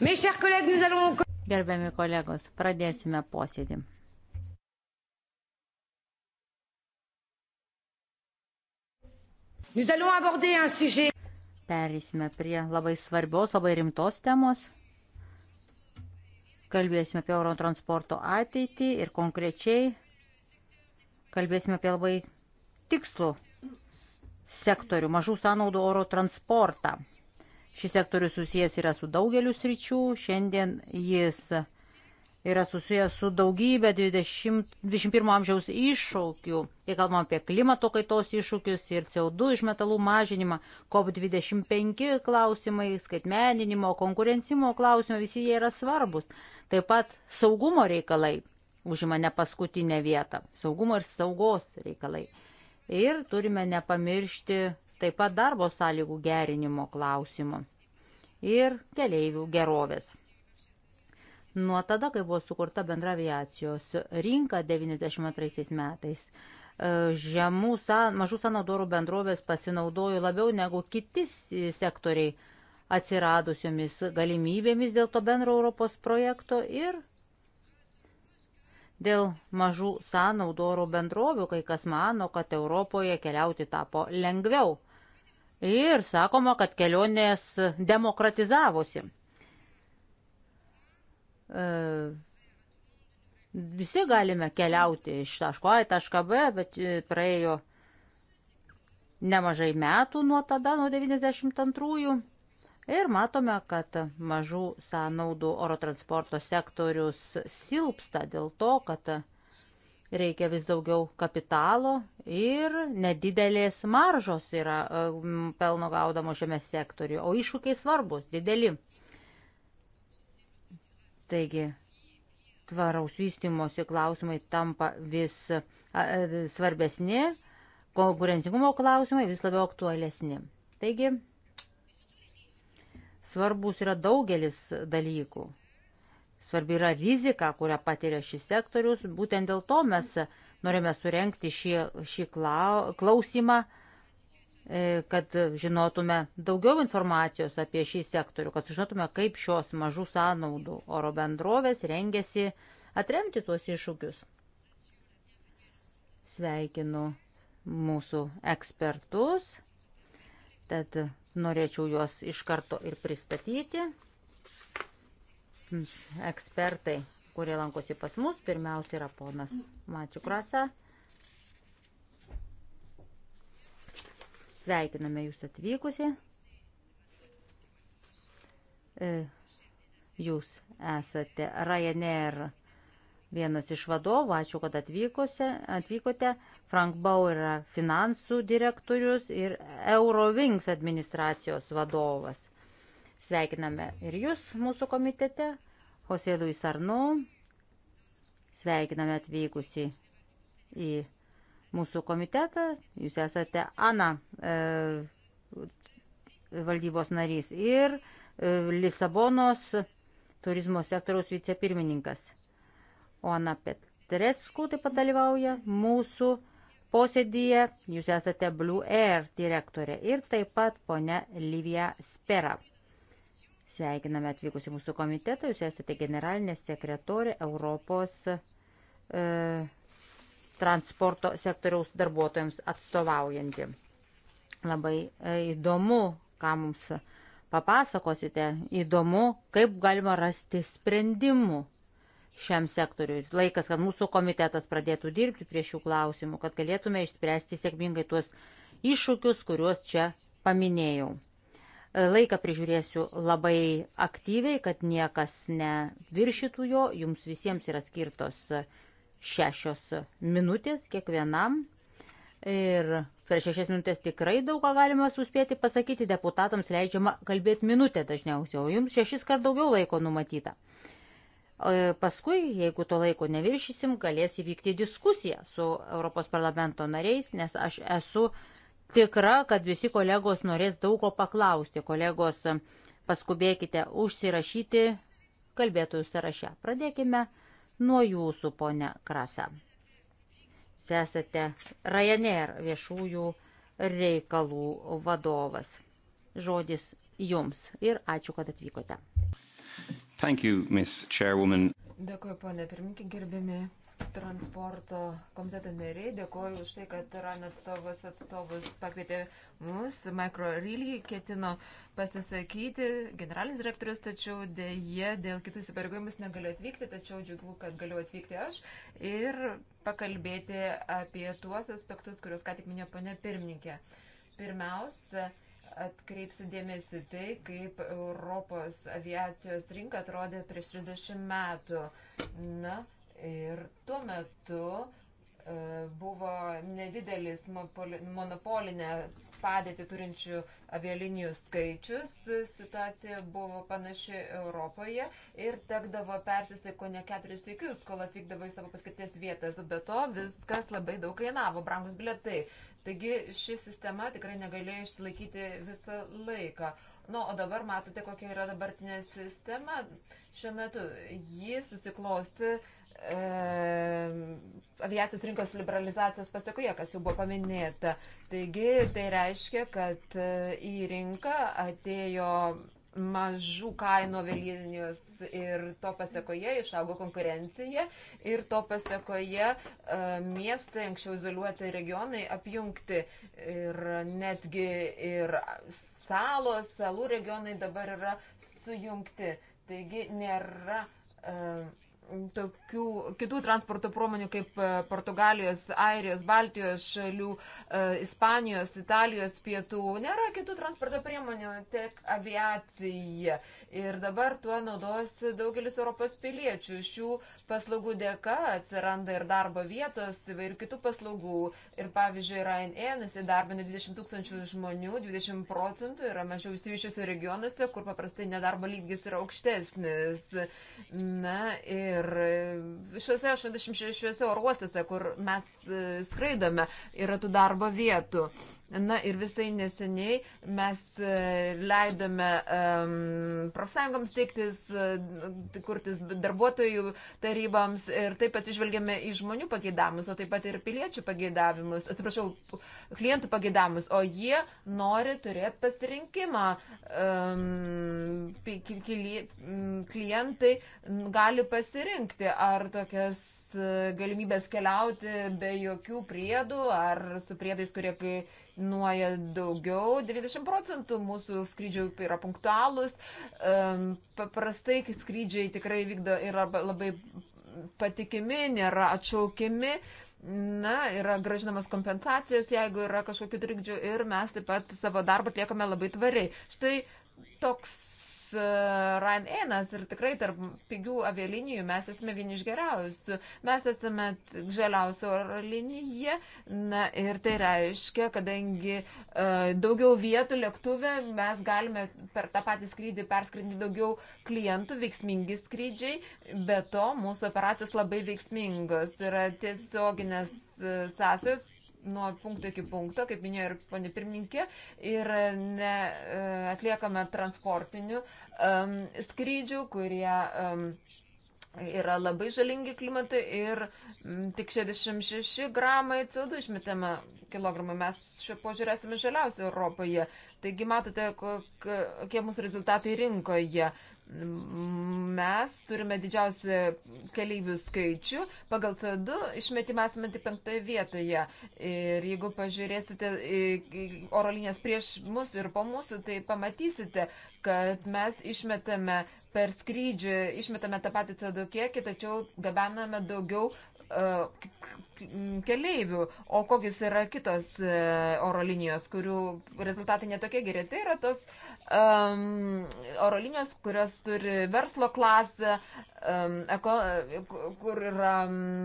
Gerbiami kolegos, pradėsime posėdį. Perėsime prie labai svarbios, labai rimtos temos. Kalbėsime apie oro transporto ateitį ir konkrečiai kalbėsime apie labai tikslų sektorių, mažų sąnaudų oro transportą. Šis sektorius susijęs yra su daugeliu sričių, šiandien jis yra susijęs su daugybė 20, 21 amžiaus iššūkių, kai kalbam apie klimato kaitos iššūkius ir CO2 išmetalų mažinimą, COP25 klausimai, skaitmeninimo, konkurencimo klausimai, visi jie yra svarbus. Taip pat saugumo reikalai užima ne paskutinę vietą, saugumo ir saugos reikalai. Ir turime nepamiršti taip pat darbo sąlygų gerinimo klausimų ir keleivių gerovės. Nuo tada, kai buvo sukurta bendra aviacijos rinka 92 metais, e, žemų, mažų sanodorų bendrovės pasinaudojo labiau negu kiti sektoriai atsiradusiomis galimybėmis dėl to bendro Europos projekto ir dėl mažų sąnaudorų bendrovių, kai kas mano, kad Europoje keliauti tapo lengviau ir sakoma, kad kelionės demokratizavosi. E, visi galime keliauti iš taško A į tašką B, bet e, praėjo nemažai metų nuo tada, nuo 92-ųjų. Ir matome, kad mažų sąnaudų oro transporto sektorius silpsta dėl to, kad reikia vis daugiau kapitalo ir nedidelės maržos yra e, pelno gaudamo šiame sektoriuje, o iššūkiai svarbus, dideli. Taigi, tvaraus vystimosi klausimai tampa e, vis svarbesni, konkurencingumo klausimai vis labiau aktualesni. Taigi, svarbus yra daugelis dalykų svarbi yra rizika, kurią patiria šis sektorius. Būtent dėl to mes norime surenkti šį, šį klausimą, e, kad žinotume daugiau informacijos apie šį sektorių, kad žinotume, kaip šios mažų sąnaudų oro bendrovės rengiasi atremti tuos iššūkius. Sveikinu mūsų ekspertus, tad norėčiau juos iš karto ir pristatyti ekspertai, kurie lankosi pas mus. Pirmiausia yra ponas Mačiukrasa. Sveikiname jūs atvykusi. E, jūs esate Ryanair vienas iš vadovų, ačiū, kad atvykose, atvykote. Frank Bauer yra finansų direktorius ir Eurowings administracijos vadovas. Sveikiname ir jūs mūsų komitete, Jose Luis Arno. Sveikiname atvykusi į mūsų komitetą. Jūs esate Ana e, valdybos narys ir e, Lisabonos turizmo sektoriaus vicepirmininkas. O Ana Petresku taip pat dalyvauja mūsų posėdyje. Jūs esate Blue Air direktorė ir taip pat ponia Livija Spera. Sveikiname atvykusi mūsų komitetą, jūs esate generalinė sekretorė Europos e, transporto sektoriaus darbuotojams atstovaujanti. Labai e, įdomu, ką mums papasakosite, įdomu, kaip galima rasti sprendimų šiam sektoriui. Laikas, kad mūsų komitetas pradėtų dirbti prie šių klausimų, kad galėtume išspręsti sėkmingai tuos iššūkius, kuriuos čia paminėjau. Laiką prižiūrėsiu labai aktyviai, kad niekas neviršytų jo. Jums visiems yra skirtos šešios minutės kiekvienam. Ir per šešias minutės tikrai daug ką galima suspėti pasakyti. Deputatams leidžiama kalbėti minutę dažniausiai, o jums šešis kart daugiau laiko numatyta. Paskui, jeigu to laiko neviršysim, galės įvykti diskusija su Europos parlamento nariais, nes aš esu tikra, kad visi kolegos norės daug ko paklausti. Kolegos, paskubėkite užsirašyti kalbėtojų sąraše. Pradėkime nuo jūsų, ponė Krasa. Jūs esate Ryanair viešųjų reikalų vadovas. Žodis jums ir ačiū, kad atvykote. Thank you, Miss Chairwoman. Dėkuoju, ponė pirmininkė, gerbėmi transporto komiteto nariai. Dėkoju už tai, kad RAN atstovas atstovus pakvietė mus. Mikro Ryly ketino pasisakyti generalinis direktorius, tačiau dėje dėl kitų įsipareigojimus negaliu atvykti, tačiau džiugu, kad galiu atvykti aš ir pakalbėti apie tuos aspektus, kuriuos ką tik minėjo pane pirmininkė. Pirmiausia, atkreipsiu dėmesį tai, kaip Europos aviacijos rinka atrodė prieš 30 metų. Na, Ir tuo metu e, buvo nedidelis monopolinę padėtį turinčių avialinijų skaičius. Situacija buvo panaši Europoje ir tekdavo persisiko ne keturis įkius, kol atvykdavo į savo paskirties vietas. Be to viskas labai daug kainavo, brangus biletai. Taigi ši sistema tikrai negalėjo išsilaikyti visą laiką. Na, nu, o dabar matote, kokia yra dabartinė sistema. Šiuo metu jį susiklosti uh, E, aviacijos rinkos liberalizacijos pasakoje, kas jau buvo paminėta. Taigi tai reiškia, kad e, į rinką atėjo mažų kainų avialinijos ir to pasakoje išaugo konkurencija ir to pasakoje e, miestai, anksčiau izoliuoti regionai apjungti ir netgi ir salos, salų regionai dabar yra sujungti. Taigi nėra uh, tokių kitų transporto priemonių kaip e, Portugalijos, Airijos, Baltijos šalių, e, Ispanijos, Italijos pietų. Nėra kitų transporto priemonių, tik aviacija. Ir dabar tuo naudojasi daugelis Europos piliečių. Šių paslaugų dėka atsiranda ir darbo vietos, ir kitų paslaugų. Ir pavyzdžiui, Ryanair įdarbina 20 tūkstančių žmonių, 20 procentų yra mažiau įsivyšiuose regionuose, kur paprastai nedarbo lygis yra aukštesnis. Na ir šiuose 86 oro uostuose, kur mes e, skraidome, yra tų darbo vietų. Na ir visai neseniai mes e, leidome um, profsąjungoms teiktis, e, kurtis darbuotojų taryboms ir taip atsižvelgėme į žmonių pageidavimus, o taip pat ir piliečių pageidavimus, atsiprašau, klientų pageidavimus, o jie nori turėti pasirinkimą. Um, klientai gali pasirinkti, ar tokias e, galimybės keliauti be jokių priedų, ar su priedais, kurie kai kainuoja daugiau, 90 procentų mūsų skrydžių yra punktualūs, paprastai skrydžiai tikrai vykdo, yra labai patikimi, nėra atšaukiami. Na, yra gražinamas kompensacijos, jeigu yra kažkokių trikdžių ir mes taip pat savo darbą atliekame labai tvariai. Štai toks Ryanainas ir tikrai tarp pigių avialinijų mes esame vieni iš geriausių. Mes esame žaliausia oro linija na, ir tai reiškia, kadangi uh, daugiau vietų lėktuve mes galime per tą patį skrydį perskrinti daugiau klientų, veiksmingi skrydžiai, be to mūsų operacijos labai veiksmingos. Yra tiesioginės e, sąsajos nuo punkto iki punkto, kaip minėjo ir ponė pirmininkė, ir ne, e, atliekame transportinių uh, um, skrydžių, kurie um, yra labai žalingi klimatui ir mm, tik 66 gramai CO2 išmetama kilogramai. Mes šio požiūrį esame žaliausi Europoje. Taigi matote, kokie mūsų rezultatai rinkoje mes turime didžiausią keleivių skaičių, pagal CO2 išmetimą esame tik penktoje vietoje. Ir jeigu pažiūrėsite oro linijas prieš mus ir po mūsų, tai pamatysite, kad mes išmetame per skrydžių, išmetame tą patį CO2 kiekį, tačiau gabename daugiau uh, keleivių, o kokios yra kitos uh, oro linijos, kurių rezultatai netokie geri. Tai yra tos uh, um, oro linijos, kurios turi verslo klasę, um, eko, kur yra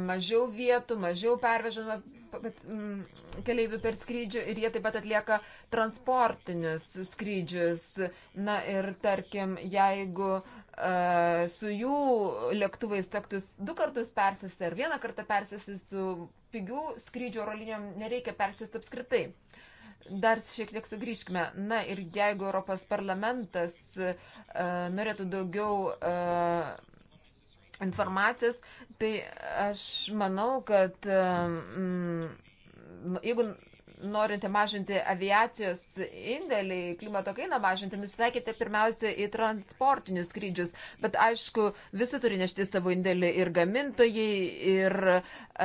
mažiau vietų, mažiau pervežama mm, keleivių per skrydžių ir jie taip pat atlieka transportinius skrydžius. Na ir tarkim, jeigu uh, su jų lėktuvais tektus du kartus persisti ar vieną kartą persisti su pigių skrydžių oro linijom, nereikia persisti apskritai. Uh, Dar šiek tiek sugrįžkime. Na ir jeigu Europos parlamentas uh, norėtų daugiau uh, informacijos, tai aš manau, kad um, jeigu norinti mažinti aviacijos indėlį, klimato kainą mažinti, nusitaikėte pirmiausia į transportinius skrydžius. Bet aišku, visi turi nešti savo indėlį ir gamintojai, ir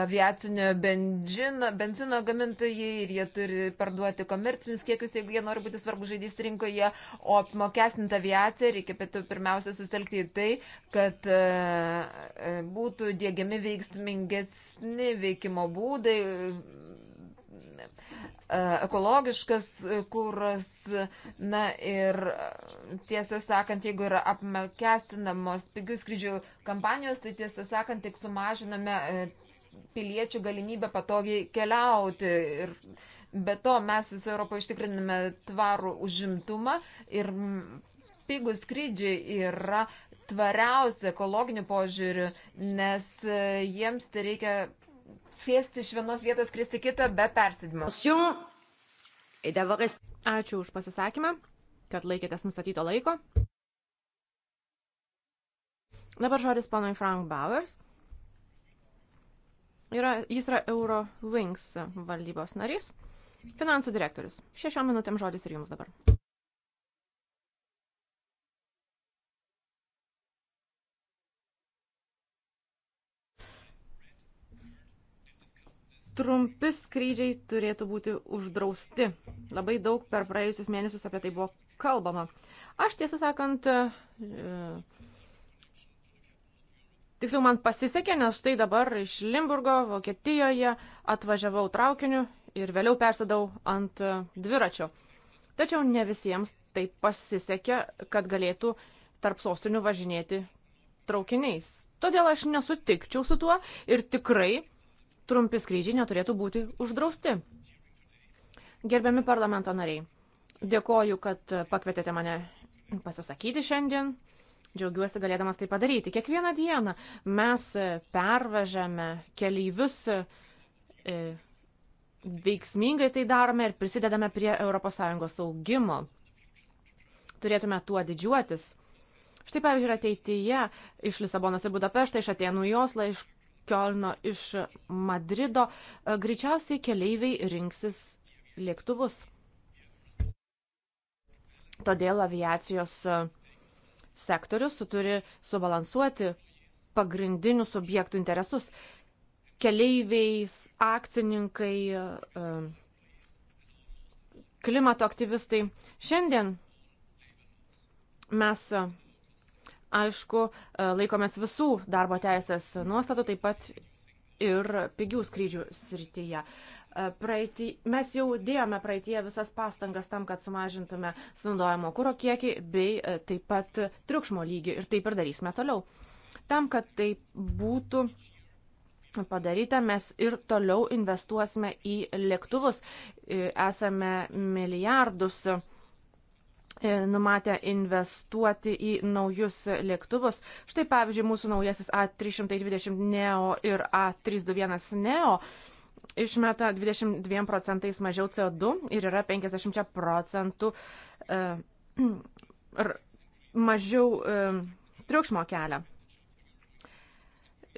aviacinio benzino, benzino gamintojai, ir jie turi parduoti komercinius kiekius, jeigu jie nori būti svarbu žaidys rinkoje, o apmokestinti aviaciją reikia pirmiausia susitelkti į tai, kad e, e, būtų dėgiami veiksmingesni veikimo būdai ekologiškas kūras. Na ir tiesą sakant, jeigu yra apmokestinamos pigių skrydžių kampanijos, tai tiesą sakant, tik sumažiname e, piliečių galimybę patogiai keliauti. Ir, Be to mes visą Europą ištikriname tvarų užimtumą ir pigų skrydžiai yra tvariausi ekologiniu požiūriu, nes e, jiems tai reikia sėsti iš vienos vietos kristi kitą be persidimo. Ačiū už pasisakymą, kad laikėtės nustatyto laiko. Dabar žodis panai Frank Bowers. Yra, jis yra Eurowings valdybos narys, finansų direktorius. Šešiom minutėm žodis ir jums dabar. trumpi skrydžiai turėtų būti uždrausti. Labai daug per praėjusius mėnesius apie tai buvo kalbama. Aš tiesą sakant, e, tiksliau man pasisekė, nes štai dabar iš Limburgo, Vokietijoje atvažiavau traukiniu ir vėliau persėdau ant e, dviračio. Tačiau ne visiems taip pasisekė, kad galėtų tarp sostinių važinėti traukiniais. Todėl aš nesutikčiau su tuo ir tikrai trumpi skrydžiai neturėtų būti uždrausti. Gerbiami parlamento nariai, dėkoju, kad pakvietėte mane pasisakyti šiandien. Džiaugiuosi galėdamas tai padaryti. Kiekvieną dieną mes pervežame keleivius e, veiksmingai tai darome ir prisidedame prie ES augimo. Turėtume tuo didžiuotis. Štai pavyzdžiui, ateityje iš Lisabonos į Budapeštą, iš Atenų į Oslą, iš Kielno, iš Madrido, e, greičiausiai keleiviai rinksis lėktuvus. Todėl aviacijos e, sektorius turi subalansuoti pagrindinių subjektų interesus - keleiviais, akcininkai, e, klimato aktyvistai. Šiandien mes Aišku, e, laikomės visų darbo teisės nuostatų, taip pat ir pigių skrydžių srityje. E, praeitį, mes jau dėjome praeitie visas pastangas tam, kad sumažintume sunaudojimo kūro kiekį bei e, taip pat triukšmo lygį ir taip ir darysime toliau. Tam, kad tai būtų padaryta, mes ir toliau investuosime į lėktuvus. Esame milijardus E, numatę investuoti į naujus lėktuvus. Štai pavyzdžiui, mūsų naujasis A320 Neo ir A321 Neo išmeta 22 procentais mažiau CO2 ir yra 50 procentų e, mažiau e, triukšmo kelia.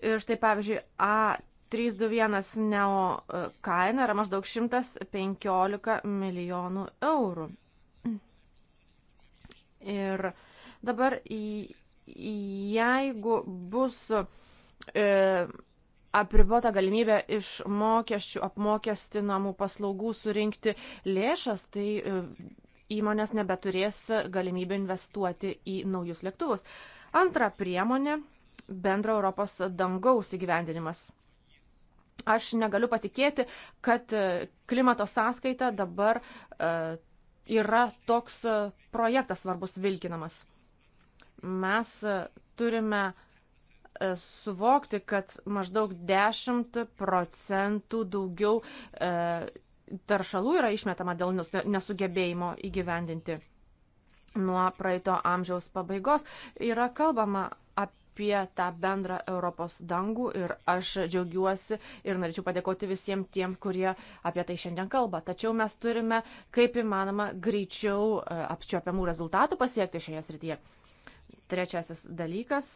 Ir štai pavyzdžiui, A321 Neo e, kaina yra maždaug 115 milijonų eurų. Ir dabar, jeigu bus e, apribota galimybė iš mokesčių apmokestinamų paslaugų surinkti lėšas, tai e, įmonės nebeturės galimybę investuoti į naujus lėktuvus. Antra priemonė - bendro Europos dangaus įgyvendinimas. Aš negaliu patikėti, kad e, klimato sąskaita dabar uh, yra toks e, projektas svarbus vilkinamas. Mes e, turime e, suvokti, kad maždaug 10 procentų daugiau taršalų yra išmetama dėl nesugebėjimo įgyvendinti. Nuo praeito amžiaus pabaigos yra kalbama apie apie tą bendrą Europos dangų ir aš džiaugiuosi ir norėčiau padėkoti visiems tiem, kurie apie tai šiandien kalba. Tačiau mes turime kaip įmanoma greičiau e, apčiopiamų rezultatų pasiekti šioje srityje. Trečiasis dalykas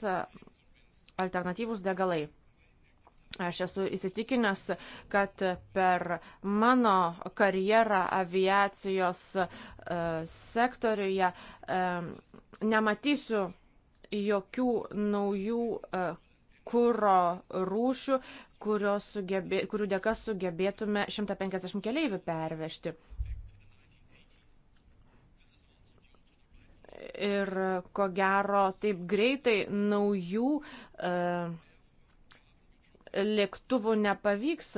- alternatyvūs degalai. Aš esu įsitikinęs, kad per mano karjerą aviacijos uh, sektoriuje uh, nematysiu jokių naujų e, kūro rūšių, sugebė, kurių dėka sugebėtume 150 keleivių pervežti. Ir ko gero taip greitai naujų e, lėktuvų nepavyks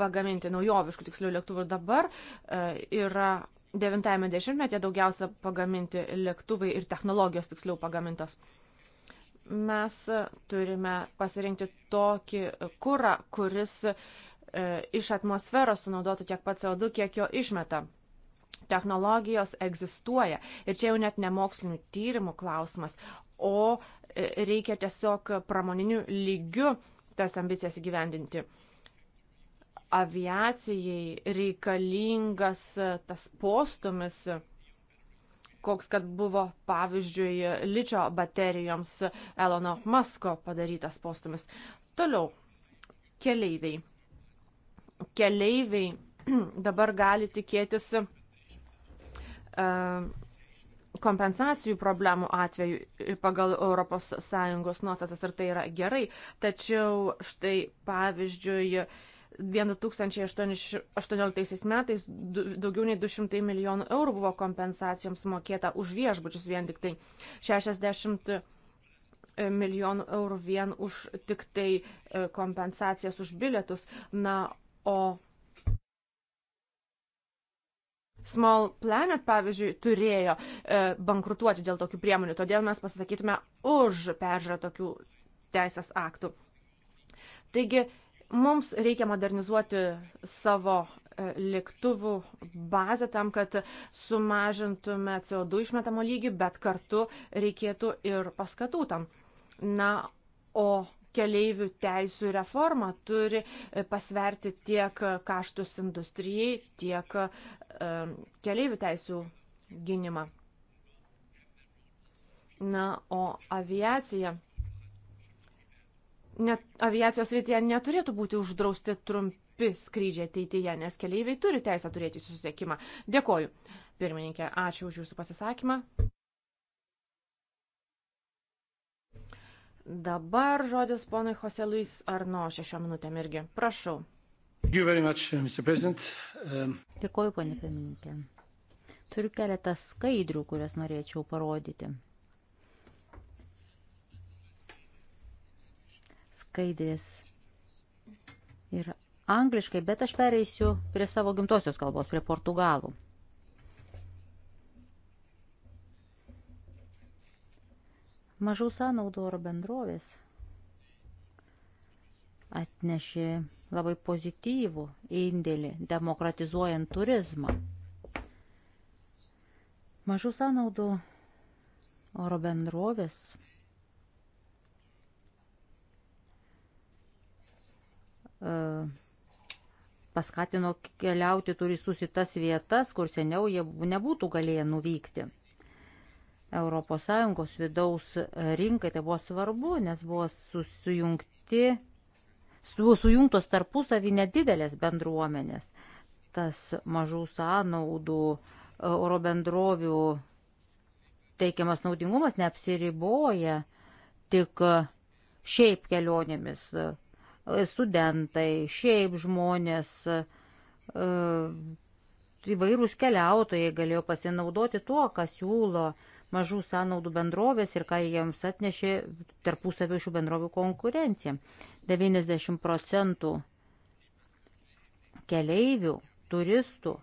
pagaminti, naujoviškų tiksliau lėktuvų dabar e, yra 90-metyje daugiausia pagaminti lėktuvai ir technologijos tiksliau pagamintos. E, mes turime pasirinkti tokį kurą, kuris e, iš atmosferos sunaudotų tiek pat CO2, kiek jo išmeta. Technologijos egzistuoja ir čia jau net ne mokslinių tyrimų klausimas, o e, reikia tiesiog pramoninių lygių tas ambicijas įgyvendinti. Aviacijai reikalingas tas postumis koks kad buvo, pavyzdžiui, ličio baterijoms Elono Masko padarytas postumis. Toliau, keleiviai. Keleiviai dabar gali tikėtis e, kompensacijų problemų atveju pagal ES nuostatas ir tai yra gerai. Tačiau štai pavyzdžiui 2018 metais daugiau nei 200 milijonų eurų buvo kompensacijoms mokėta už viešbučius vien tik tai 60 e, milijonų eurų vien už tik tai e, kompensacijas už bilietus. Na, o Small Planet, pavyzdžiui, turėjo e, bankrutuoti dėl tokių priemonių, todėl mes pasisakytume už peržiūrą tokių teisės aktų. Taigi, Mums reikia modernizuoti savo e, lėktuvų bazę tam, kad sumažintume CO2 išmetamo lygį, bet kartu reikėtų ir paskatų tam. Na, o keleivių teisų reforma turi e, pasverti tiek kaštus industrijai, tiek e, keleivių teisų gynimą. Na, o aviacija net, aviacijos rytyje neturėtų būti uždrausti trumpi skrydžiai ateityje, nes keleiviai turi teisę turėti susisiekimą. Dėkoju. Pirmininkė, ačiū už Jūsų pasisakymą. Dabar žodis ponui Jose Luis Arno šešiom minutėm irgi. Prašau. Much, uh, um... Dėkoju, ponė pirmininkė. Turiu keletą skaidrių, kurias norėčiau parodyti. skaidrės ir angliškai, bet aš pereisiu prie savo gimtosios kalbos, prie portugalų. Mažų sąnaudų oro bendrovės atnešė labai pozityvų indėlį demokratizuojant turizmą. Mažų sąnaudų oro bendrovės E, paskatino keliauti turistus į tas vietas, kur seniau jie nebūtų galėję nuvykti. ES vidaus rinkai tai buvo svarbu, nes buvo susijungti, buvo sujungtos tarpusavį nedidelės bendruomenės. Tas mažų sąnaudų e, oro bendrovių teikiamas naudingumas neapsiriboja tik šiaip kelionėmis E, studentai, šiaip žmonės, e, įvairūs keliautojai galėjo pasinaudoti tuo, kas siūlo mažų sąnaudų bendrovės ir ką jiems atnešė tarpusavio šių bendrovių konkurencija. 90 procentų keleivių, turistų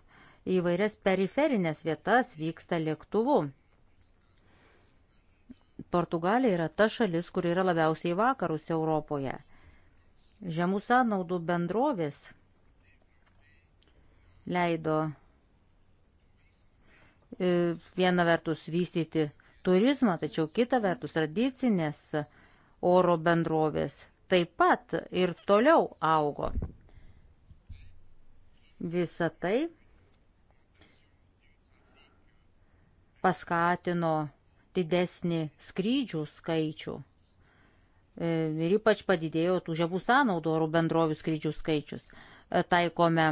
į vairias periferinės vietas vyksta lėktuvu. Portugalija yra ta šalis, kur yra labiausiai vakarus Europoje – Žemų sąnaudų bendrovės leido e, viena vertus vystyti turizmą, tačiau kita vertus tradicinės oro bendrovės taip pat ir toliau augo. Visa tai paskatino didesnį skrydžių skaičių. E, ir ypač padidėjo tų žemų sąnaudų oro bendrovių skrydžių skaičius. E, taikome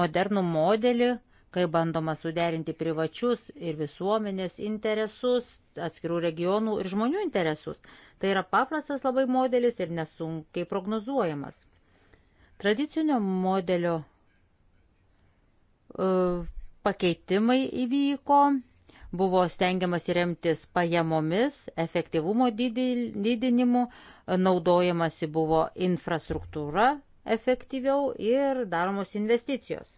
modernų modelį, kai bandoma suderinti privačius ir visuomenės interesus, atskirų regionų ir žmonių interesus. Tai yra paprastas labai modelis ir nesunkiai prognozuojamas. Tradicinio modelio e, pakeitimai įvyko buvo stengiamas remtis pajamomis, efektyvumo didinimu, naudojamasi buvo infrastruktūra efektyviau ir daromos investicijos.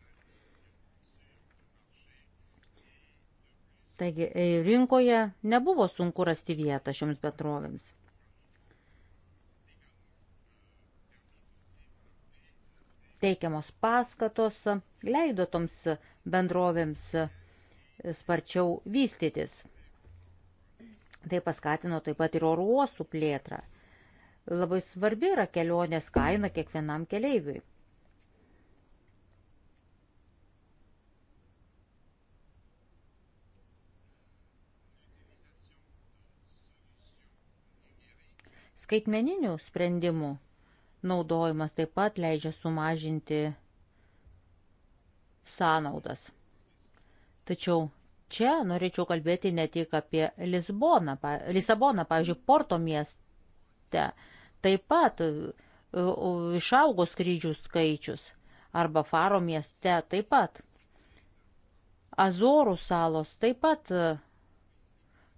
Taigi e, rinkoje nebuvo sunku rasti vietą šioms bendrovėms. Teikiamos paskatos leido toms bendrovėms sparčiau vystytis. Tai paskatino taip pat ir oro uostų plėtrą. Labai svarbi yra kelionės kaina kiekvienam keleiviui. Skaitmeninių sprendimų naudojimas taip pat leidžia sumažinti sąnaudas. Tačiau čia norėčiau kalbėti ne tik apie Lisboną, Lisaboną, pavyzdžiui, Porto mieste. Taip pat e, išaugo skrydžių skaičius arba Faro mieste taip pat. Azorų salos taip pat e,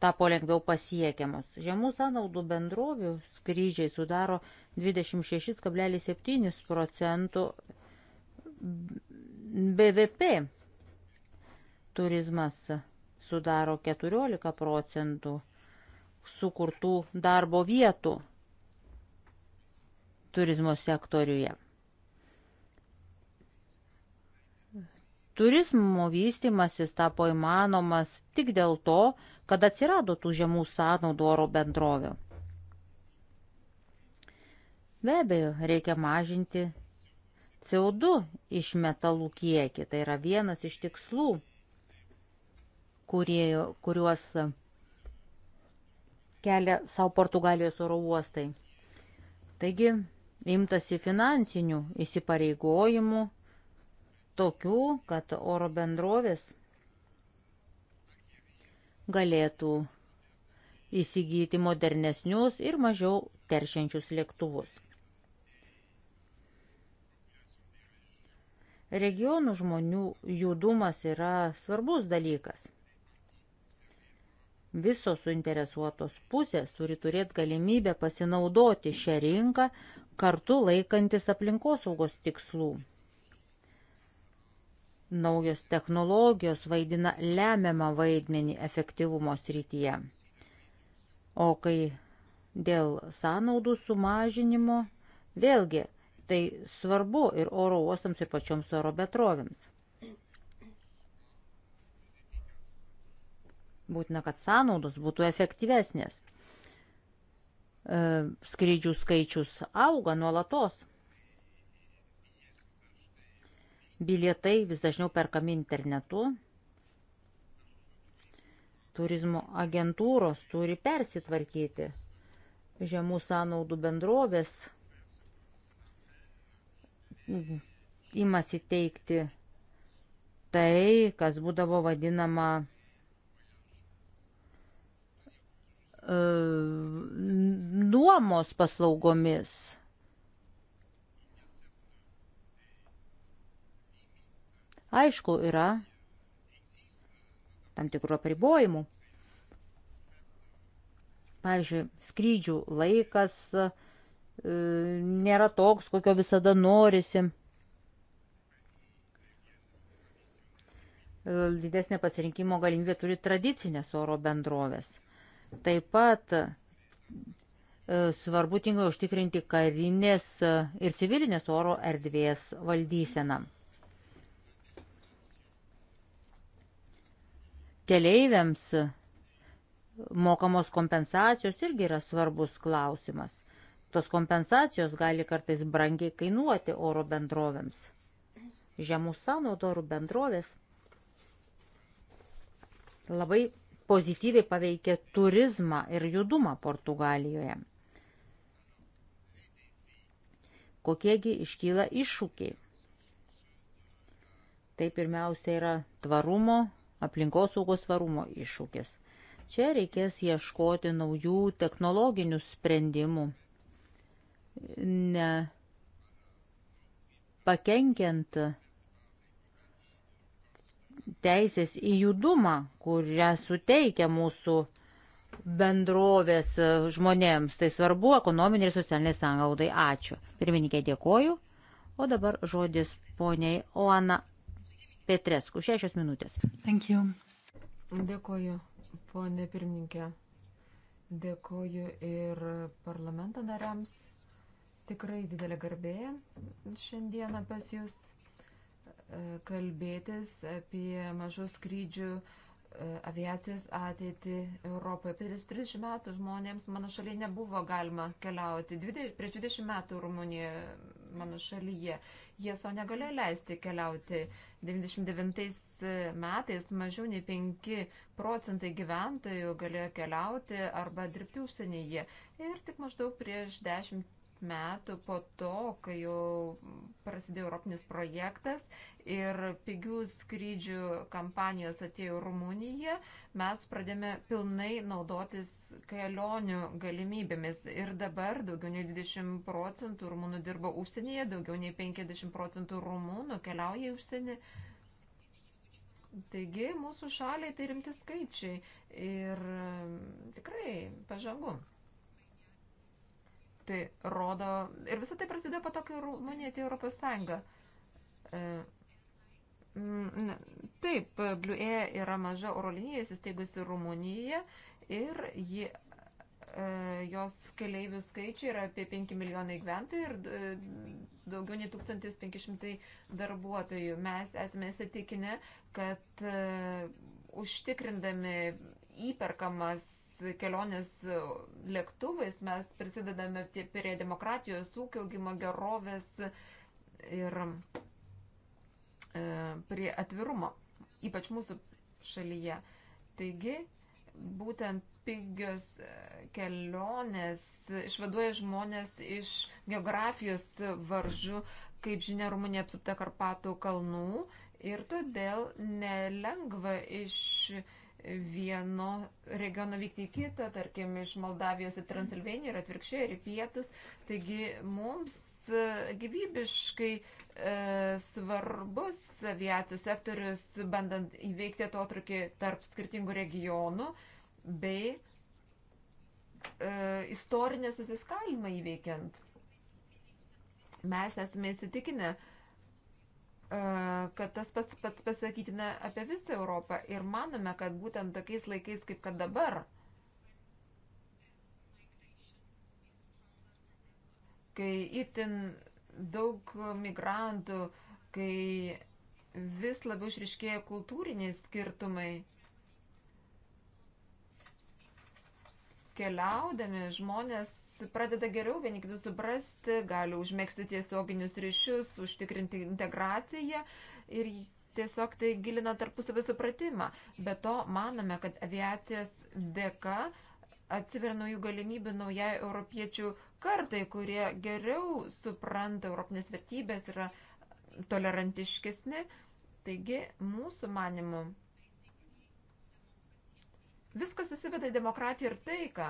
tapo lengviau pasiekiamos. Žemų sąnaudų bendrovių skrydžiai sudaro 26,7 procentų BVP Turizmas sudaro 14 procentų sukurtų darbo vietų turizmo sektoriuje. Turizmo vystimasis tapo įmanomas tik dėl to, kad atsirado tų žemų sąnaudų oro bendrovių. Be abejo, reikia mažinti CO2 iš metalų kiekį, tai yra vienas iš tikslų kurie, kuriuos kelia savo Portugalijos oro uostai. Taigi, imtasi finansinių įsipareigojimų, tokių, kad oro bendrovės galėtų įsigyti modernesnius ir mažiau teršiančius lėktuvus. Regionų žmonių judumas yra svarbus dalykas. Visos suinteresuotos pusės turi turėti galimybę pasinaudoti šią rinką kartu laikantis aplinkosaugos tikslų. Naujos technologijos vaidina lemiamą vaidmenį efektyvumo srityje. O kai dėl sąnaudų sumažinimo, vėlgi tai svarbu ir oro uostams ir pačioms oro betrovėms. Būtina, kad sąnaudos būtų efektyvesnės. E, skrydžių skaičius auga nuolatos. Bilietai vis dažniau perkami internetu. Turizmo agentūros turi persitvarkyti. Žemų sąnaudų bendrovės imasi teikti tai, kas būdavo vadinama E, nuomos paslaugomis. Aišku, yra tam tikrų apribojimų. Pavyzdžiui, skrydžių laikas e, nėra toks, kokio visada norisi. Didesnė pasirinkimo galimybė turi tradicinės oro bendrovės. Taip pat e, svarbu tinkamai užtikrinti karinės e, ir civilinės oro erdvės valdyseną. Keleiviams mokamos kompensacijos irgi yra svarbus klausimas. Tos kompensacijos gali kartais brangiai kainuoti oro bendrovėms. Žemų sąnaudų oro bendrovės labai pozityviai paveikė turizmą ir judumą Portugalijoje. Kokiegi iškyla iššūkiai? Tai pirmiausia yra tvarumo, aplinkosaugos tvarumo iššūkis. Čia reikės ieškoti naujų technologinių sprendimų, ne pakenkiant teisės į judumą, kurią suteikia mūsų bendrovės žmonėms. Tai svarbu ekonominiai ir socialiniai sąnaudai. Ačiū. Pirmininkė dėkoju. O dabar žodis poniai Oana Petresku. Šešios minutės. Thank you. Dėkoju, ponė pirmininkė. Dėkoju ir parlamento nariams. Tikrai didelė garbė šiandieną pas jūs E, kalbėtis apie mažų skrydžių e, aviacijos ateitį Europoje. Prieš 30 metų žmonėms mano šalyje nebuvo galima keliauti. Prieš 20 metų Rumunijoje mano šalyje jie savo negalėjo leisti keliauti. 99 e, metais mažiau nei 5 procentai gyventojų galėjo keliauti arba dirbti užsienyje. Ir tik maždaug prieš 10 metų po to, kai jau prasidėjo Europinis projektas ir pigių skrydžių kampanijos atėjo Rumunija, mes pradėjome pilnai naudotis kelionių galimybėmis. Ir dabar daugiau nei 20 procentų rumunų dirba užsienyje, daugiau nei 50 procentų rumunų keliauja į užsienį. Taigi mūsų šaliai tai rimti skaičiai ir e, tikrai pažangu. Tai rodo. Ir visą tai prasidėjo po to, kai Rumunija nu, atėjo Europos Sąjunga. E, taip, Blue Air yra maža oro linija, įsisteigusi Rumunijoje ir ji, e, jos keleivių skaičiai yra apie 5 milijonai gyventojų ir e, daugiau nei 1500 darbuotojų. Mes esame įsitikinę, kad e, užtikrindami įperkamas kelionės lėktuvais mes prisidedame prie demokratijos, ūkio augimo, gerovės ir e, prie atvirumo, ypač mūsų šalyje. Taigi, būtent pigios e, kelionės išvaduoja žmonės iš geografijos varžų, kaip žinia, Rumunija apsupta Karpatų kalnų ir todėl nelengva iš vieno regiono vykti į kitą, tarkim, iš Moldavijos į Transilvaniją ir atvirkščiai, ir į pietus. Taigi mums e, gyvybiškai e, svarbus aviacijos sektorius, bandant įveikti atotrukį tarp skirtingų regionų bei e, istorinę susiskalimą įveikiant. Mes esame įsitikinę, e, kad tas pats, pats pasakytina apie visą Europą ir manome, kad būtent tokiais laikais kaip kad dabar, kai itin daug migrantų, kai vis labiau išriškėja kultūriniai skirtumai, keliaudami žmonės pradeda geriau vieni kitus suprasti, gali užmėgsti tiesioginius ryšius, užtikrinti integraciją ir tiesiog tai gilina tarpusavį supratimą. Be to, manome, kad aviacijos dėka atsiveria naujų galimybių naujai europiečių kartai, kurie geriau supranta europinės vertybės, yra tolerantiškesni. Taigi, mūsų manimu, Viskas susiveda į demokratiją ir taiką.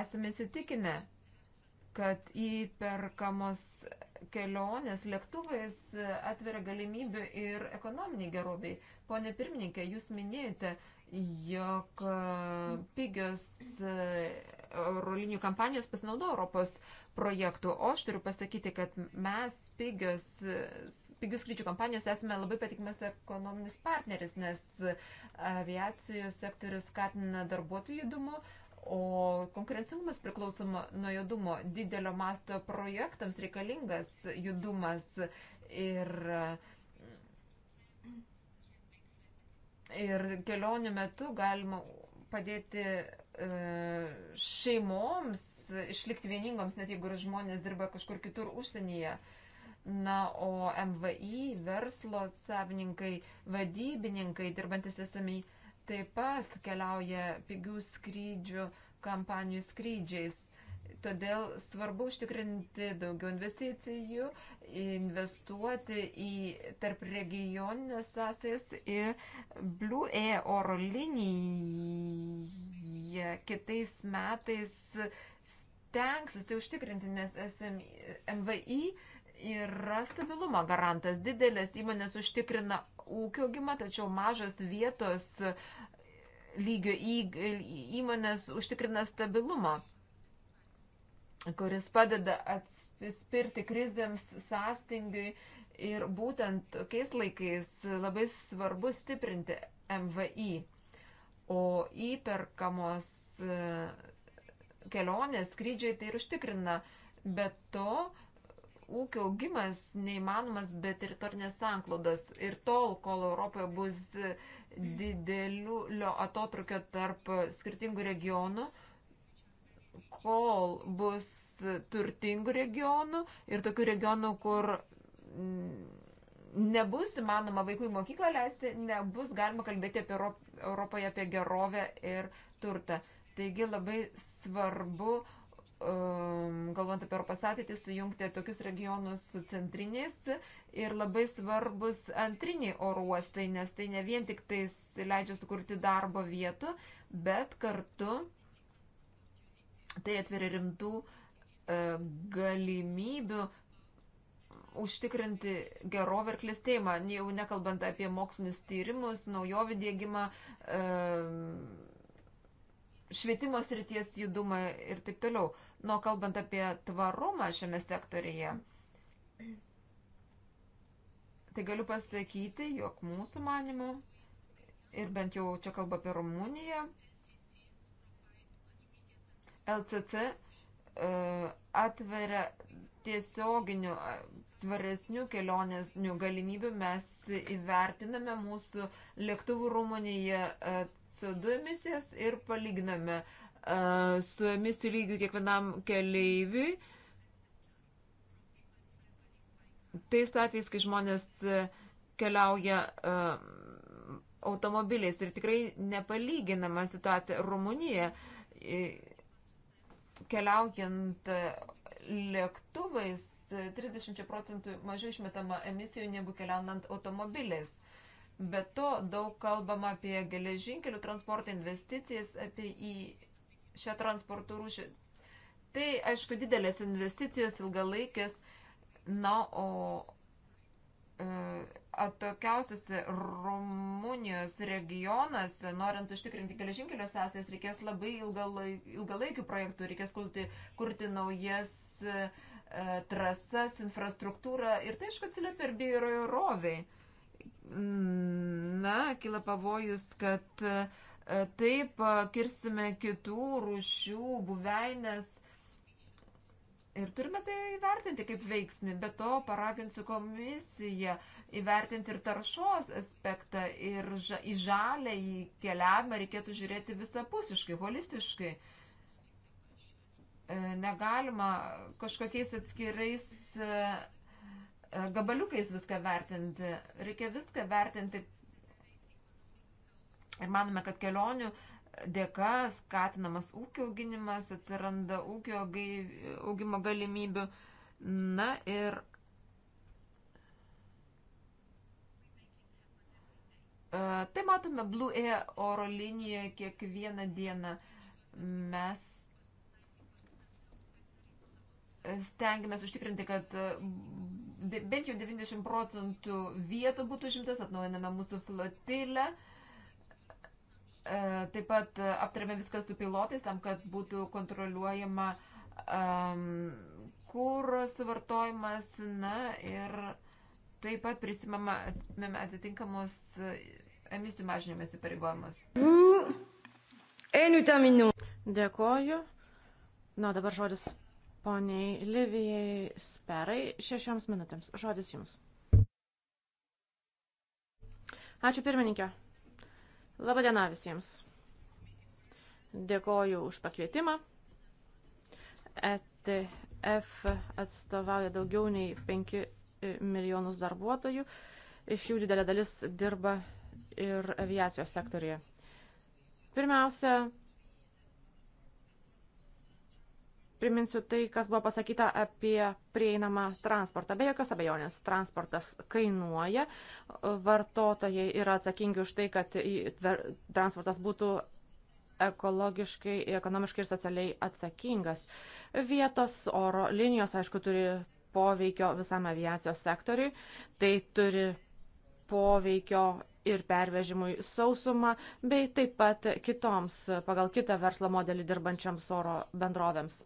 Esame įsitikinę, kad įperkamos kelionės lėktuvais atveria galimybių ir ekonominiai gerobiai. Pone pirmininkė, jūs minėjote, jog pigios eurolinijų kampanijos pasinaudo Europos projektų, o aš turiu pasakyti, kad mes pigios pigių skrydžių kompanijos esame labai patikimas ekonominis partneris, nes aviacijos sektorius skatina darbuotojų judumu, O konkurencingumas priklausoma nuo judumo. Didelio masto projektams reikalingas judumas ir, ir kelionių metu galima padėti e, šeimoms išlikti vieningoms, net jeigu žmonės dirba kažkur kitur užsienyje. Na, o MVI, verslo savininkai, vadybininkai, dirbantis esami, taip pat keliauja pigių skrydžių kampanijų skrydžiais. Todėl svarbu užtikrinti daugiau investicijų, investuoti į tarp regioninės sąsajas ir Blue Air oro liniją kitais metais stengsis tai užtikrinti, nes SM, MVI yra stabilumo garantas. Didelės įmonės užtikrina ūkio augimą, tačiau mažos vietos lygio įmonės užtikrina stabilumą, kuris padeda atspirti krizėms, sąstingiui ir būtent tokiais laikais labai svarbu stiprinti MVI. O įperkamos e, kelionės, skrydžiai tai ir užtikrina. Bet to ūkio augimas neįmanomas be teritorinės sanklaudos. Ir tol, kol Europoje bus didelių atotrukio tarp skirtingų regionų, kol bus turtingų regionų ir tokių regionų, kur nebus įmanoma vaikų į mokyklą leisti, nebus galima kalbėti apie Europoje apie gerovę ir turtą. Taigi labai svarbu Um, galvojant apie Europos ateitį, sujungti tokius regionus su centriniais ir labai svarbus antriniai oro uostai, nes tai ne vien tik tais leidžia sukurti darbo vietų, bet kartu tai atveria rimtų e, galimybių užtikrinti gerovę ir klėstėjimą, jau nekalbant apie mokslinius tyrimus, naujovių dėgymą, e, švietimo srities judumą ir taip toliau. Nuo kalbant apie tvarumą šiame sektorėje, tai galiu pasakyti, jog mūsų manimu, ir bent jau čia kalba apie Rumuniją, LCC e, atveria tiesioginių tvaresnių kelionės nu, galimybių. Mes įvertiname mūsų lėktuvų Rumunijoje CO2 emisijas ir palyginame uh, su emisijų lygiu kiekvienam keleiviui. Tais atvejais, kai žmonės keliauja uh, automobiliais ir tikrai nepalyginama situacija Rumunija e, keliaujant lėktuvais 30 procentų mažiau išmetama emisijų negu keliaujant automobiliais. Be to daug kalbama apie geležinkelių transportą, investicijas, apie į šią transporto rūšį. Tai, aišku, didelės investicijos ilgalaikės, na, o e, atokiausiuose Rumunijos regionuose, norint užtikrinti geležinkelio sąsajas, reikės labai ilgalaik, ilgalaikių projektų, reikės kurti, kurti naujas e, trasas, infrastruktūrą ir tai, aišku, atsiliepia ir bioįroviai. Na, kila pavojus, kad e, taip e, kirsime kitų rūšių buveinės. Ir turime tai įvertinti kaip veiksnį, bet to paraginsiu komisiją įvertinti ir taršos aspektą ir ža, į žalę, į keliavimą reikėtų žiūrėti visapusiškai, holistiškai. E, negalima kažkokiais atskirais gabaliukais viską vertinti. Reikia viską vertinti. Ir manome, kad kelionių dėka skatinamas ūkio auginimas, atsiranda ūkio augimo galimybių. Na ir e, Tai matome Blue Air oro linijoje kiekvieną dieną. Mes stengiamės užtikrinti, kad bent jau 90 procentų vietų būtų užimtas, atnaujiname mūsų flotilę. E, taip pat e, aptarėme viską su pilotais, tam, kad būtų kontroliuojama um, kūro suvartojimas. Na ir taip pat prisimame atitinkamus e, emisijų mažinimo įsipareigojimus. Mm. Dėkoju. Na, dabar žodis poniai Livijai Sperai šešioms minutėms. Žodis jums. Ačiū pirmininkė. Labadiena visiems. Dėkoju už pakvietimą. ETF atstovauja daugiau nei 5 e, milijonus darbuotojų. Iš jų didelė dalis dirba ir aviacijos sektorėje. Pirmiausia, priminsiu tai, kas buvo pasakyta apie prieinamą transportą. Be jokios abejonės, transportas kainuoja, vartotojai yra atsakingi už tai, kad transportas būtų ekologiškai, ekonomiškai ir socialiai atsakingas. Vietos oro linijos, aišku, turi poveikio visam aviacijos sektoriui, tai turi poveikio ir pervežimui sausumą, bei taip pat kitoms pagal kitą verslo modelį dirbančiams oro bendrovėms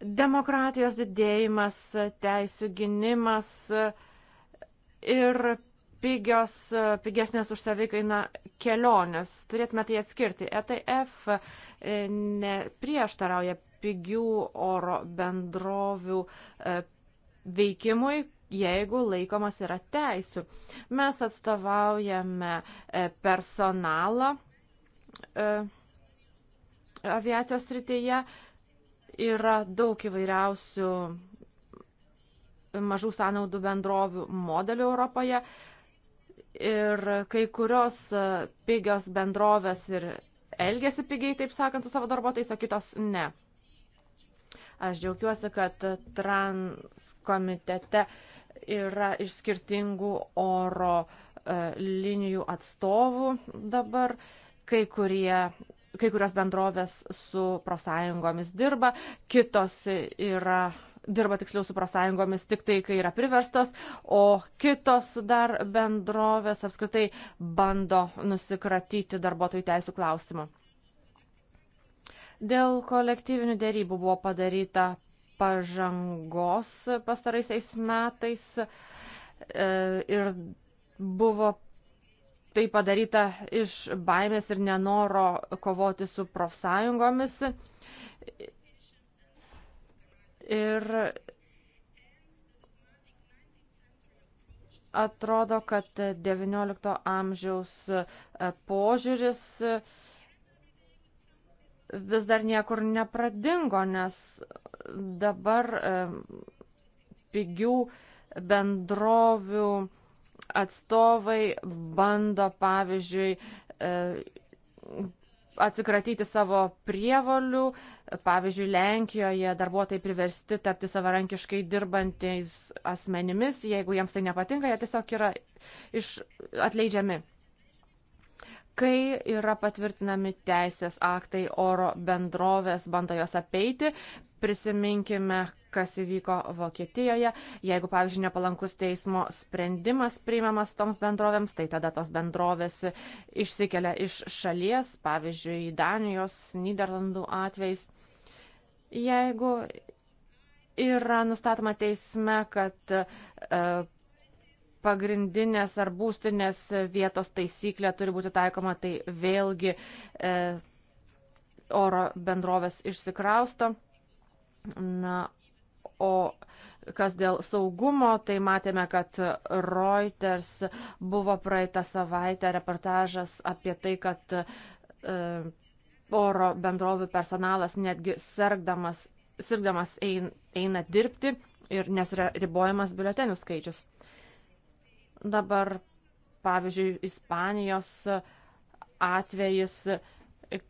demokratijos didėjimas, teisų gynimas ir pigios, pigesnės už savikaina kelionės. Turėtume tai atskirti. ETF e, ne, prieštarauja pigių oro bendrovių e, veikimui, jeigu laikomas yra teisų. Mes atstovaujame e, personalą aviacijos srityje Yra daug įvairiausių mažų sąnaudų bendrovių modelių Europoje ir kai kurios e, pigios bendrovės ir elgesi pigiai, taip sakant, su savo darbuotojais, o kitos ne. Aš džiaugiuosi, kad trans komitete yra iš skirtingų oro e, linijų atstovų dabar, kai kurie kai kurios bendrovės su profsąjungomis dirba, kitos yra dirba tiksliau su profsąjungomis tik tai, kai yra priverstos, o kitos dar bendrovės apskritai bando nusikratyti darbuotojų teisų klausimą. Dėl kolektyvinių dėrybų buvo padaryta pažangos pastaraisiais metais e, ir buvo Tai padaryta iš baimės ir nenoro kovoti su profsąjungomis. Ir atrodo, kad XIX amžiaus požiūris vis dar niekur nepradingo, nes dabar pigių bendrovių atstovai bando, pavyzdžiui, e, atsikratyti savo prievolių. Pavyzdžiui, Lenkijoje darbuotojai priversti tapti savarankiškai dirbantiais asmenimis. Jeigu jiems tai nepatinka, jie tiesiog yra iš, atleidžiami kai yra patvirtinami teisės aktai oro bendrovės, bando jos apeiti. Prisiminkime, kas įvyko Vokietijoje. Jeigu, pavyzdžiui, nepalankus teismo sprendimas priimamas toms bendrovėms, tai tada tos bendrovės išsikelia iš šalies, pavyzdžiui, Danijos, Niderlandų atvejais. Jeigu yra nustatoma teisme, kad e, pagrindinės ar būstinės vietos taisyklė turi būti taikoma, tai vėlgi e, oro bendrovės išsikrausto. Na, o kas dėl saugumo, tai matėme, kad Reuters buvo praeitą savaitę reportažas apie tai, kad e, oro bendrovių personalas netgi sirgdamas, sirgdamas ein, eina dirbti ir nes yra ribojamas biuletenių skaičius. Dabar, pavyzdžiui, Ispanijos atvejis,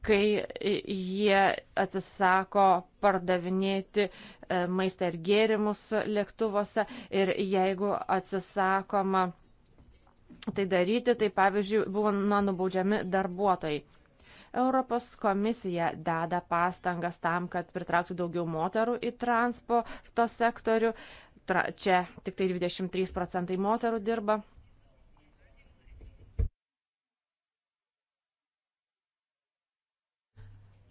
kai jie atsisako pardavinėti e, maistą ir gėrimus lėktuvose ir jeigu atsisakoma tai daryti, tai pavyzdžiui, buvo na, nubaudžiami darbuotojai. Europos komisija deda pastangas tam, kad pritrauktų daugiau moterų į transporto sektorių. E, pra, čia tik tai 23 procentai moterų dirba.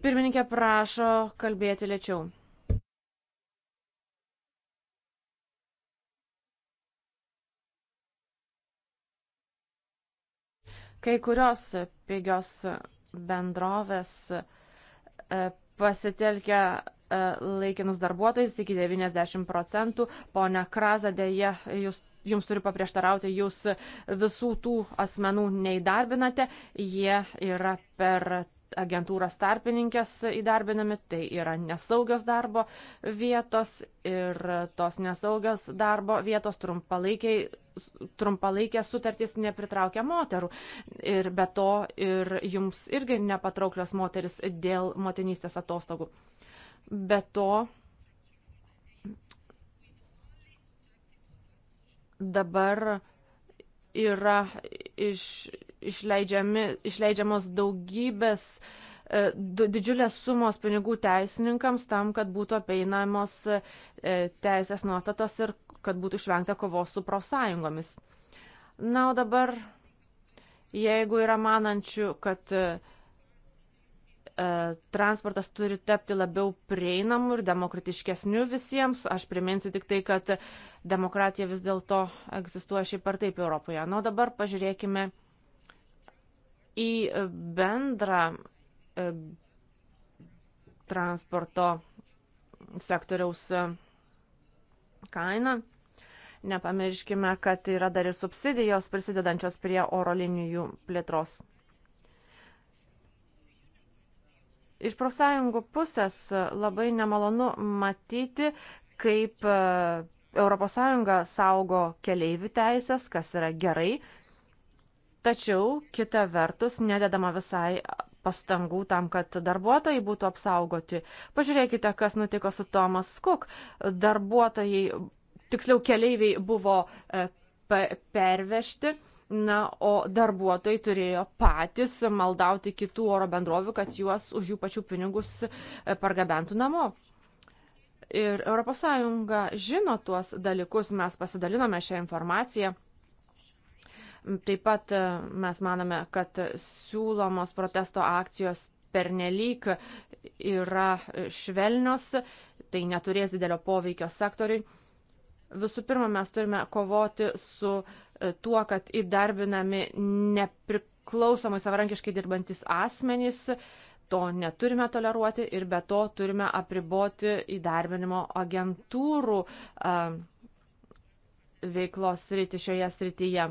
Pirmininkė prašo kalbėti lėčiau. Kai kurios pigios bendrovės e, pasitelkia E, laikinus darbuotojus iki 90 procentų. Pone Kraza, dėje jūs. Jums turiu paprieštarauti, jūs visų tų asmenų neįdarbinate, jie yra per agentūros tarpininkės įdarbinami, tai yra nesaugios darbo vietos ir tos nesaugios darbo vietos trumpalaikiai trumpalaikės sutartys nepritraukia moterų. Ir be to ir jums irgi nepatrauklios moteris dėl motinystės atostogų. Be to, dabar yra iš, išleidžiamos daugybės e, didžiulės sumos pinigų teisininkams tam, kad būtų apeinamos e, teisės nuostatos ir kad būtų išvengta kovos su profsąjungomis. Na, o dabar, jeigu yra manančių, kad e, E, transportas turi tapti labiau prieinamu ir demokratiškesniu visiems. Aš priminsiu tik tai, kad demokratija vis dėlto egzistuoja šiaip ar taip Europoje. Na, nu, dabar pažiūrėkime į bendrą e, transporto sektoriaus e, kainą. Nepamirškime, kad yra dar ir subsidijos prisidedančios prie oro linijų plėtros. Iš profsąjungų pusės e, labai nemalonu matyti, kaip ES saugo keleivių teisės, kas yra gerai, tačiau kita vertus nededama visai pastangų tam, kad darbuotojai būtų apsaugoti. Pažiūrėkite, kas nutiko su Thomas Cook. Darbuotojai, tiksliau keleiviai buvo e, pervežti Na, o darbuotojai turėjo patys maldauti kitų oro bendrovių, kad juos už jų pačių pinigus e, pargabentų namo. Ir ES žino tuos dalykus, mes pasidalinome šią informaciją. Taip pat e, mes manome, kad siūlomos protesto akcijos pernelyg yra švelnios, tai neturės didelio poveikio sektoriui. Visų pirma, mes turime kovoti su uh, tuo, kad įdarbinami nepriklausomai savarankiškai dirbantis asmenys. To neturime toleruoti ir be to turime apriboti įdarbinimo agentūrų uh, veiklos sritį šioje srityje.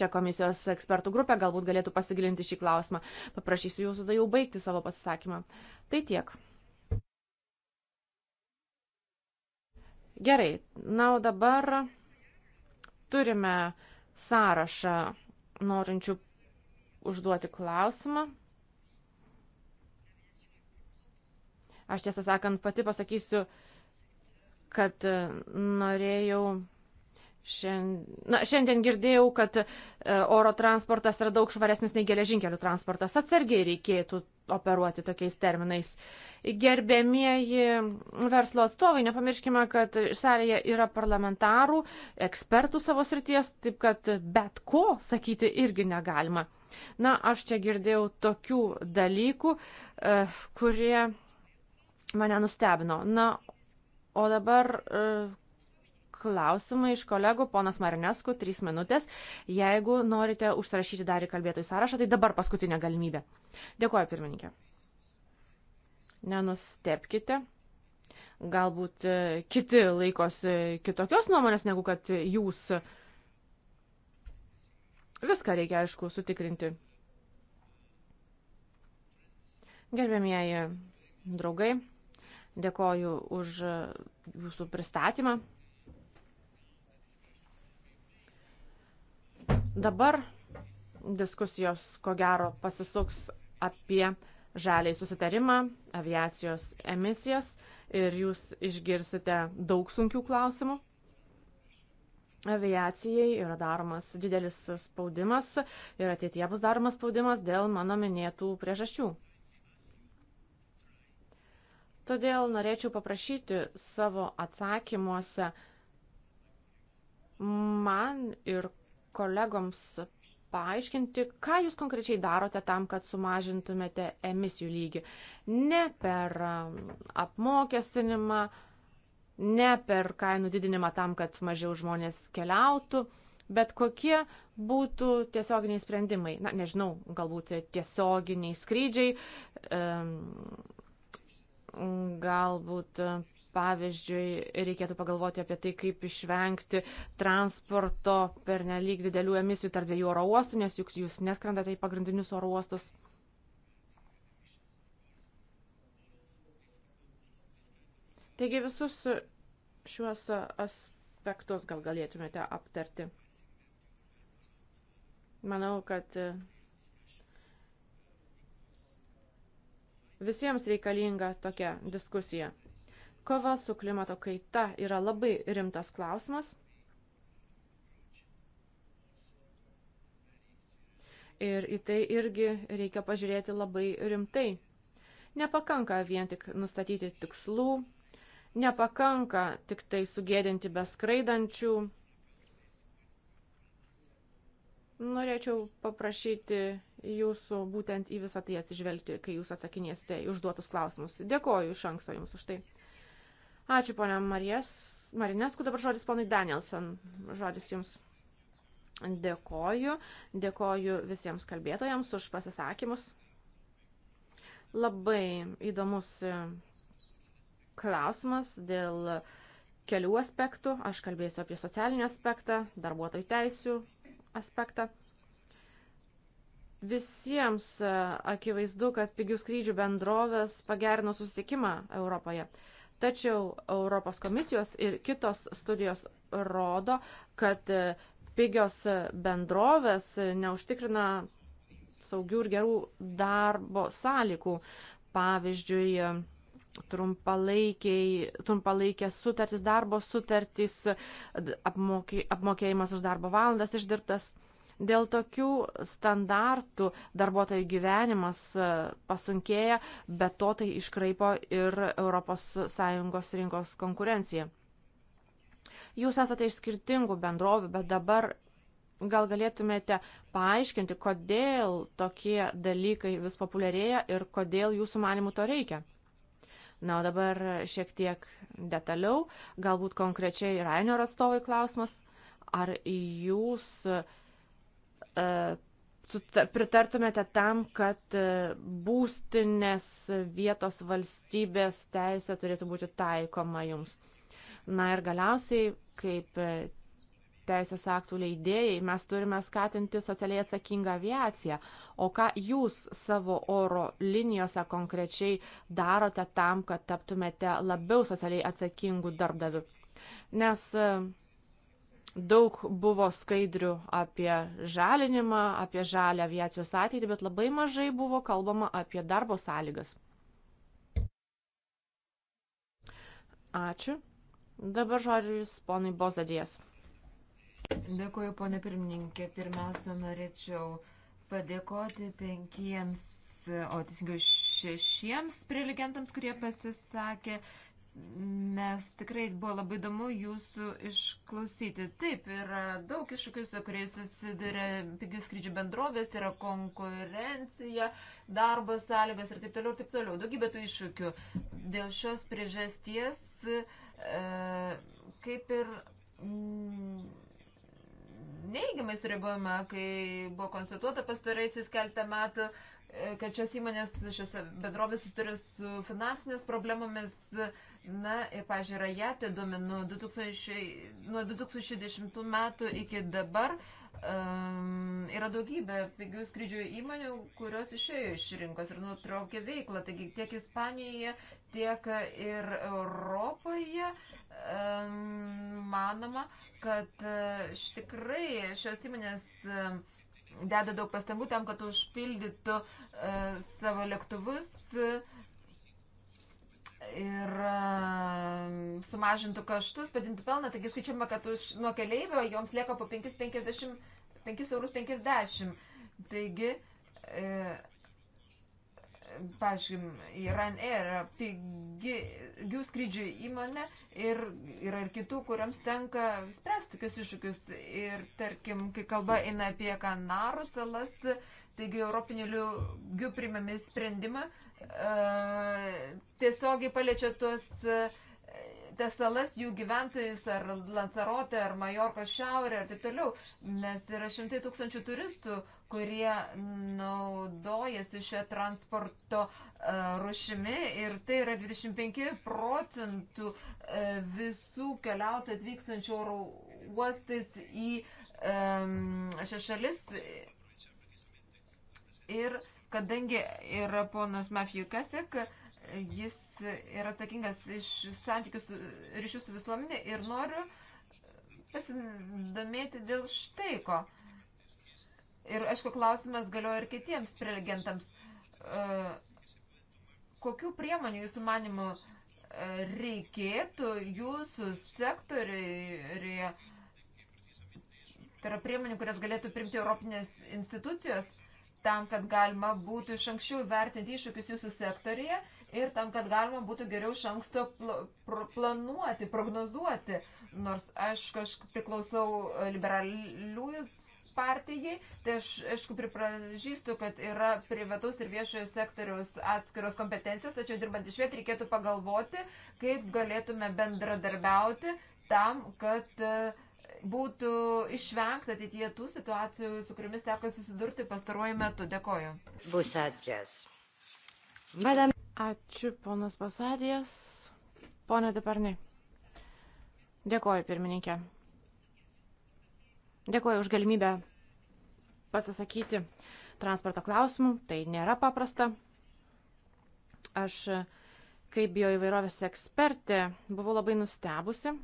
Čia komisijos ekspertų grupė galbūt galėtų pasigilinti šį klausimą. Paprašysiu jūsų tada jau baigti savo pasisakymą. Tai tiek. Gerai, na o dabar turime sąrašą norinčių užduoti klausimą. Aš tiesą sakant, pati pasakysiu, kad norėjau Šiandien, na, šiandien girdėjau, kad e, oro transportas yra daug švaresnis nei geležinkelių transportas. Atsargiai reikėtų operuoti tokiais terminais. Gerbėmieji verslo atstovai, nepamirškime, kad salėje yra parlamentarų, ekspertų savo srities, taip kad bet ko sakyti irgi negalima. Na, aš čia girdėjau tokių dalykų, e, kurie mane nustebino. Na, o dabar e, klausimai iš kolegų. Ponas Marinesku, trys minutės. Jeigu norite užsirašyti dar į kalbėtojų sąrašą, tai dabar paskutinė galimybė. Dėkuoju, pirmininkė. Nenustepkite. Galbūt e, kiti laikosi kitokios nuomonės negu kad jūs. Viską reikia, aišku, sutikrinti. Gerbėmieji draugai, dėkoju už e, jūsų pristatymą. Dabar diskusijos, ko gero, pasisuks apie žaliai susitarimą, aviacijos emisijas ir jūs išgirsite daug sunkių klausimų. Aviacijai yra daromas didelis spaudimas ir ateitie bus daromas spaudimas dėl mano minėtų priežasčių. Todėl norėčiau paprašyti savo atsakymuose man ir kolegoms paaiškinti, ką jūs konkrečiai darote tam, kad sumažintumėte emisijų lygį. Ne per um, apmokestinimą, ne per kainų didinimą tam, kad mažiau žmonės keliautų, bet kokie būtų tiesioginiai sprendimai. Na, nežinau, galbūt tiesioginiai skrydžiai, um, galbūt Pavyzdžiui, reikėtų pagalvoti apie tai, kaip išvengti transporto per nelik didelių emisijų tarp dviejų oro uostų, nes juk jūs neskrendate į pagrindinius oro uostus. Taigi visus šiuos aspektus gal galėtumėte aptarti. Manau, kad visiems reikalinga tokia diskusija. Kova su klimato kaita yra labai rimtas klausimas. Ir į tai irgi reikia pažiūrėti labai rimtai. Nepakanka vien tik nustatyti tikslų, nepakanka tik tai sugėdinti beskraidančių. Norėčiau paprašyti jūsų būtent į visą tai atsižvelgti, kai jūs atsakinėsite į užduotus klausimus. Dėkoju iš anksto jums už tai. Ačiū, ponia Marijas. Marinesku, dabar žodis ponui Danielson. Žodis jums. Dėkoju. Dėkoju visiems kalbėtojams už pasisakymus. Labai įdomus e, klausimas dėl kelių aspektų. Aš kalbėsiu apie socialinį aspektą, darbuotojų teisių aspektą. Visiems e, akivaizdu, kad pigių skrydžių bendrovės pagerino susisiekimą Europoje. Tačiau Europos komisijos ir kitos studijos rodo, kad e, pigios e, bendrovės e, neužtikrina saugių ir gerų darbo sąlygų. Pavyzdžiui, trumpalaikės sutartys, darbo sutartys, apmokėjimas už darbo valandas išdirbtas. Dėl tokių standartų darbuotojų gyvenimas e, pasunkėja, bet to tai iškraipo ir ES rinkos konkurencija. Jūs esate iš skirtingų bendrovių, bet dabar gal galėtumėte paaiškinti, kodėl tokie dalykai vis populiarėja ir kodėl jūsų manimų to reikia. Na, o dabar šiek tiek detaliau, galbūt konkrečiai Rainio atstovai klausimas, ar jūs uh, E, pritartumėte tam, kad e, būstinės vietos valstybės teisė turėtų būti taikoma jums. Na ir galiausiai, kaip e, teisės aktų leidėjai, mes turime skatinti socialiai atsakingą aviaciją. O ką jūs savo oro linijose konkrečiai darote tam, kad taptumėte labiau socialiai atsakingų darbdavių? Nes Daug buvo skaidrių apie žalinimą, apie žalę aviacijos ateitį, bet labai mažai buvo kalbama apie darbo sąlygas. Ačiū. Dabar žodžius ponui Bozadės. Dėkuoju, ponė pirmininkė. Pirmiausia, norėčiau padėkoti penkiems, o teisingiau šešiems prelegentams, kurie pasisakė. Nes tikrai buvo labai įdomu jūsų išklausyti. Taip, yra daug iššūkių, su kuriais susiduria pigių skrydžių bendrovės, tai yra konkurencija, darbo sąlygas ir taip toliau, ir taip toliau. Daugybė tų iššūkių. Dėl šios priežasties, e, kaip ir mm, neįgimai sureaguojama, kai buvo konstatuota pastaraisiais keltą metų, e, kad šios įmonės, šios bendrovės susiduria su finansinės problemomis. E, Na ir, pažiūrėjau, Rajatė duomenų nuo 2010 metų iki dabar um, yra daugybė pigių skrydžių įmonių, kurios išėjo iš rinkos ir nutraukė veiklą. Taigi tiek Ispanijoje, tiek ir Europoje um, manoma, kad uh, tikrai šios įmonės. Um, Deda daug pastangų tam, kad užpildytų uh, savo lėktuvus uh, ir ehm, sumažintų kaštus, padintų pelną, taigi skaičiuojama, kad už, nuo keleivio joms lieka po 5,50 eurus. 50. Taigi, e, pažiūrėjim, Iran Air yra pigių skrydžių įmonė ir yra ir kitų, kuriams tenka spręsti tokius iššūkius. Ir tarkim, kai kalba eina apie Kanarų salas, taigi Europinių lygių primami sprendimą, E, tiesiogiai paliečia tuos e, tas salas, jų gyventojus, ar Lanzarote, ar Majorkos šiaurė, ar taip toliau, nes yra šimtai tūkstančių turistų, kurie naudojasi šią transporto e, rušimi ir tai yra 25 procentų visų keliautų atvykstančių oro uostais į šią šalis. Ir Kadangi yra ponas Mafijų Kasek, jis yra atsakingas iš santykių su ryšių su visuomenė ir noriu pasidomėti dėl štai ko. Ir aišku, klausimas galioja ir kitiems prelegentams. E, kokių priemonių jūsų manimų e, reikėtų jūsų sektoriui, tai yra priemonių, kurias galėtų primti Europinės institucijos, tam, kad galima būtų iš anksčiau vertinti iššūkius jūsų sektorėje ir tam, kad galima būtų geriau iš anksto pl pr planuoti, prognozuoti. Nors aišku, aš priklausau liberaliųjų partijai, tai aš, aišku, pripažįstu, kad yra privatus ir viešojo sektoriaus atskiros kompetencijos, tačiau dirbant iš vietų reikėtų pagalvoti, kaip galėtume bendradarbiauti tam, kad uh, būtų išvengta ateityje tų situacijų, su kuriamis teko susidurti pastaruoju metu. Dėkoju. Bus atės. Madame. Ačiū, ponas Pasadės. Pone Deparnai. Dėkoju, pirmininkė. Dėkoju už galimybę pasisakyti transporto klausimų. Tai nėra paprasta. Aš kaip bioįvairovės ekspertė buvau labai nustebusi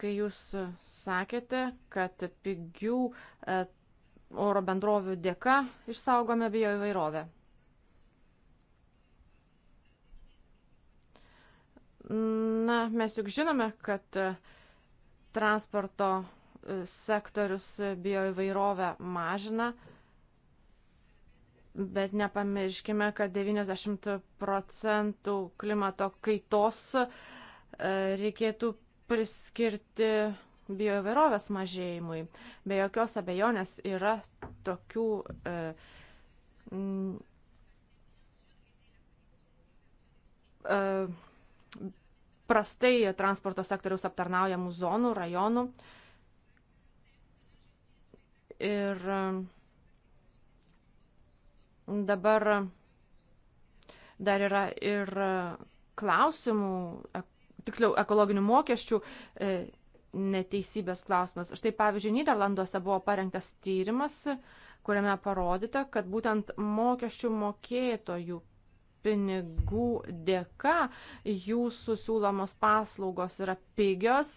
kai jūs sakėte, kad pigių e, oro bendrovių dėka išsaugome bio įvairovę. Na, mes juk žinome, kad e, transporto e, sektorius bio įvairovę mažina, bet nepamirškime, kad 90 procentų klimato kaitos reikėtų priskirti bioįvairovės mažėjimui. Be jokios abejonės yra tokių e, m, e, prastai transporto sektoriaus aptarnaujamų zonų, rajonų. Ir e, dabar dar yra ir klausimų e, tiksliau, ekologinių mokesčių e, neteisybės klausimas. Štai pavyzdžiui, Niderlanduose buvo parengtas tyrimas, kuriame parodyta, kad būtent mokesčių mokėtojų pinigų dėka jūsų siūlomos paslaugos yra pigios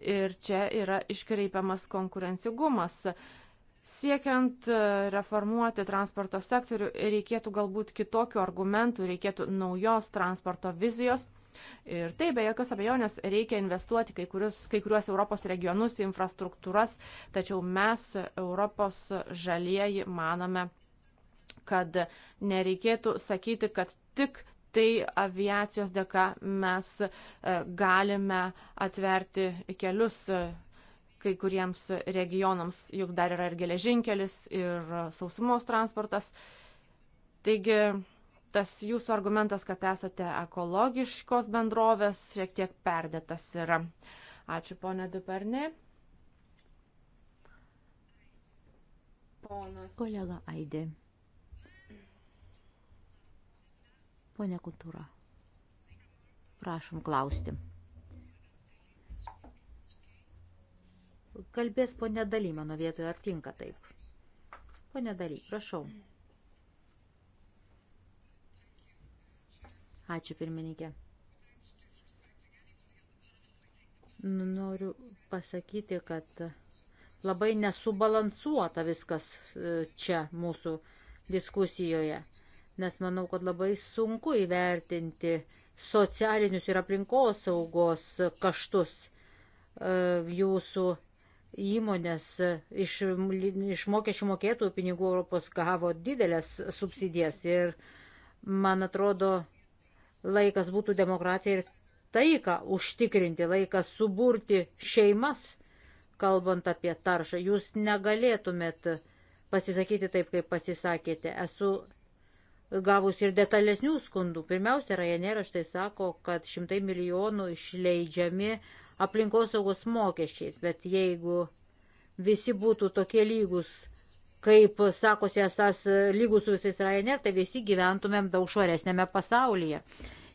ir čia yra iškreipiamas konkurencingumas. Siekiant e, reformuoti transporto sektorių, reikėtų galbūt kitokių argumentų, reikėtų naujos transporto vizijos Ir tai be jokios abejonės reikia investuoti kai, kurius, kai kuriuos Europos regionus, infrastruktūras, tačiau mes Europos žalieji manome, kad nereikėtų sakyti, kad tik tai aviacijos dėka mes e, galime atverti kelius e, kai kuriems regionams, juk dar yra ir geležinkelis, ir sausumos transportas. Taigi tas jūsų argumentas, kad esate ekologiškos bendrovės, šiek tiek perdėtas yra. Ačiū, ponė Duperni. Ponas. Kolega Aidė. Pone Kultūra. Prašom klausti. Kalbės ponė Daly mano vietoje, ar tinka taip? Pone Daly, prašau. Mm. Ačiū pirmininkė. Nu, noriu pasakyti, kad labai nesubalansuota viskas e, čia mūsų diskusijoje, nes manau, kad labai sunku įvertinti socialinius ir aplinkos saugos kaštus e, jūsų įmonės iš, iš mokesčių mokėtojų pinigų Europos gavo didelės subsidijas ir man atrodo Laikas būtų demokratiją ir taiką užtikrinti, laikas suburti šeimas, kalbant apie taršą. Jūs negalėtumėt pasisakyti taip, kaip pasisakėte. Esu gavus ir detalesnių skundų. Pirmiausia, Rajanė raštai sako, kad šimtai milijonų išleidžiami aplinkosaugos mokesčiais, bet jeigu visi būtų tokie lygus kaip sakosi esas lygus su visais Ryanair, tai visi gyventumėm daug švaresnėme pasaulyje.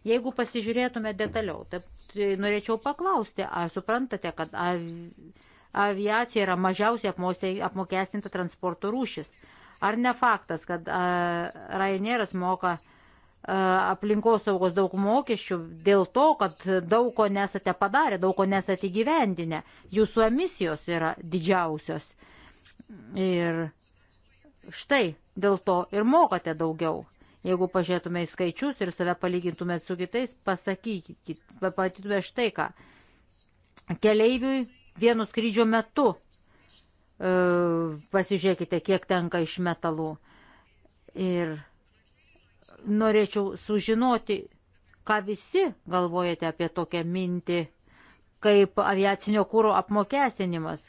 Jeigu pasižiūrėtume detaliau, tai, tai norėčiau paklausti, ar suprantate, kad aviacija yra mažiausiai apmokestinta transporto rūšis? Ar ne faktas, kad Ryanairas moka aplinkos saugos daug mokesčių dėl to, kad daug ko nesate padarę, daug ko nesate gyvendinę. Jūsų emisijos yra didžiausios. Ir Štai dėl to ir mokate daugiau. Jeigu pažiūrėtume į skaičius ir save palygintumėt su kitais, pasakykit, patytume štai ką. Keleiviui vienu skrydžio metu e, pasižiūrėkite, kiek tenka iš metalų. Ir norėčiau sužinoti, ką visi galvojate apie tokią mintį, kaip aviacinio kūro apmokestinimas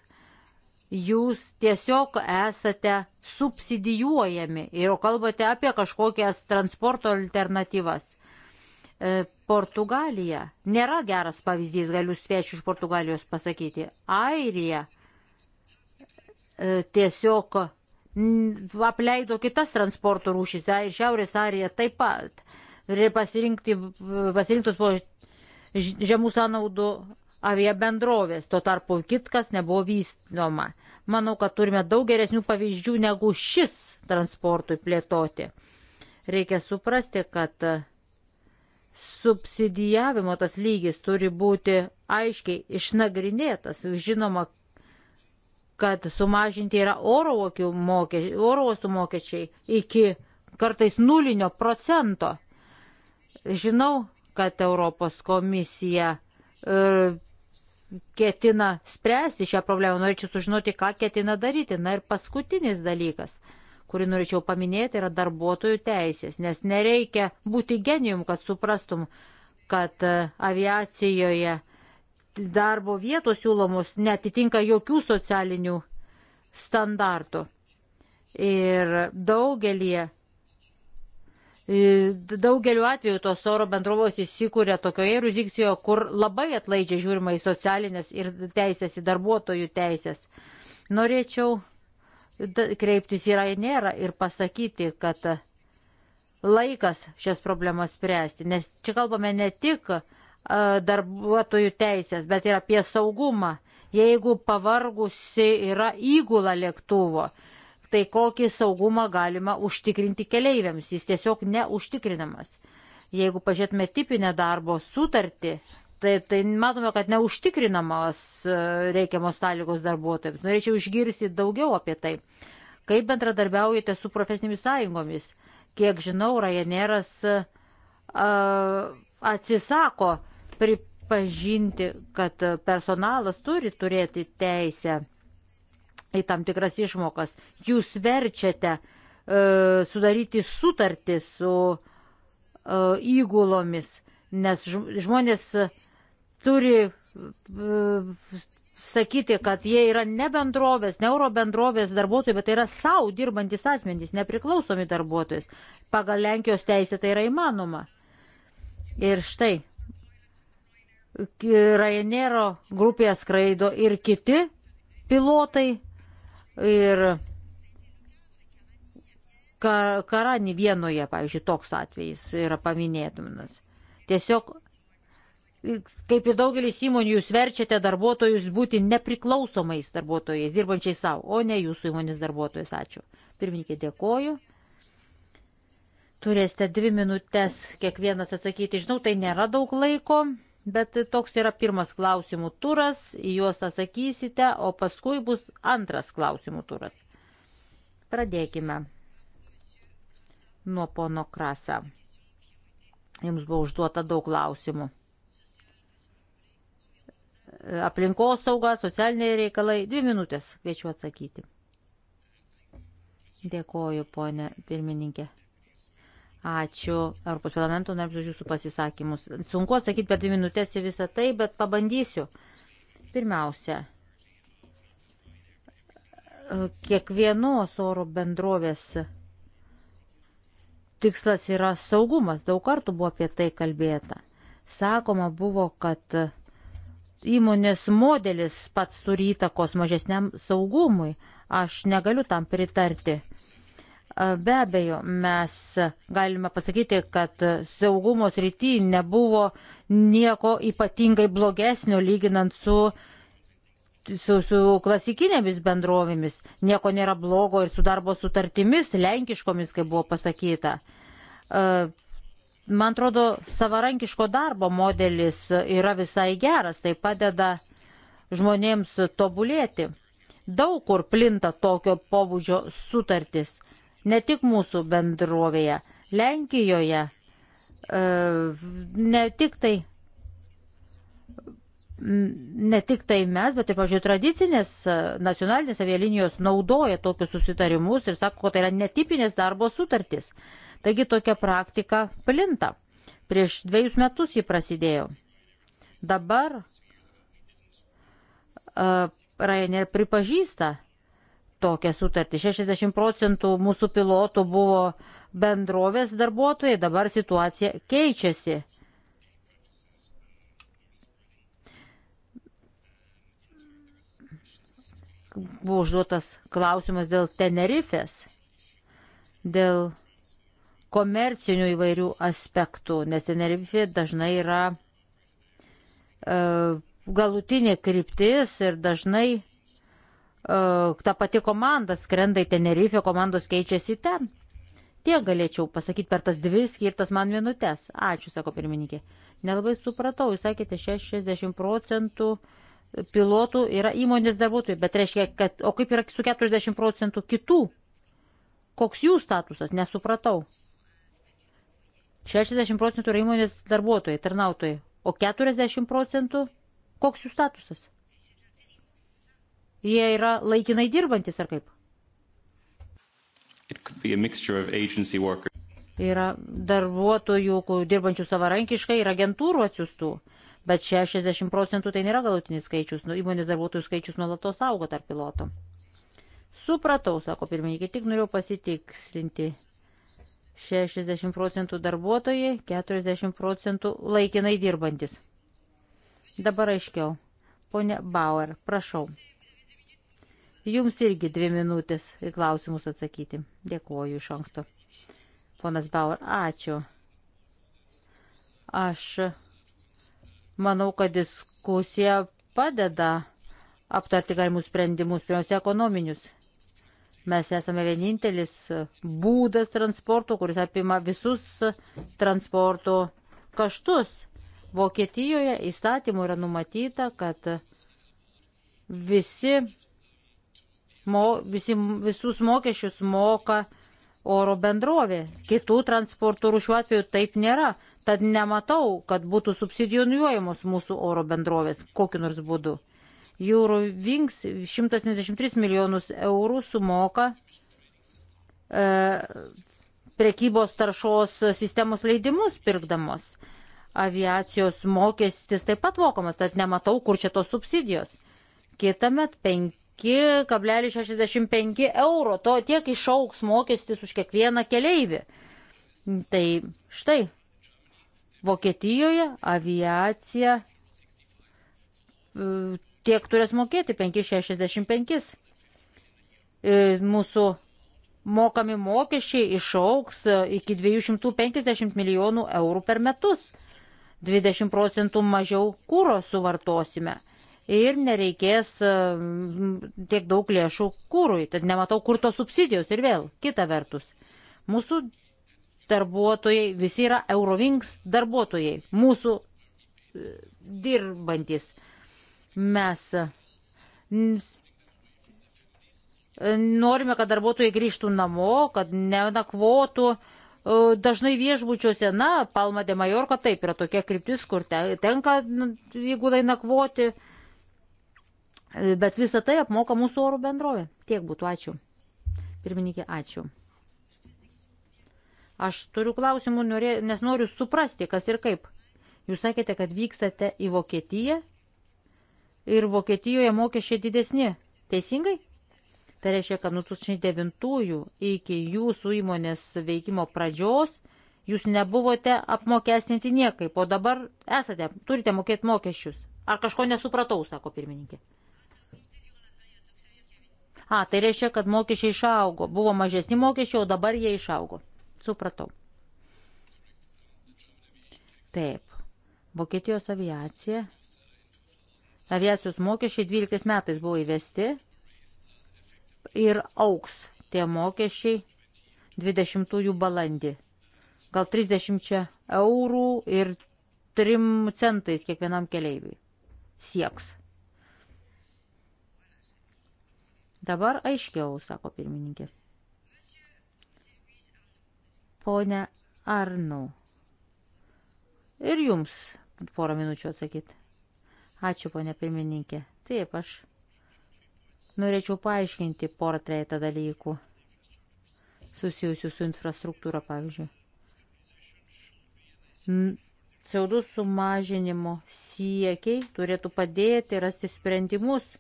jūs tiesiog esate subsidijuojami ir kalbate apie kažkokias transporto alternatyvas. E, Portugalija nėra geras pavyzdys, galiu svečių iš Portugalijos pasakyti. Airija e, tiesiog apleido kitas transporto rūšys, Šiaurės Airija taip pat. Ir pasirinkti, pasirinktus po žemų sąnaudų avia bendrovės, tuo tarpu kitkas nebuvo vystoma. Manau, kad turime daug geresnių pavyzdžių negu šis transportui plėtoti. Reikia suprasti, kad subsidijavimo tas lygis turi būti aiškiai išnagrinėtas. Žinoma, kad sumažinti yra oro uostų mokesčiai, mokesčiai iki kartais nulinio procento. Žinau, kad Europos komisija e, ketina spręsti šią problemą, norėčiau sužinoti, ką ketina daryti. Na ir paskutinis dalykas, kurį norėčiau paminėti, yra darbuotojų teisės, nes nereikia būti genijum, kad suprastum, kad e, aviacijoje darbo vietos siūlomos netitinka jokių socialinių standartų. Ir daugelie Daugeliu atveju tos oro bendrovos įsikūrė tokioje jurisdikcijoje, kur labai atlaidžiai žiūrima į socialinės ir teisės, į darbuotojų teisės. Norėčiau kreiptis į Rainerą ir pasakyti, kad laikas šias problemas spręsti, nes čia kalbame ne tik darbuotojų teisės, bet ir apie saugumą. Jeigu pavargusi yra įgula lėktuvo, tai kokį saugumą galima užtikrinti keleiviams. Jis tiesiog neužtikrinamas. Jeigu pažiūrėtume tipinę darbo sutartį, tai, tai matome, kad neužtikrinamas e, reikiamos sąlygos darbuotojams. Norėčiau išgirsti daugiau apie tai. Kaip bendradarbiaujate su profesinėmis sąjungomis? Kiek žinau, Rajaneras uh, e, atsisako pripažinti, kad personalas turi turėti teisę į tam tikras išmokas. Jūs verčiate e, sudaryti sutartį su e, įgulomis, nes žmonės turi e, sakyti, kad jie yra ne bendrovės, ne euro bendrovės darbuotojai, bet tai yra savo dirbantis asmenys, nepriklausomi darbuotojas. Pagal Lenkijos teisę tai yra įmanoma. Ir štai, Rajanero grupėje skraido ir kiti pilotai, Ir Karani vienoje, pavyzdžiui, toks atvejis yra paminėtuminas. Tiesiog, kaip ir daugelis įmonių, jūs verčiate darbuotojus būti nepriklausomais darbuotojais, dirbančiais savo, o ne jūsų įmonės darbuotojais. Ačiū. Pirmininkė, dėkoju. Turėsite dvi minutės kiekvienas atsakyti. Žinau, tai nėra daug laiko. Bet toks yra pirmas klausimų turas, juos atsakysite, o paskui bus antras klausimų turas. Pradėkime nuo pono Krasa. Jums buvo užduota daug klausimų. Aplinkos sauga, socialiniai reikalai. Dvi minutės kviečiu atsakyti. Dėkoju, ponė pirmininkė. Ačiū Europos parlamento nariams už jūsų pasisakymus. Sunku atsakyti per dvi minutės į visą tai, bet pabandysiu. Pirmiausia, kiekvienos oro bendrovės tikslas yra saugumas. Daug kartų buvo apie tai kalbėta. Sakoma buvo, kad įmonės modelis pats turi įtakos mažesniam saugumui. Aš negaliu tam pritarti. Be abejo, mes galime pasakyti, kad saugumo srity nebuvo nieko ypatingai blogesnio lyginant su, su, su klasikinėmis bendrovėmis. Nieko nėra blogo ir su darbo sutartimis, lenkiškomis, kaip buvo pasakyta man atrodo, savarankiško darbo modelis yra visai geras, tai padeda žmonėms tobulėti. Daug kur plinta tokio pobūdžio sutartis ne tik mūsų bendrovėje. Lenkijoje e, ne tik tai ne tik tai mes, bet ir, pažiūrėjau, tradicinės e, nacionalinės avialinijos naudoja tokius susitarimus ir sako, kad tai yra netipinės darbo sutartys. Taigi tokia praktika plinta. Prieš dviejus metus jį prasidėjo. Dabar uh, Ryanair pripažįsta, tokią sutartį. 60 procentų mūsų pilotų buvo bendrovės darbuotojai, dabar situacija keičiasi. Buvo užduotas klausimas dėl Tenerifės, dėl komercinių įvairių aspektų, nes Tenerifė dažnai yra e, galutinė kryptis ir dažnai E, ta pati komanda skrenda į Tenerife, komandos keičiasi ten. Tiek galėčiau pasakyti per tas dvi skirtas man minutės. Ačiū, sako pirmininkė. Nelabai supratau, jūs sakėte 60 procentų pilotų yra įmonės darbuotojai, bet reiškia, kad o kaip yra su 40 procentų kitų? Koks jų statusas? Nesupratau. 60 procentų yra įmonės darbuotojai, tarnautojai, o 40 procentų koks jų statusas? Jie yra laikinai dirbantis ar kaip? Yra darbuotojų, dirbančių savarankiškai ir agentūrų atsiųstų, bet 60 procentų tai nėra galutinis skaičius, nu, įmonės darbuotojų skaičius nuolatos auga tarp pilotų. Supratau, sako pirmininkė, tik noriu pasitikslinti. 60 procentų darbuotojai, 40 procentų laikinai dirbantis. Dabar aiškiau. Pone Bauer, prašau. Jums irgi dvi minutės į klausimus atsakyti. Dėkuoju iš anksto. Ponas Bauer, ačiū. Aš manau, kad diskusija padeda aptarti galimus sprendimus, pirmiausia, ekonominius. Mes esame vienintelis būdas transporto, kuris apima visus transporto kaštus. Vokietijoje įstatymų yra numatyta, kad visi mo, visi, visus mokesčius moka oro bendrovė. Kitų transporto rušių atveju taip nėra. Tad nematau, kad būtų subsidijuojamos mūsų oro bendrovės kokiu nors būdu. Eurovings 173 milijonus eurų sumoka e, prekybos taršos sistemos leidimus pirkdamos. Aviacijos mokestis taip pat mokamas, tad nematau, kur čia tos subsidijos. Kitą metą 5,65 euro. To tiek išauks mokestis už kiekvieną keleivį. Tai štai, Vokietijoje aviacija e, tiek turės mokėti 5,65. E, mūsų mokami mokesčiai išauks e, iki 250 milijonų eurų per metus. 20 procentų mažiau kūro suvartosime ir nereikės e, tiek daug lėšų kūrui. Tad nematau, kur tos subsidijos ir vėl. Kita vertus, mūsų darbuotojai visi yra Eurovings darbuotojai, mūsų e, dirbantis. Mes norime, kad darbuotojai grįžtų namo, kad nenakvotų. E, dažnai viešbučiuose, na, Palma de Mallorca taip yra tokia kryptis, kur tenka, jeigu tai nakvoti, Bet visą tai apmoka mūsų oro bendrovė. Tiek būtų, ačiū. Pirmininkė, ačiū. Aš turiu klausimų, nes noriu suprasti, kas ir kaip. Jūs sakėte, kad vykstate į Vokietiją ir Vokietijoje mokesčiai didesni. Teisingai? Tai reiškia, kad nuo 2009 iki jūsų įmonės veikimo pradžios jūs nebuvote apmokestinti niekaip, o dabar esate, turite mokėti mokesčius. Ar kažko nesupratau, sako pirmininkė. A, tai reiškia, kad mokesčiai išaugo. Buvo mažesni mokesčiai, o dabar jie išaugo. Supratau. Taip. Vokietijos aviacija. Aviacijos mokesčiai 12 metais buvo įvesti ir auks tie mokesčiai 20 balandį. Gal 30 eurų ir 3 centais kiekvienam keleiviui sieks. Dabar aiškiau, sako pirmininkė. Pone Arnau. Ir jums porą minučių atsakyti. Ačiū, ponė pirmininkė. Taip, aš norėčiau paaiškinti porą trejata dalykų susijusių su infrastruktūra, pavyzdžiui. CO2 sumažinimo siekiai turėtų padėti rasti sprendimus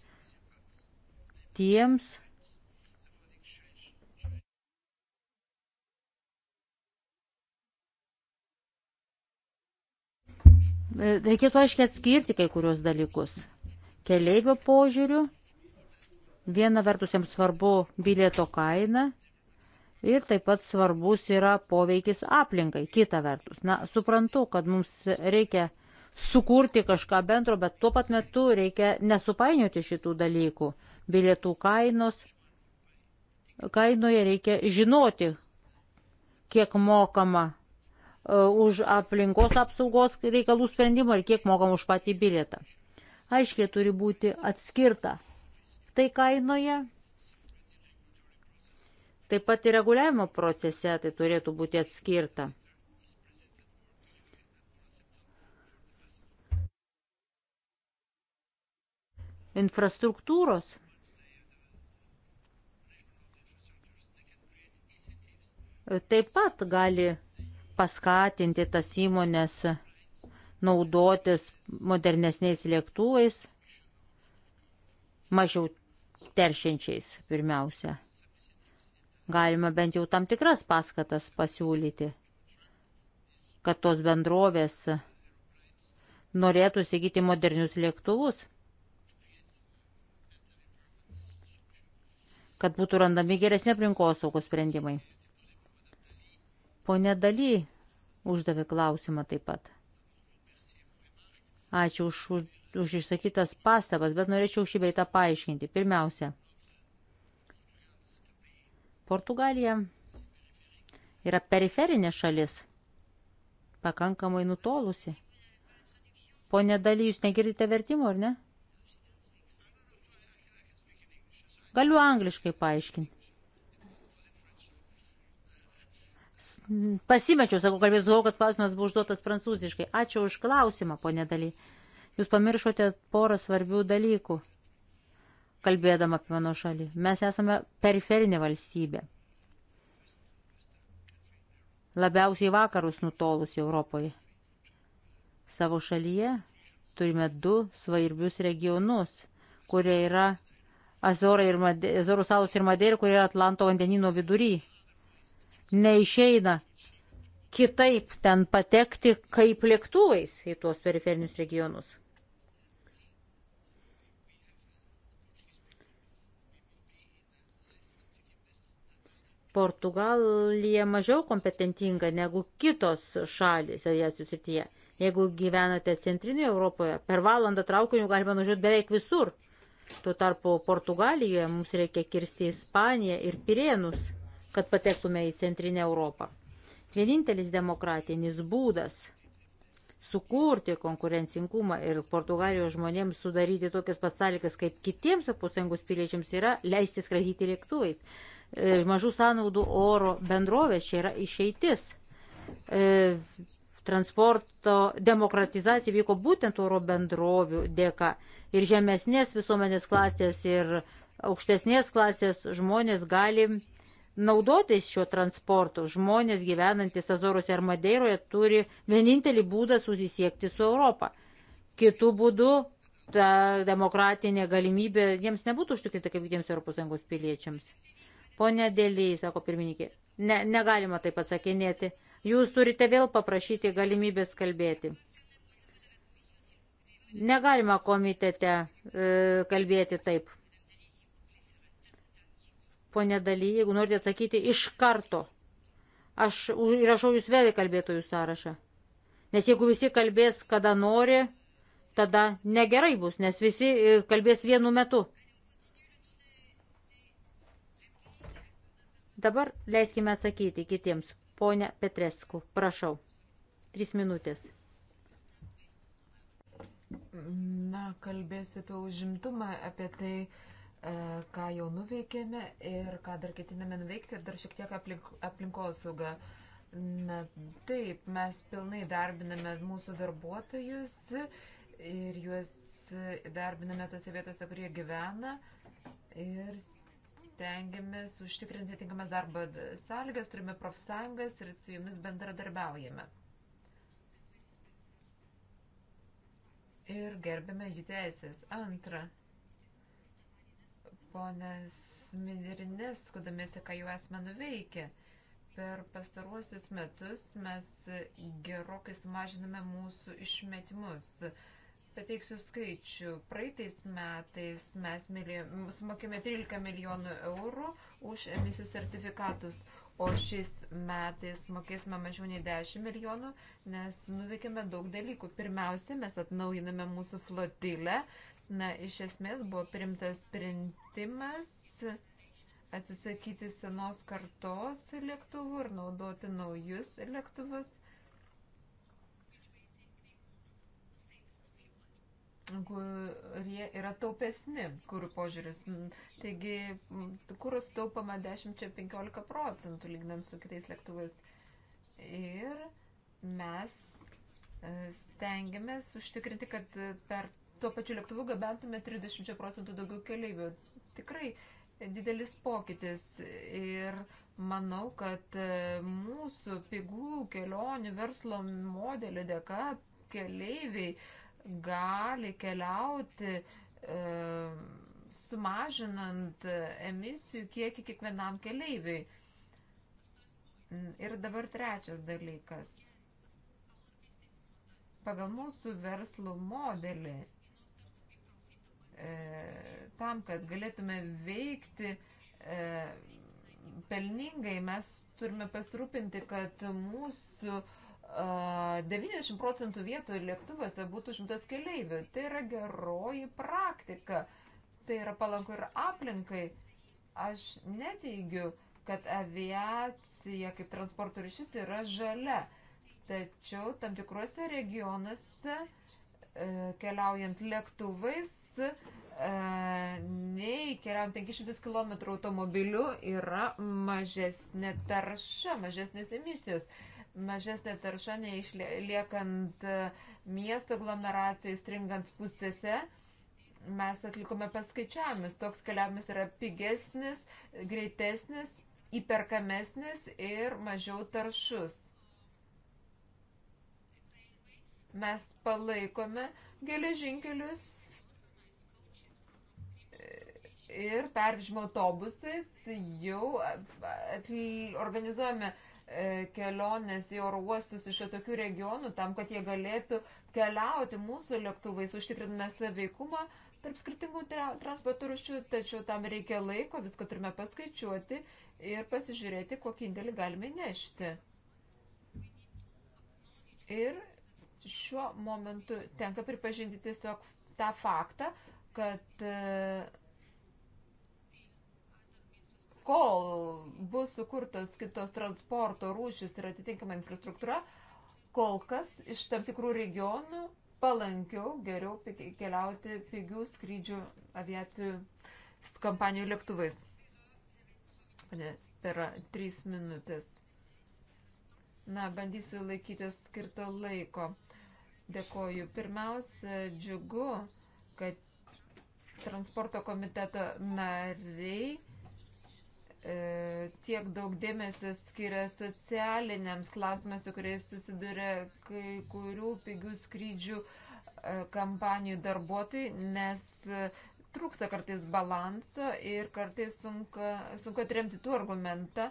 tiems, e, Reikėtų aiškiai atskirti kai kurios dalykus. Keleivio požiūrių, viena vertus jiems svarbu bilieto kaina ir taip pat svarbus yra poveikis aplinkai, kita vertus. Na, suprantu, kad mums reikia sukurti kažką bendro, bet tuo pat metu reikia nesupainioti šitų dalykų bilietų kainos. Kainoje reikia žinoti, kiek mokama e, už aplinkos apsaugos reikalų sprendimą ir kiek mokam už patį bilietą. Aiškiai turi būti atskirta tai kainoje. Taip pat ir reguliavimo procese tai turėtų būti atskirta. Infrastruktūros taip pat gali paskatinti tas įmonės naudotis modernesniais lėktuvais, mažiau teršiančiais pirmiausia. Galima bent jau tam tikras paskatas pasiūlyti, kad tos bendrovės norėtų įsigyti modernius lėktuvus, kad būtų randami geresni aplinkosaugos sprendimai. Pone Daly uždavė klausimą taip pat. Ačiū už, už, už išsakytas pastabas, bet norėčiau šį beitą paaiškinti. Pirmiausia, Portugalija yra periferinė šalis, pakankamai nutolusi. Pone Daly, jūs negirdite vertimo, ar ne? Galiu angliškai paaiškinti. pasimečiau, sakau, kalbėjau, kad klausimas buvo užduotas prancūziškai. Ačiū už klausimą, ponė daly. Jūs pamiršote porą svarbių dalykų, kalbėdama apie mano šalį. Mes esame periferinė valstybė. Labiausiai vakarus nutolus Europoje. Savo šalyje turime du svarbius regionus, kurie yra Azorai ir Madė, Azorų salos ir Madeira, kurie yra Atlanto vandenino viduryje neišeina kitaip ten patekti kaip lėktuvais į tuos periferinius regionus. Portugalija mažiau kompetentinga negu kitos šalis aviacijos srityje. Jeigu gyvenate centrinėje Europoje, per valandą traukiniu galima nužiūrėti beveik visur. Tuo tarpu Portugalijoje mums reikia kirsti Ispaniją ir Pirėnus kad patektume į Centrinę Europą. Vienintelis demokratinis būdas sukurti konkurencingumą ir Portugalijos žmonėms sudaryti tokias pats sąlygas kaip kitiems ES piliečiams yra leisti skraidyti lėktuvais. E, mažų sąnaudų oro bendrovės čia yra išeitis. E, transporto demokratizacija vyko būtent oro bendrovių dėka ir žemesnės visuomenės klasės ir aukštesnės klasės žmonės gali naudotis šiuo transportu. Žmonės gyvenantis Azoruose ar Madeiroje turi vienintelį būdą susisiekti su Europą. Kitų būdų ta demokratinė galimybė jiems nebūtų užtikrinta kaip kitiems ES piliečiams. Pone Dėliai, sako pirmininkė, ne, negalima taip atsakinėti. Jūs turite vėl paprašyti galimybės kalbėti. Negalima komitete e, kalbėti taip. Pone Daly, jeigu norite atsakyti iš karto, aš įrašau jūs vėl į kalbėtojų sąrašą. Nes jeigu visi kalbės, kada nori, tada negerai bus, nes visi e, kalbės vienu metu. Dabar leiskime atsakyti kitiems. Pone Petresku, prašau. Trys minutės. Na, kalbėsiu apie užimtumą, apie tai, E, ką jau nuveikėme ir ką dar ketiname nuveikti ir dar šiek tiek aplink, aplinkosaugą. Na taip, mes pilnai darbiname mūsų darbuotojus ir juos darbiname tose vietose, kur jie gyvena ir stengiamės užtikrinti tinkamas darbo sąlygas, turime profsąjungas ir su jumis bendradarbiaujame. Ir gerbėme jų teisės. Antra ponės Midirinės, skudamėsi, ką jau esame nuveikę. Per pastaruosius metus mes gerokai sumažiname mūsų išmetimus. Pateiksiu skaičių. Praeitais metais mes mylėjom, sumokėme 13 milijonų eurų už emisijų sertifikatus, o šiais metais mokėsime mažiau nei 10 milijonų, nes nuveikėme daug dalykų. Pirmiausia, mes atnaujiname mūsų flotilę, uh, Na, iš esmės buvo primtas sprendimas atsisakyti senos kartos lėktuvų ir naudoti naujus lėktuvus, kurie yra taupesni, kurių požiūris. Taigi, kuras taupama 10-15 procentų lygnant su kitais lėktuvais. Ir mes e, stengiamės užtikrinti, kad per tuo pačiu lėktuvu gabentume 30 procentų daugiau keleivių. Tikrai didelis pokytis ir manau, kad e, mūsų pigų kelionių verslo modelio dėka keleiviai gali keliauti e, sumažinant emisijų kiekį kiekvienam keleiviui. Ir dabar trečias dalykas. Pagal mūsų verslo modelį E, tam, kad galėtume veikti e, pelningai, mes turime pasirūpinti, kad mūsų 90 e, procentų vietų lėktuvose būtų šimtas keleivių. Tai yra geroji praktika. Tai yra palanku ir aplinkai. Aš neteigiu, kad aviacija kaip transporto ryšys yra žalia. Tačiau tam tikrose regionuose e, keliaujant lėktuvais E, nei keliaujant 500 km automobiliu yra mažesnė tarša, mažesnės emisijos. Mažesnė tarša nei liekant e, miesto aglomeracijoje, stringant spūstėse. Mes atlikome paskaičiavimus. Toks keliavimas yra pigesnis, greitesnis, įperkamesnis ir mažiau taršus. Mes palaikome geležinkelius ir pervežimo autobusais jau organizuojame e, keliones į oro uostus iš tokių regionų, tam, kad jie galėtų keliauti mūsų lėktuvais, užtikriname saveikumą tarp skirtingų transporto rušių, tačiau tam reikia laiko, viską turime paskaičiuoti ir pasižiūrėti, kokį indėlį galime nešti. Ir šiuo momentu tenka pripažinti tiesiog tą faktą, kad e, kol bus sukurtos kitos transporto rūšis ir atitinkama infrastruktūra, kol kas iš tam tikrų regionų palankiau geriau keliauti pigių skrydžių aviacijų kompanijų lėktuvais. Nes per trys minutės. Na, bandysiu laikytis skirto laiko. Dėkoju. Pirmiausia, džiugu, kad transporto komiteto nariai E, tiek daug dėmesio skiria socialiniams klausimams, su kuriais susiduria kai kurių pigių skrydžių e, kampanijų darbuotojai, nes e, trūksta kartais balanso ir kartais sunku, sunku atremti tų argumentą,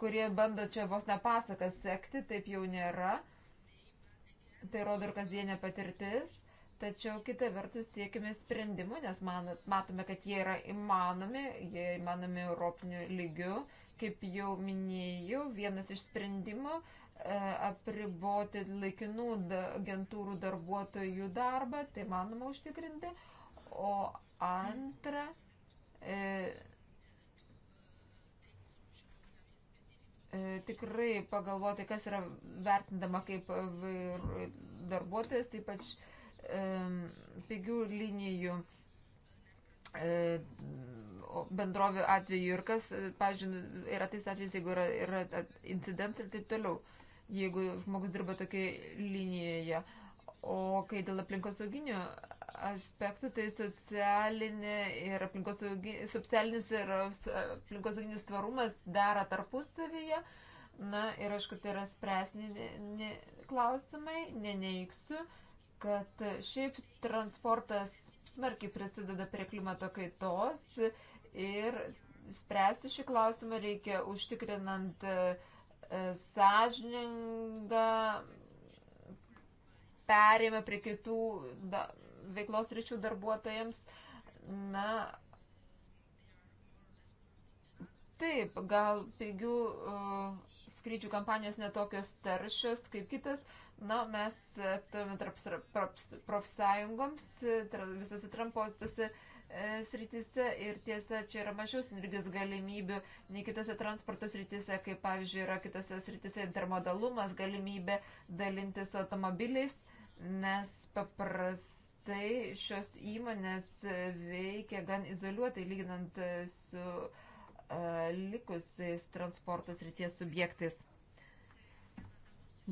kurie bando čia vos ne pasakas sekti, taip jau nėra. Tai rodo ir kasdienė patirtis. Tačiau kitą vertus siekime sprendimų, nes man, matome, kad jie yra įmanomi, jie įmanomi europiniu lygiu. Kaip jau minėjau, vienas iš sprendimų e, apriboti laikinų agentūrų darbuotojų darbą, tai manoma užtikrinti. O antra, e, e tikrai pagalvoti, kas yra vertindama kaip darbuotojas, ypač pigių linijų e, bendrovių atveju ir kas, e, pavyzdžiui, yra tais atvejais, jeigu yra, yra incidentai ir taip toliau, jeigu žmogus dirba tokioje linijoje. O kai dėl aplinkosauginių aspektų, tai socialinė ir aplinkosauginis, socialinis ir aplinkosauginis tvarumas dera tarpusavyje. Na ir aišku, tai yra spręsni klausimai, neneiksiu. Ne kad šiaip transportas smarkiai prisideda prie klimato kaitos ir spręsti šį klausimą reikia užtikrinant e, sąžiningą perėmę prie kitų da, veiklos ryčių darbuotojams. Na, taip, gal pigių uh, skrydžių kompanijos netokios taršios kaip kitos. Na, mes atstovame e, profsąjungoms e, visose trampostuose e, srityse ir tiesa, čia yra mažiau sinergijos galimybių nei kitose transporto srityse, kaip pavyzdžiui yra kitose srityse intermodalumas, galimybė dalintis automobiliais, nes paprastai šios įmonės veikia gan izoliuotai lyginant su E, likusiais transporto srities subjektais.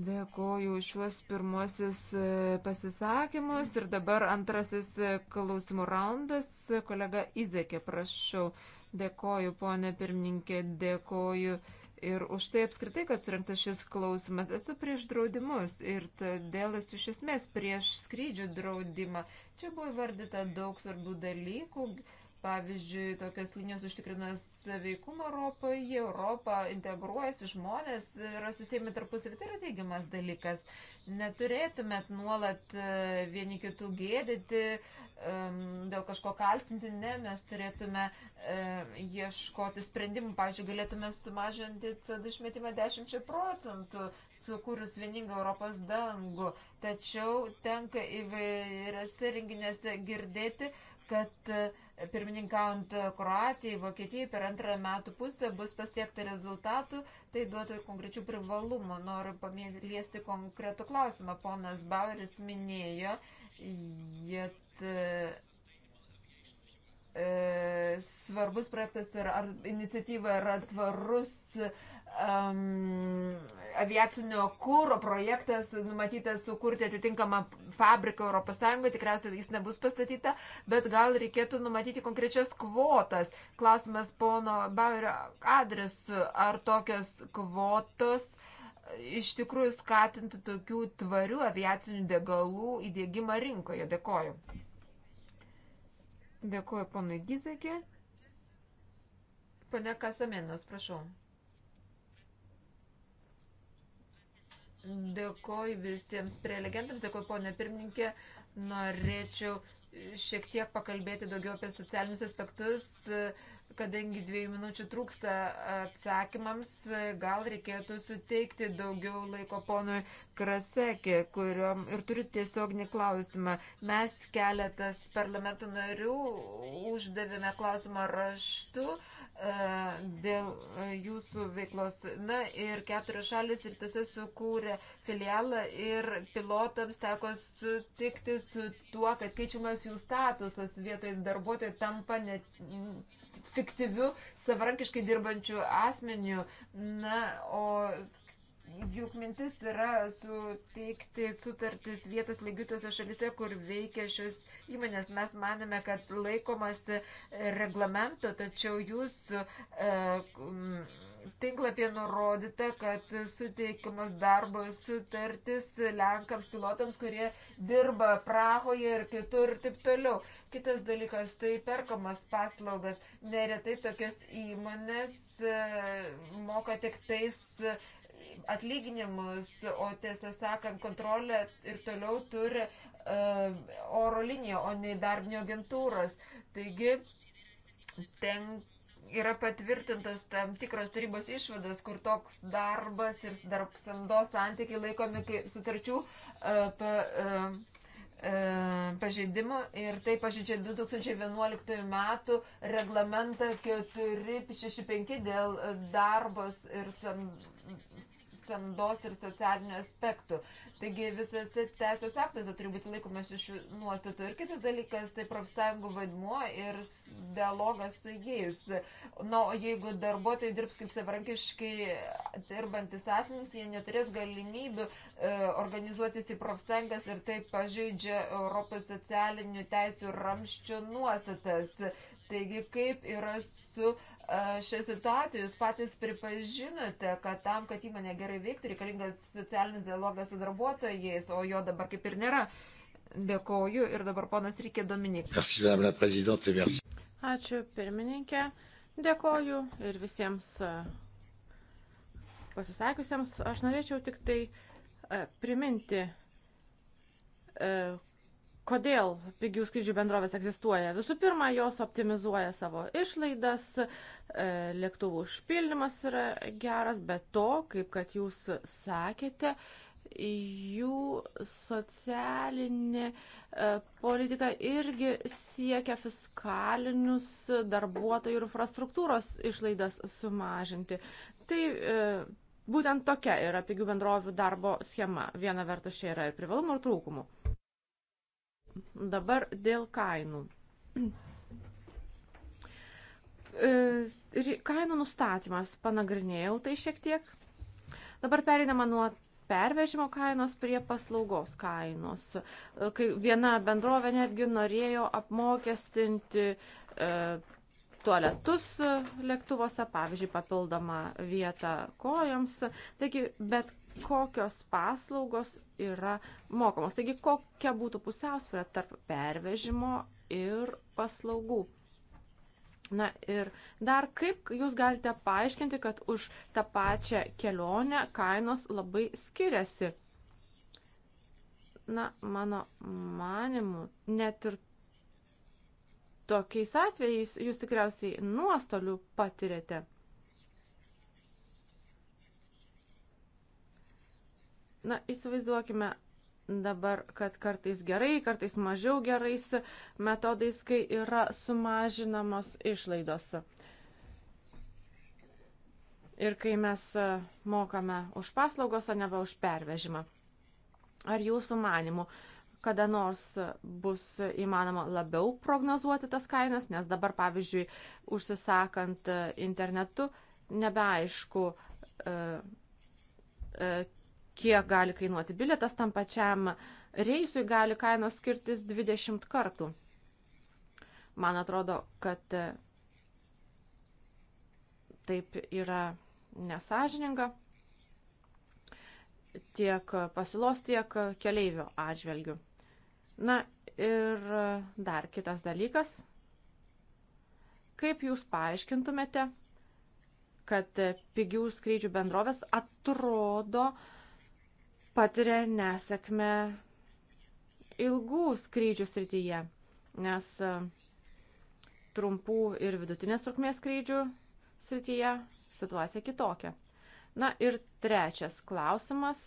Dėkoju šiuos pirmosius e, pasisakymus ir dabar antrasis e, klausimų raundas. Kolega Izekė, prašau. Dėkoju, ponė pirmininkė, dėkoju ir už tai apskritai, kad surinktas šis klausimas. Esu prieš draudimus ir todėl esu iš esmės prieš skrydžių draudimą. Čia buvo įvardyta daug svarbių dalykų. Uh, Pavyzdžiui, tokios linijos užtikrina saveikumą Europoje, Europą integruojasi žmonės, yra susijami tarpusavį, tai yra teigiamas dalykas. Neturėtumėt nuolat e, vieni kitų gėdyti, dėl kažko kaltinti, ne, mes turėtume e, ieškoti sprendimų. Pavyzdžiui, galėtume sumažinti CO2 išmetimą 10 procentų, sukūrus vieningą Europos dangų. Tačiau tenka įvairiose renginiuose girdėti, kad uh, pirmininkant Kroatijai, Vokietijai per antrą metų pusę bus pasiekta rezultatų, tai duotų konkrečių privalumų. Noriu pamėliesti konkretų klausimą. Ponas Baueris minėjo, jėt, e, svarbus projektas ir ar iniciatyva yra tvarus um, aviacinio kūro projektas numatytas sukurti atitinkamą fabriką ES, tikriausiai jis nebus pastatyta, bet gal reikėtų numatyti konkrečias kvotas. Klausimas pono Bauerio adresu, ar tokios kvotos iš tikrųjų skatintų tokių tvarių aviacinių degalų įdėgymą rinkoje. Dėkoju. Dėkoju ponui Gizekė. Pane Kasamėnas, prašau. Dėkoju visiems prelegentams, dėkoju ponė pirmininkė. Norėčiau šiek tiek pakalbėti daugiau apie socialinius aspektus, kadangi dviejų minučių trūksta atsakymams, gal reikėtų suteikti daugiau laiko ponui Krasekė, kuriuom ir turiu tiesioginį klausimą. Mes keletas parlamento narių uždavėme klausimą raštu E, dėl e, jūsų veiklos. Na ir keturios šalis ir tiesa sukūrė filialą ir pilotams teko sutikti su tuo, kad keičiamas jų statusas vietoj darbuotojų tampa net fiktyvių savarankiškai dirbančių asmenių. Na, o Juk mintis yra suteikti sutartis vietos lygiuose šalise, kur veikia šios įmonės. Mes manėme, kad laikomasi e, reglamento, tačiau jūs e, tinklapė nurodyta, kad suteikimas darbo sutartis Lenkams pilotams, kurie dirba Prahoje ir kitur ir taip toliau. Kitas dalykas - tai perkamas paslaugas. Neretai tokias įmonės e, moka tik tais atlyginimus, o tiesą sakant, kontrolę ir toliau turi e, oro linija, o ne darbinio agentūros. Taigi, ten yra patvirtintos tam tikros tarybos išvados, kur toks darbas ir darb samdos santykiai laikomi kaip sutarčių e, pa, e, pažeidimu ir tai pažeidžia 2011 metų reglamentą 465 dėl darbos ir sam, samdos ir socialinių aspektų. Taigi visose teisės aktuose turi būti laikomas šių nuostatų. Ir kitas dalykas - tai profsąjungų vaidmuo ir dialogas su jais. Na, o jeigu darbuotojai dirbs kaip savarankiškai dirbantis asmenys, jie neturės galimybių e, organizuotis į profsąjungas ir taip pažeidžia Europos socialinių teisų ramščių nuostatas. Taigi, kaip yra su uh, šią situaciją jūs patys pripažinote, kad tam, kad įmonė gerai veiktų, reikalingas socialinis dialogas su darbuotojais, o jo dabar kaip ir nėra. Dėkoju ir dabar ponas Rykė Dominik. Ačiū pirmininkė. Dėkoju ir visiems e, pasisakiusiems. Aš norėčiau tik tai e, priminti e, kodėl pigių skrydžių bendrovės egzistuoja. Visų pirma, jos optimizuoja savo išlaidas, e, lėktuvų užpildymas yra geras, bet to, kaip kad jūs sakėte, jų socialinė e, politika irgi siekia fiskalinius darbuotojų ir infrastruktūros išlaidas sumažinti. Tai e, būtent tokia yra pigių bendrovių darbo schema. Viena vertus čia yra ir privalumų, ir trūkumų. Dabar dėl kainų. E, kainų nustatymas panagrinėjau tai šiek tiek. Dabar pereinama nuo pervežimo kainos prie paslaugos kainos. E, kai viena bendrovė netgi norėjo apmokestinti e, tualetus e, lėktuvuose, pavyzdžiui, papildomą vietą kojoms. Taigi, bet kokios paslaugos yra mokamos. Taigi, kokia būtų pusiausvėra tarp pervežimo ir paslaugų. Na ir dar kaip jūs galite paaiškinti, kad už tą pačią kelionę kainos labai skiriasi. Na, mano manimu, net ir Tokiais atvejais jūs tikriausiai nuostolių patirėte. Na, įsivaizduokime dabar, kad kartais gerai, kartais mažiau gerais metodais, kai yra sumažinamos išlaidos. Ir kai mes e, mokame už paslaugos, o ne va už pervežimą. Ar jūsų manimų kada nors bus įmanoma labiau prognozuoti tas kainas, nes dabar, pavyzdžiui, užsisakant e, internetu, nebeaišku, e, e, kiek gali kainuoti bilietas tam pačiam reisui, gali kainos skirtis 20 kartų. Man atrodo, kad taip yra nesažininga tiek pasilos, tiek keleivio atžvelgiu. Na ir dar kitas dalykas. Kaip jūs paaiškintumėte, kad pigių skrydžių bendrovės atrodo patiria nesėkmę ilgų skrydžių srityje, nes e, trumpų ir vidutinės trukmės skrydžių srityje situacija kitokia. Na ir trečias klausimas.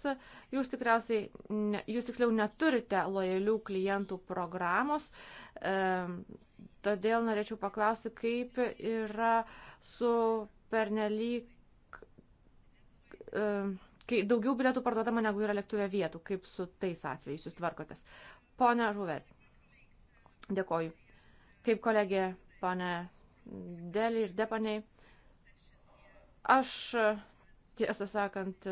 Jūs tikriausiai, ne, jūs tiksliau neturite lojalių klientų programos, e, todėl norėčiau paklausti, kaip yra su pernelyg, e, kai daugiau bilietų parduodama negu yra lėktuve vietų, kaip su tais atvejais jūs tvarkotės. Pone Žuvet, dėkoju. Kaip kolegė, pane Deli ir Depaniai, aš Tiesą sakant,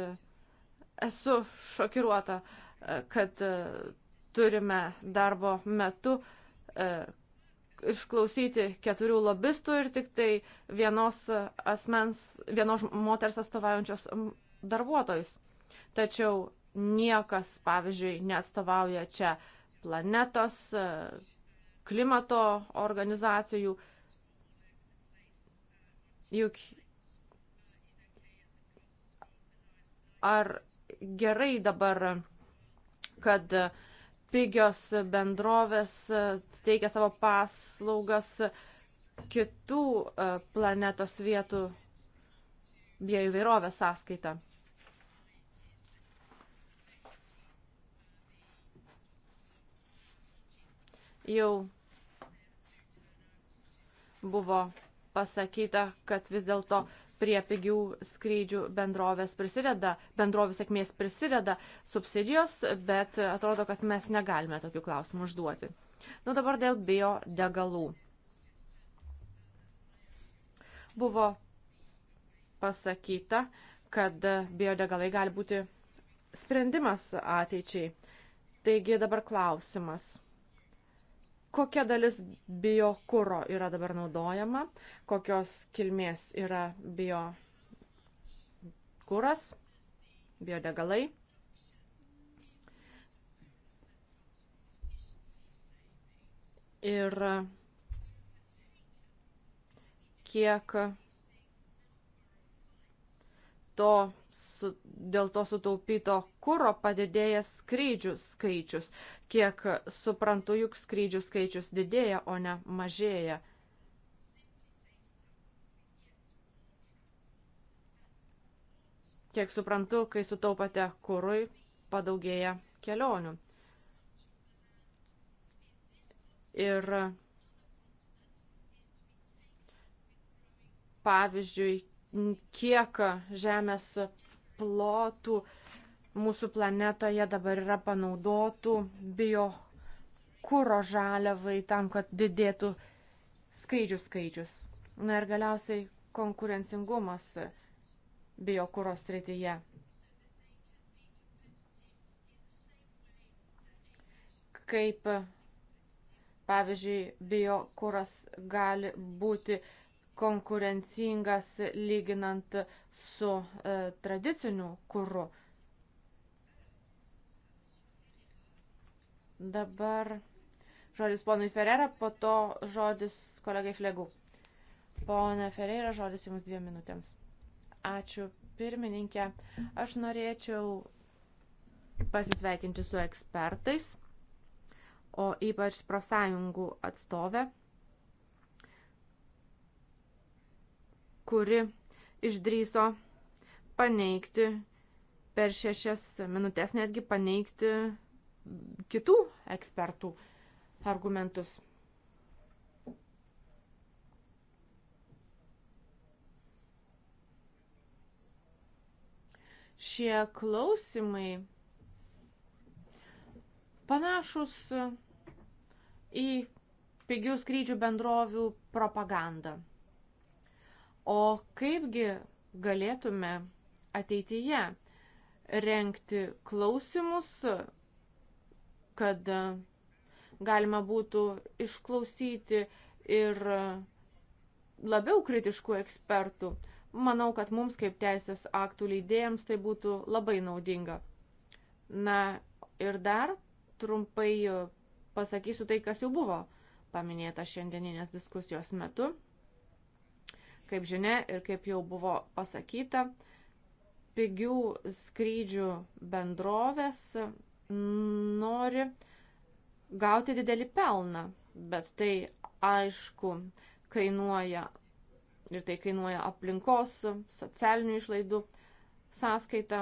esu šokiruota, e, kad e, turime darbo metu e, išklausyti keturių lobistų ir tik tai vienos asmens, vienos moters atstovaujančios darbuotojus. Tačiau niekas, pavyzdžiui, neatstovauja čia planetos, klimato organizacijų. Juk ar gerai dabar, kad pigios bendrovės teikia savo paslaugas kitų e, planetos vietų bioįvairovės sąskaita. Jau buvo pasakyta, kad vis dėlto uh, prie pigių skrydžių bendrovės prisideda, bendrovės sėkmės prisideda subsidijos, bet atrodo, kad mes negalime tokių klausimų užduoti. Nu dabar dėl bio degalų. Buvo pasakyta, kad biodegalai gali būti sprendimas ateičiai. Taigi dabar klausimas kokia dalis biokūro yra dabar naudojama, kokios kilmės yra biokūras, biodegalai. Ir kiek to su, dėl to sutaupyto kūro padidėjęs skrydžių skaičius. Kiek suprantu, juk skrydžių skaičius didėja, o ne mažėja. Kiek suprantu, kai sutaupate kūrui, padaugėja kelionių. Ir pavyzdžiui, kiek žemės plotų mūsų planetoje dabar yra panaudotų bio kūro žaliavai tam, kad didėtų skrydžių skaičius. Na ir galiausiai konkurencingumas bio kūro srityje. Kaip, pavyzdžiui, bio kūras gali būti uh, konkurencingas lyginant su e, tradiciniu kūru. Dabar žodis ponui Ferrera, po to žodis kolegai Flegu. Pone Ferreira, žodis jums dviem minutėms. Ačiū pirmininkė. Aš norėčiau pasisveikinti su ekspertais, o ypač profsąjungų atstovė. kuri išdryso paneigti per šešias minutės netgi paneigti kitų ekspertų argumentus. Šie klausimai panašus į pigių skrydžių bendrovių propagandą. O kaipgi galėtume ateityje renkti klausimus, kad galima būtų išklausyti ir labiau kritiškų ekspertų. Manau, kad mums kaip teisės aktų leidėjams tai būtų labai naudinga. Na ir dar trumpai pasakysiu tai, kas jau buvo paminėta šiandieninės diskusijos metu. Kaip žinia ir kaip jau buvo pasakyta, pigių skrydžių bendrovės nori gauti didelį pelną, bet tai aišku kainuoja ir tai kainuoja aplinkos, socialinių išlaidų sąskaita,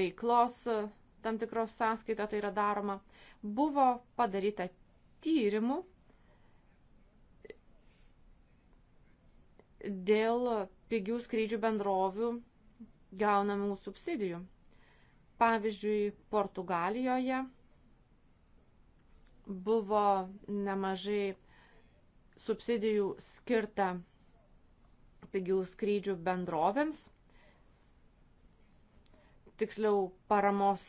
veiklos tam tikros sąskaita tai yra daroma. Buvo padaryta tyrimų dėl pigių skrydžių bendrovių gaunamų subsidijų. Pavyzdžiui, Portugalijoje buvo nemažai subsidijų skirta pigių skrydžių bendrovėms. Tiksliau, paramos,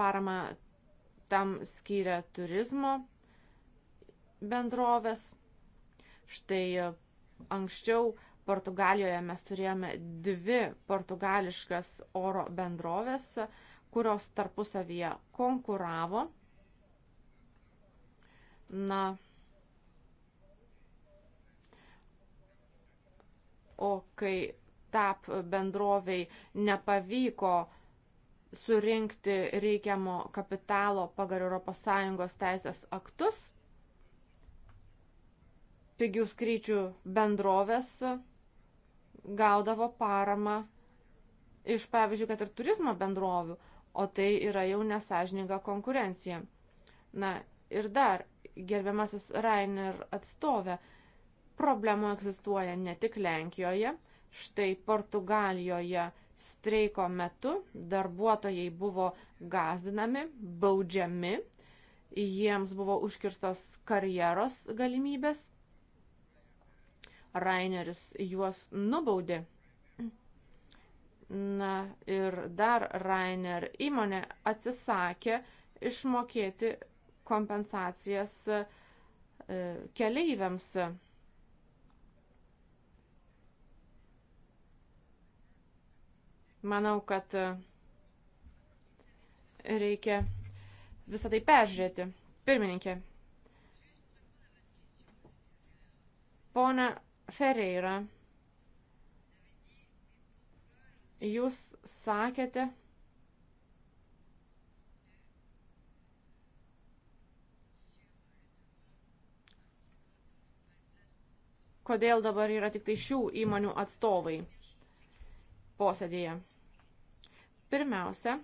parama tam skyrė turizmo bendrovės. Štai Anksčiau Portugalijoje mes turėjome dvi portugališkas oro bendrovės, kurios tarpusavyje konkuravo. Na, o kai TAP bendroviai nepavyko surinkti reikiamo kapitalo pagal ES teisės aktus, pigių skrydžių bendrovės gaudavo paramą iš, pavyzdžiui, kad ir turizmo bendrovių, o tai yra jau nesažininga konkurencija. Na ir dar, gerbiamasis Rainer atstovė, problemų egzistuoja ne tik Lenkijoje, štai Portugalijoje streiko metu darbuotojai buvo gazdinami, baudžiami, jiems buvo užkirstos karjeros galimybės Raineris juos nubaudė. Na ir dar Rainer įmonė atsisakė išmokėti kompensacijas e, keleiviams. Manau, kad e, reikia visą tai peržiūrėti. Pirmininkė. Pone Ferreira, jūs sakėte, kodėl dabar yra tik tai šių įmonių atstovai posėdėje. Pirmiausia,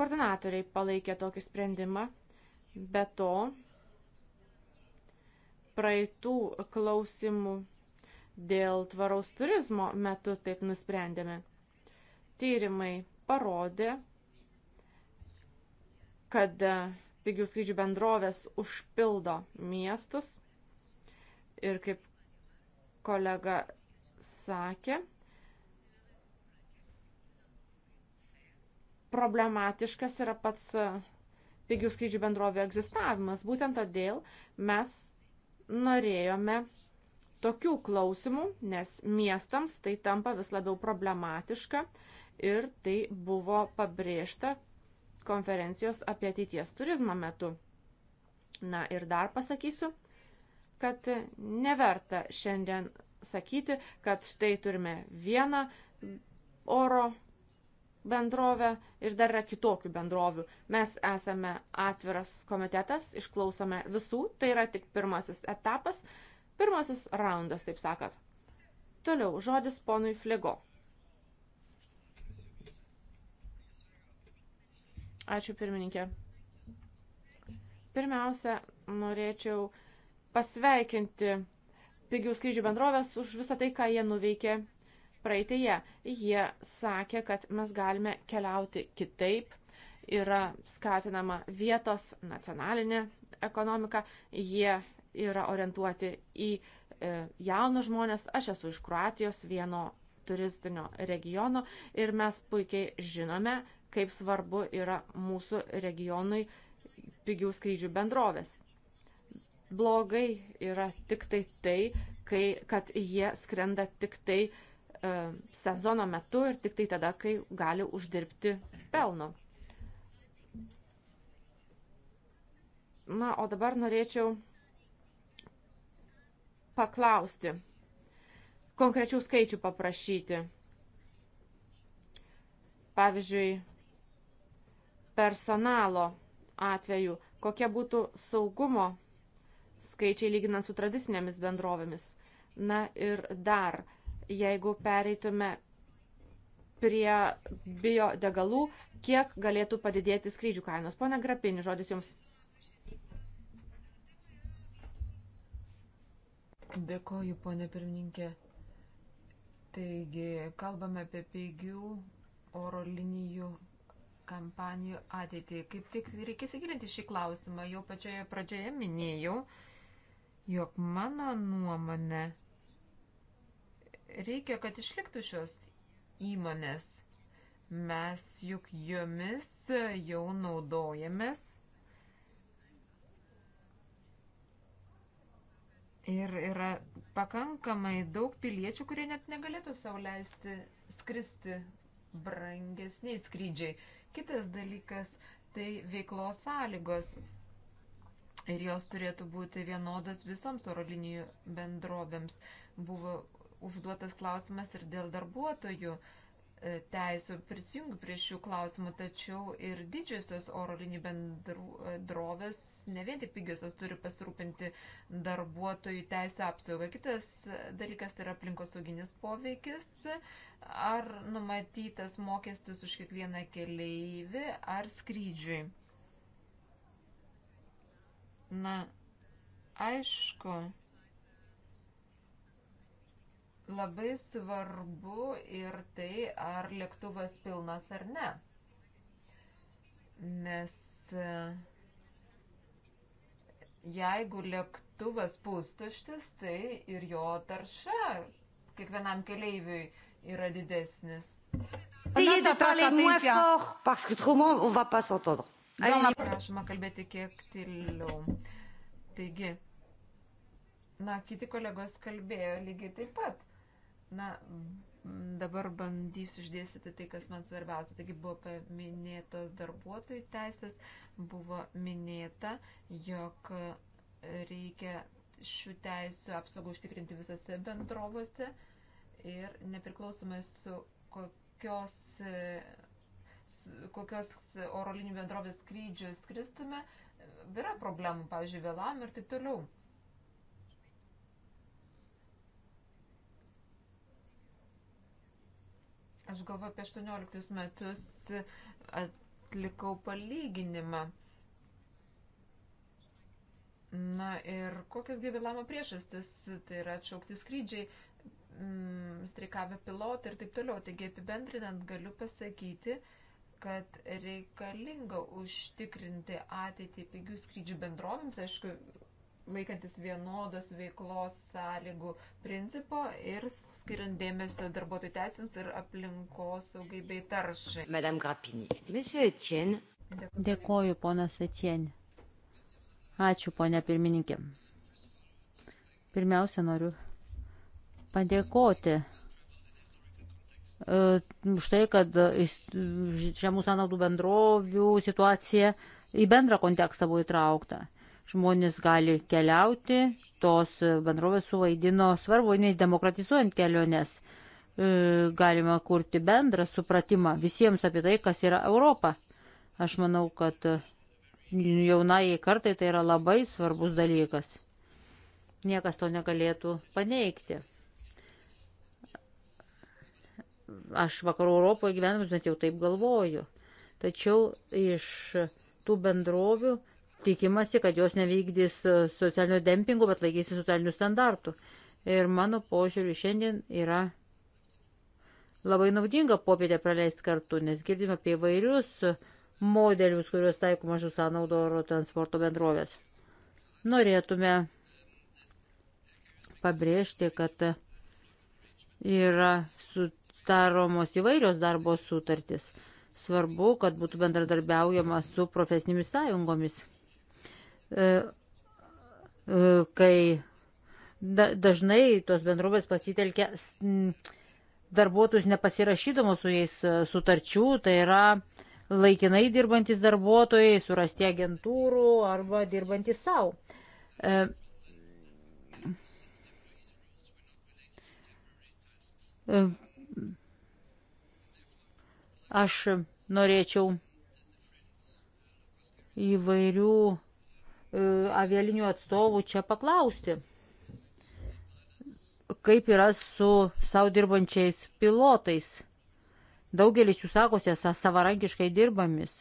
koordinatoriai palaikė tokį sprendimą, be to praeitų klausimų Dėl tvaraus turizmo metu taip nusprendėme. Tyrimai parodė, kad e, pigių skrydžių bendrovės užpildo miestus ir kaip kolega sakė, problematiškas yra pats e, pigių skrydžių bendrovių egzistavimas. Būtent todėl mes norėjome tokių klausimų, nes miestams tai tampa vis labiau problematiška ir tai buvo pabrėžta konferencijos apie ateities turizmą metu. Na ir dar pasakysiu, kad neverta šiandien sakyti, kad štai turime vieną oro bendrovę ir dar yra kitokių bendrovių. Mes esame atviras komitetas, išklausome visų, tai yra tik pirmasis etapas, Pirmasis raundas, taip sakat. Toliau, žodis ponui Flego. Ačiū pirmininkė. Pirmiausia, norėčiau pasveikinti pigių skrydžių bendrovės už visą tai, ką jie nuveikė praeitėje. Jie sakė, kad mes galime keliauti kitaip, yra skatinama vietos nacionalinė ekonomika, jie yra orientuoti į e, jaunus žmonės. Aš esu iš Kroatijos vieno turistinio regiono ir mes puikiai žinome, kaip svarbu yra mūsų regionui pigių skrydžių bendrovės. Blogai yra tik tai tai, kai, kad jie skrenda tik tai e, sezono metu ir tik tai tada, kai gali uždirbti pelno. Na, o dabar norėčiau paklausti, konkrečių skaičių paprašyti. Pavyzdžiui, personalo atveju, kokie būtų saugumo skaičiai lyginant su tradicinėmis bendrovėmis. Na ir dar, jeigu pereitume prie biodegalų, kiek galėtų padidėti skrydžių kainos. Pone Grapini, žodis Jums. Dėkoju, ponė pirmininkė. Taigi, kalbame apie pigių oro linijų kampanijų ateitį. Kaip tik reikia įsigilinti šį klausimą. Jau pačioje pradžioje minėjau, jog mano nuomonė reikia, kad išliktų šios įmonės. Mes juk jomis jau naudojamės Ir yra pakankamai daug piliečių, kurie net negalėtų sauliaisti skristi brangesniai skrydžiai. Kitas dalykas - tai veiklos sąlygos. Ir jos turėtų būti vienodas visoms oro linijų bendrovėms. Buvo užduotas klausimas ir dėl darbuotojų. Uh, teisų prisijungiu prie šių klausimų, tačiau ir didžiosios oro linijų bendrovės, e, ne vien tik pigiosios, turi pasirūpinti darbuotojų teisų apsaugą. Kitas e, dalykas tai yra aplinkosauginis poveikis. Ar numatytas mokestis už kiekvieną keleivį ar skrydžiui? Na, aišku. Labai svarbu ir tai, ar lėktuvas pilnas ar ne. Nes e, jeigu lėktuvas pustuštis, tai ir jo tarša kiekvienam keleiviui yra didesnis. Essayez de parler moins fort, parce que autrement on va pas s'entendre. Prašoma kalbėti kiek tyliau. Taigi, na, kiti kolegos kalbėjo lygiai taip pat. Na, dabar bandysiu išdėstyti tai, kas man svarbiausia. Taigi buvo paminėtos darbuotojų teisės, buvo minėta, jog reikia šių teisų apsaugą užtikrinti visose bendrovose ir nepriklausomai su kokios, su kokios oro linijų bendrovės skrydžių skristume, yra problemų, pavyzdžiui, vėlam ir taip toliau. Aš galvoju apie 18 metus atlikau palyginimą. Na ir kokios gyvilamo priežastis, tai yra atšaukti skrydžiai, mm, streikavę pilotai ir taip toliau. Taigi apibendrinant galiu pasakyti, kad reikalinga užtikrinti ateitį pigių skrydžių bendrovėms, aišku, laikantis vienodos veiklos sąlygų principo ir skiriant dėmesio darbuotojų teisėms ir aplinkos saugai bei taršai. Madame Grapini. Monsieur Etienne. Dėkoju, ponas Etienne. Ačiū, ponė pirmininkė. Pirmiausia, noriu padėkoti e, už tai, kad čia mūsų analdų bendrovių situacija į bendrą kontekstą buvo įtraukta žmonės gali keliauti, tos bendrovės suvaidino svarbu, nei demokratizuojant keliones, e, galima kurti bendrą supratimą visiems apie tai, kas yra Europa. Aš manau, kad jaunai kartai tai yra labai svarbus dalykas. Niekas to negalėtų paneigti. Aš vakarų Europoje gyvenimus bent jau taip galvoju. Tačiau iš tų bendrovių tikimasi, kad jos nevykdys e, socialinio dempingo, bet laikysi socialinių standartų. Ir mano požiūriu šiandien yra labai naudinga popietę praleisti kartu, nes girdime apie vairius modelius, kuriuos taiko mažų sąnaudų oro transporto bendrovės. Norėtume pabrėžti, kad yra sutaromos įvairios darbo sutartys. Svarbu, kad būtų bendradarbiaujama su profesinėmis sąjungomis. E, e, kai dažnai tos bendrovės pasitelkia darbuotojus nepasirašydamos su jais e, sutarčių, tai yra laikinai dirbantis darbuotojai, surasti agentūrų arba dirbantis savo. Aš norėčiau įvairių E, avialinių atstovų čia paklausti, kaip yra su savo dirbančiais pilotais. Daugelis jų sakosi, esą savarankiškai dirbamis.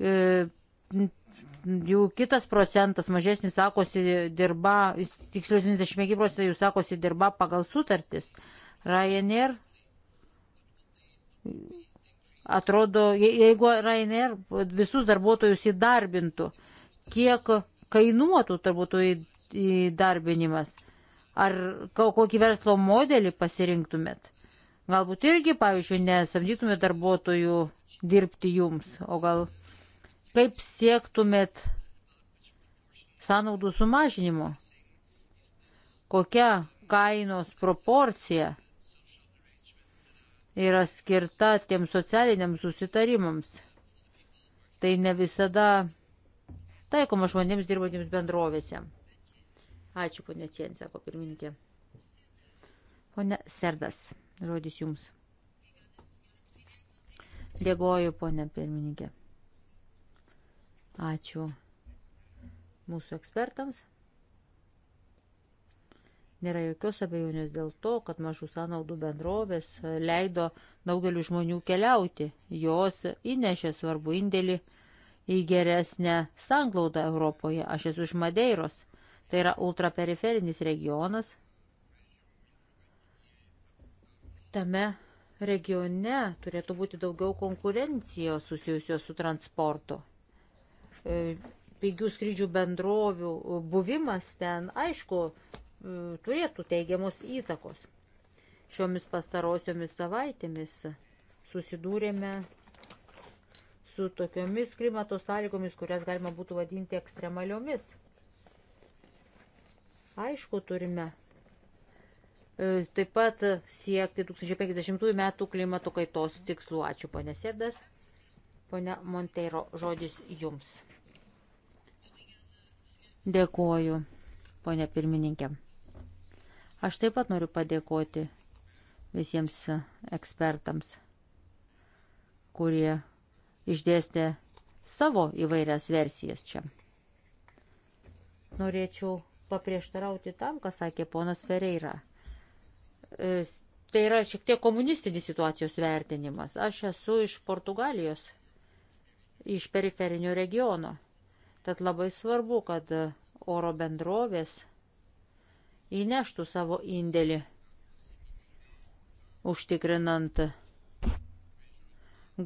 E, jų kitas procentas mažesnis sakosi dirba, tiksliau 75 procentai jų sakosi dirba pagal sutartis. Ryanair atrodo, jeigu Ryanair visus darbuotojus įdarbintų, kiek kainuotų turbūt įdarbinimas, ar kokį verslo modelį pasirinktumėt. Galbūt irgi, pavyzdžiui, nesamdytumėt darbuotojų dirbti jums, o gal kaip siektumėt sąnaudų sumažinimo, kokia kainos proporcija yra skirta tiems socialiniams susitarimams. Tai ne visada taikoma žmonėms dirbantiems bendrovėse. Ačiū, ponė Cien, sako pirmininkė. Pone Serdas, žodis jums. Dėkoju, ponė pirmininkė. Ačiū mūsų ekspertams. Nėra jokios abejonės dėl to, kad mažų sąnaudų bendrovės leido daugeliu žmonių keliauti. Jos įnešė svarbu indėlį į geresnę sanglaudą Europoje. Aš esu iš Madeiros, tai yra ultraperiferinis regionas. Tame regione turėtų būti daugiau konkurencijos susijusios su transportu. E, pigių skrydžių bendrovių buvimas ten, aišku, e, turėtų teigiamos įtakos. Šiomis pastarosiomis savaitėmis susidūrėme su tokiomis klimato sąlygomis, kurias galima būtų vadinti ekstremaliomis. Aišku, turime e, taip pat siekti 2050 metų klimato kaitos tikslų. Ačiū, ponė Sėdas. Pone Monteiro, žodis jums. Dėkoju, ponė pirmininkė. Aš taip pat noriu padėkoti visiems ekspertams, kurie išdėstė savo įvairias versijas čia. Norėčiau paprieštarauti tam, ką sakė ponas Ferreira. E, tai yra šiek tiek komunistinis situacijos vertinimas. Aš esu iš Portugalijos, iš periferinio regiono. Tad labai svarbu, kad oro bendrovės įneštų savo indėlį, užtikrinant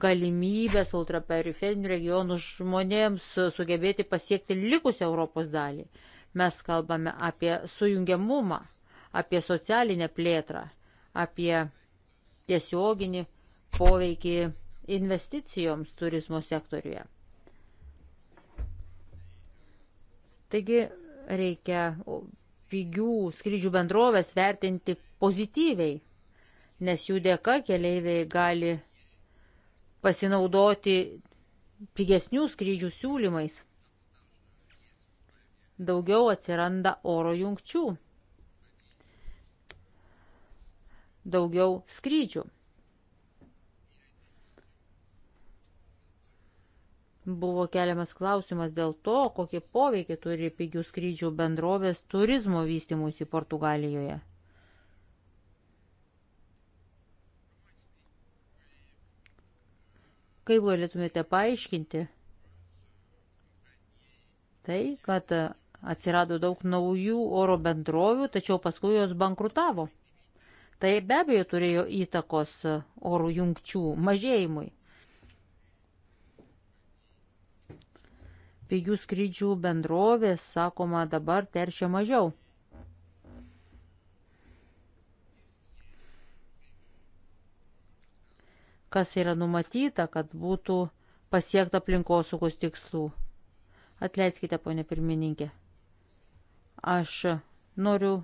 galimybės ultraperiferinių regionų žmonėms sugebėti pasiekti likusią Europos dalį. Mes kalbame apie sujungiamumą, apie socialinę plėtrą, apie tiesioginį poveikį investicijoms turizmo sektoriuje. Taigi reikia pigių skrydžių bendrovės vertinti pozityviai, nes jų dėka keleiviai gali pasinaudoti pigesnių skrydžių siūlymais. Daugiau atsiranda oro jungčių, daugiau skrydžių. Buvo keliamas klausimas dėl to, kokį poveikį turi pigių skrydžių bendrovės turizmo vystimus į Portugalijoje. Kaip galėtumėte paaiškinti tai, kad atsirado daug naujų oro bendrovių, tačiau paskui jos bankrutavo? Tai be abejo turėjo įtakos oro jungčių mažėjimui. Pigių skrydžių bendrovės, sakoma, dabar teršia mažiau. kas yra numatyta, kad būtų pasiekta aplinkosaugos tikslų. Atleiskite, ponė pirmininkė. Aš noriu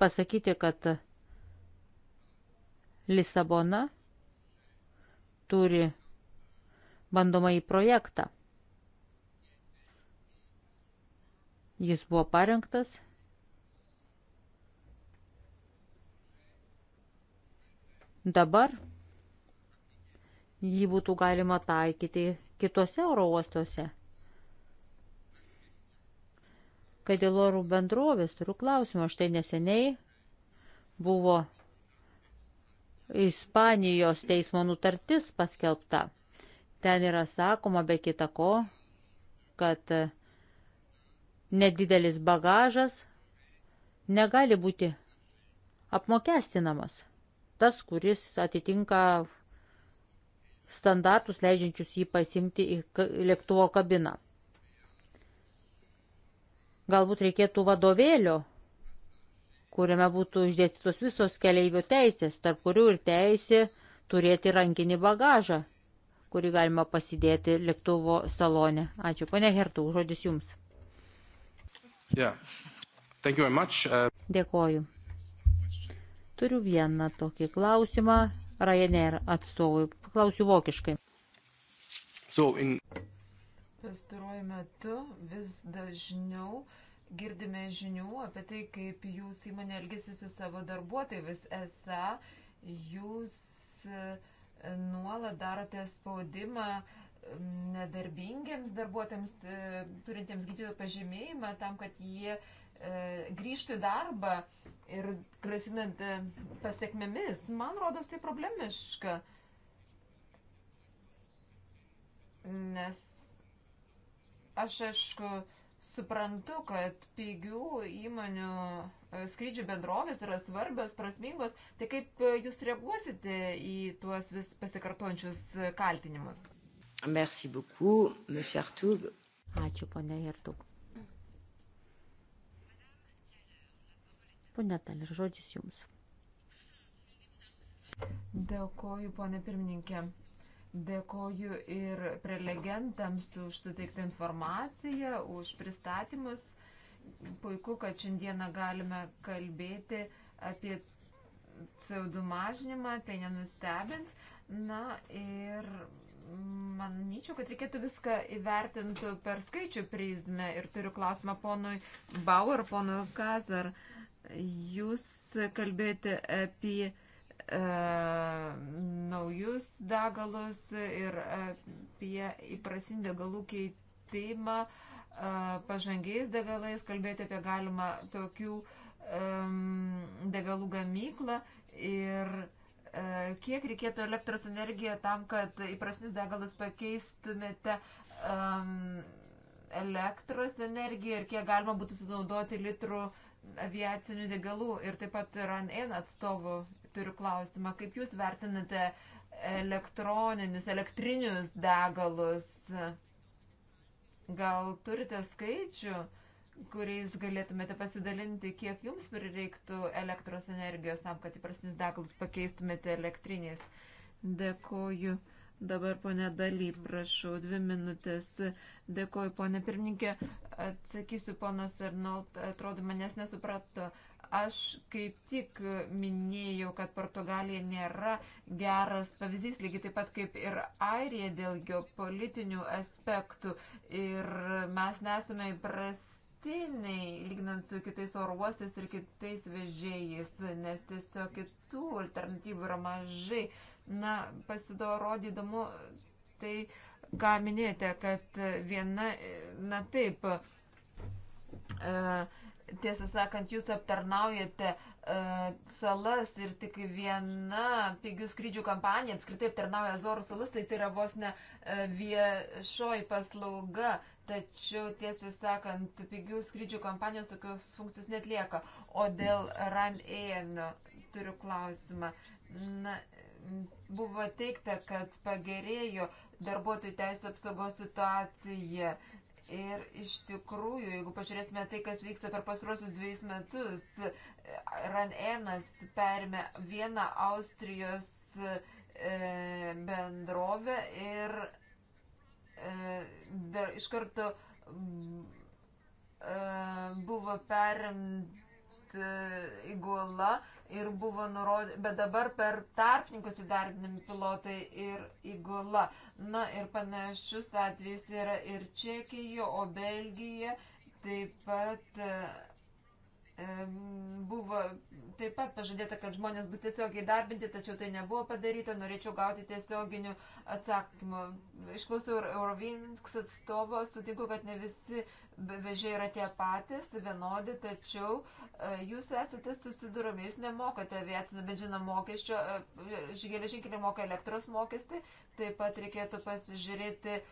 pasakyti, kad Lisabona turi bandomąjį projektą. Jis buvo parengtas. Dabar jį būtų galima taikyti kitose oro uostuose. Kai dėl orų bendrovės turiu klausimą, štai neseniai buvo Ispanijos teismo nutartis paskelbta. Ten yra sakoma be kita ko, kad nedidelis bagažas negali būti apmokestinamas. Tas, kuris atitinka standartus leidžiančius jį pasimti į lėktuvo kabiną. Galbūt reikėtų vadovėlio, kuriame būtų išdėstytos visos keleivio teisės, tarp kurių ir teisė turėti rankinį bagažą, kurį galima pasidėti lėktuvo salone. Ačiū, ponia Hertų, žodis jums. Yeah. Uh... Dėkoju. Turiu vieną tokį klausimą Ryanair atstovui Klausiu vokiškai. So in... Pastaruoju metu vis dažniau girdime žinių apie tai, kaip jūs įmonė elgesi su savo darbuotojai. Vis esą jūs e, nuolat darote spaudimą nedarbingiems darbuotojams, e, turintiems gydytojo pažymėjimą, tam, kad jie e, grįžtų į darbą ir grasinant pasiekmėmis. Man rodos, tai problemiška. Uh, Nes aš aišku suprantu, kad pigių įmonių e, skrydžių bendrovės yra svarbios, prasmingos. Tai kaip e, jūs reaguosite į tuos vis pasikartojančius e, kaltinimus? Merci beaucoup, monsieur Artug. Ačiū, ponė Artug. Pone Talis, žodžius jums. Dėkoju, ponė pirmininkė. Dėkoju ir prelegentams už suteiktą informaciją, už pristatymus. Puiku, kad šiandieną galime kalbėti apie CO2 mažinimą, tai nenustebins. Na ir manyčiau, kad reikėtų viską įvertinti per skaičių prizmę. Ir turiu klausimą ponui Bauer, ponui Kazar. Jūs kalbėjote apie E, naujus degalus ir apie įprasinių degalų keitimą e, pažangiais degalais, kalbėti apie galimą tokių e, degalų gamyklą ir kiek reikėtų elektros energiją tam, kad įprasnis degalus pakeistumėte elektros energiją ir kiek galima būtų sunaudoti litrų aviacinių degalų ir taip pat RAN-N atstovų turiu klausimą, kaip Jūs vertinate elektroninius, elektrinius degalus? Gal turite skaičių, kuriais galėtumėte pasidalinti, kiek Jums prireiktų elektros energijos tam, kad įprastinius degalus pakeistumėte elektriniais? Dėkoju. Dabar ponė Daly, prašau, dvi minutės. Dėkoju, ponė pirmininkė. Atsakysiu, ponas Arnold, atrodo, manęs nesuprato. Aš kaip tik minėjau, kad Portugalija nėra geras pavyzdys, lygiai taip pat kaip ir Airija dėl geopolitinių aspektų. Ir mes nesame įprastiniai, lygnant su kitais oro uostais ir kitais vežėjais, nes tiesiog kitų alternatyvų yra mažai. Na, pasidorodė įdomu tai, ką minėjote, kad viena, na taip, uh, Tiesą sakant, jūs aptarnaujate uh, salas ir tik viena pigių skrydžių kompanija apskritai aptarnauja Azorų salas, tai tai yra vos ne uh, viešoji paslauga, tačiau tiesą sakant, pigių skrydžių kompanijos tokios funkcijos netlieka. O dėl RAN-EN turiu klausimą. Na, buvo teikta, kad pagerėjo darbuotojų teisų apsaugos situacija. Uh, Ir iš tikrųjų, jeigu pažiūrėsime tai, kas vyksta per pastruosius dviejus metus, Ranenas perėmė vieną Austrijos e, bendrovę ir e, dar, iš karto e, buvo perimta įgula ir buvo nurodyta, bet dabar per tarpininkus įdarbinami pilotai ir įgula. Na ir panašus atvejs yra ir Čekija, o Belgija taip pat e, buvo taip pat pažadėta, kad žmonės bus tiesiogiai darbinti, tačiau tai nebuvo padaryta. Norėčiau gauti tiesioginių atsakymų. Išklausiau Eurovinks atstovo, sutinku, kad ne visi vežėjai yra tie patys, vienodi, tačiau e, jūs esate susidurami, jūs nemokate aviacinio benzino mokesčio, e, geležinkeliai moka elektros mokestį, taip pat reikėtų pasižiūrėti, e,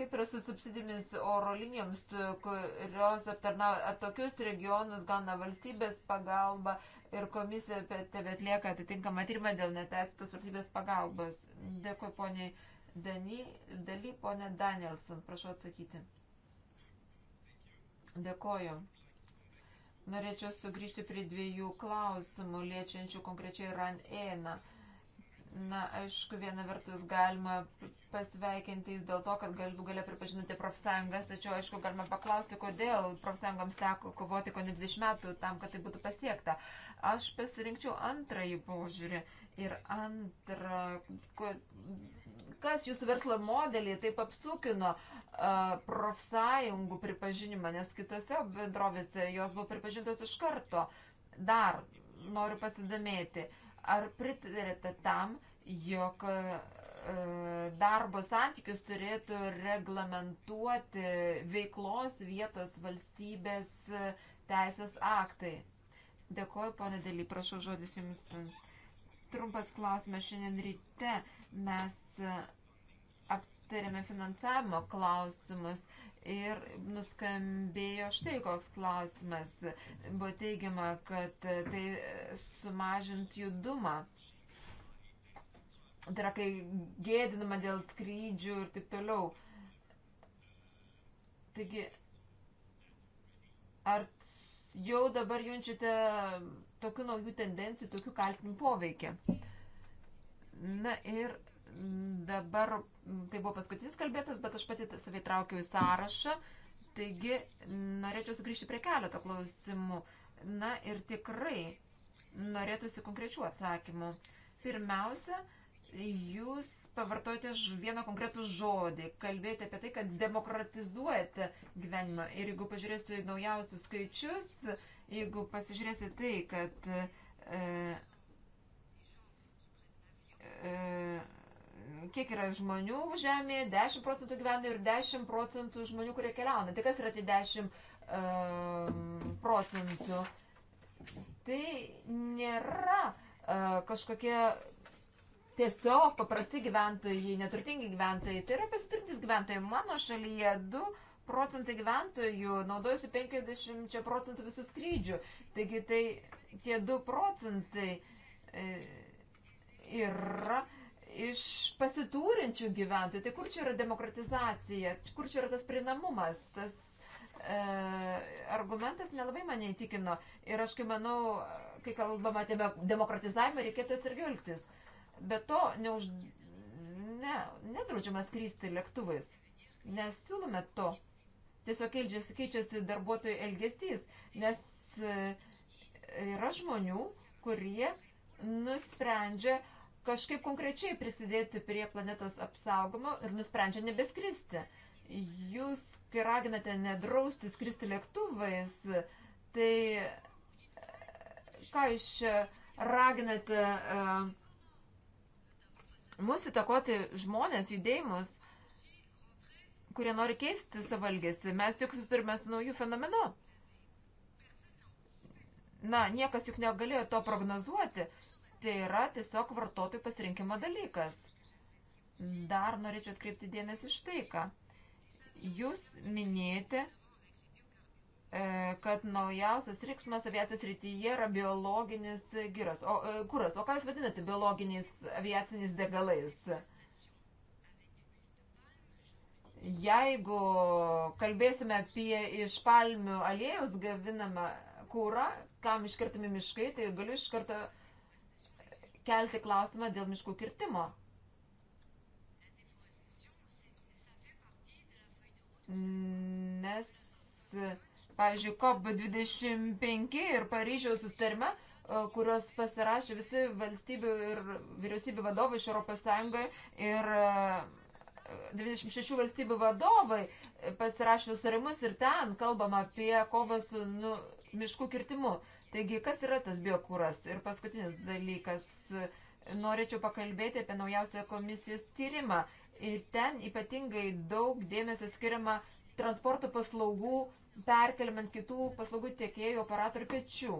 kaip yra su subsidijomis oro linijoms, kurios aptarnauja tokius regionus, gauna valstybės pagalbą ir komisija tebe atlieka atitinkamą tyrimą dėl neteisėtos valstybės pagalbos. Dėkui poniai Daly, ponė Danielson, prašau atsakyti. Dėkoju. Norėčiau sugrįžti prie dviejų klausimų, liečiančių konkrečiai RAN ENA. Na, aišku, viena vertus galima pasveikinti jūs dėl to, kad galų galia pripažinote profsąjungas, tačiau, aišku, galima paklausti, kodėl profsąjungams teko kovoti ko ne 20 metų tam, kad tai būtų pasiekta. Aš pasirinkčiau antrąjį požiūrį ir antrą, kas jūsų verslo modelį taip apsūkino, profsąjungų pripažinimą, nes kitose bendrovėse jos buvo pripažintos iš karto. Dar noriu pasidomėti, ar pritarėte tam, jog darbo santykius turėtų reglamentuoti veiklos vietos valstybės teisės aktai. Dėkuoju, ponė Dėly, prašau žodis jums. Trumpas klausimas šiandien ryte. Mes aptarėme finansavimo klausimus ir nuskambėjo štai koks klausimas. Buvo teigiama, kad tai sumažins judumą. Tai yra, kai gėdinama dėl skrydžių ir taip toliau. Taigi, ar jau dabar junčiate tokių naujų tendencijų, tokių kaltinimų poveikį? Na ir Dabar tai buvo paskutinis kalbėtas, bet aš pati savai traukiau į sąrašą. Taigi norėčiau sugrįžti prie keletą klausimų. Na ir tikrai norėtųsi konkrečių atsakymų. Pirmiausia, jūs pavartojate vieną konkretų žodį, kalbėjote apie tai, kad demokratizuojate gyvenimą. Ir jeigu pažiūrėsiu į naujausius skaičius, jeigu pasižiūrėsiu tai, kad e, e, kiek yra žmonių žemėje, 10 procentų gyventojų ir 10 procentų žmonių, kurie keliauna. Tai kas yra tie 10 uh, procentų? Tai nėra uh, kažkokie tiesiog paprasti gyventojai, neturtingi gyventojai, tai yra pasiturintys gyventojai. Mano šalyje 2 procentai gyventojų naudojasi 50 procentų visų skrydžių. Taigi tai tie 2 procentai. Uh, yra iš pasitūrinčių gyventojų. Tai kur čia yra demokratizacija, kur čia yra tas prieinamumas, tas e, argumentas nelabai mane įtikino. Ir aš kai manau, kai kalbama apie demokratizavimą, reikėtų atsargiau elgtis. Be to, neuž... ne, nedraudžiama skrysti lėktuvais. Nesiūlome to. Tiesiog keičiasi, keičiasi darbuotojų elgesys, nes e, yra žmonių, kurie nusprendžia, kažkaip konkrečiai prisidėti prie planetos apsaugomo ir nusprendžia nebeskristi. Jūs, kai raginate nedrausti skristi lėktuvais, tai ką jūs čia raginate uh, mus įtakoti žmonės, judėjimus, kurie nori keisti savo elgesį. Mes juk susidurime su naujų fenomenu. Na, niekas juk negalėjo to prognozuoti tai yra tiesiog vartotojų pasirinkimo dalykas. Dar norėčiau atkreipti dėmesį iš tai, ką jūs minėjote, e, kad naujausias riksmas aviacijos rytyje yra biologinis giras, o, e, kuras. O ką jūs vadinate biologiniais aviaciniais degalais? Jeigu kalbėsime apie iš palmių aliejus gavinamą kūrą, kam iškertami miškai, tai galiu iš karto uh, kelti klausimą dėl miškų kirtimo. Nes, pavyzdžiui, COP25 ir Paryžiaus sustarime, kurios pasirašė visi valstybių ir vyriausybių vadovai iš ES ir 26 e, valstybių vadovai pasirašė susitarimus ir ten kalbama apie kovą su nu, miškų kirtimu. Taigi, kas yra tas biokūras? Ir paskutinis dalykas norėčiau pakalbėti apie naujausią komisijos tyrimą. Ir ten ypatingai daug dėmesio skiriama transporto paslaugų perkeliant kitų paslaugų tiekėjų operatorių pečių.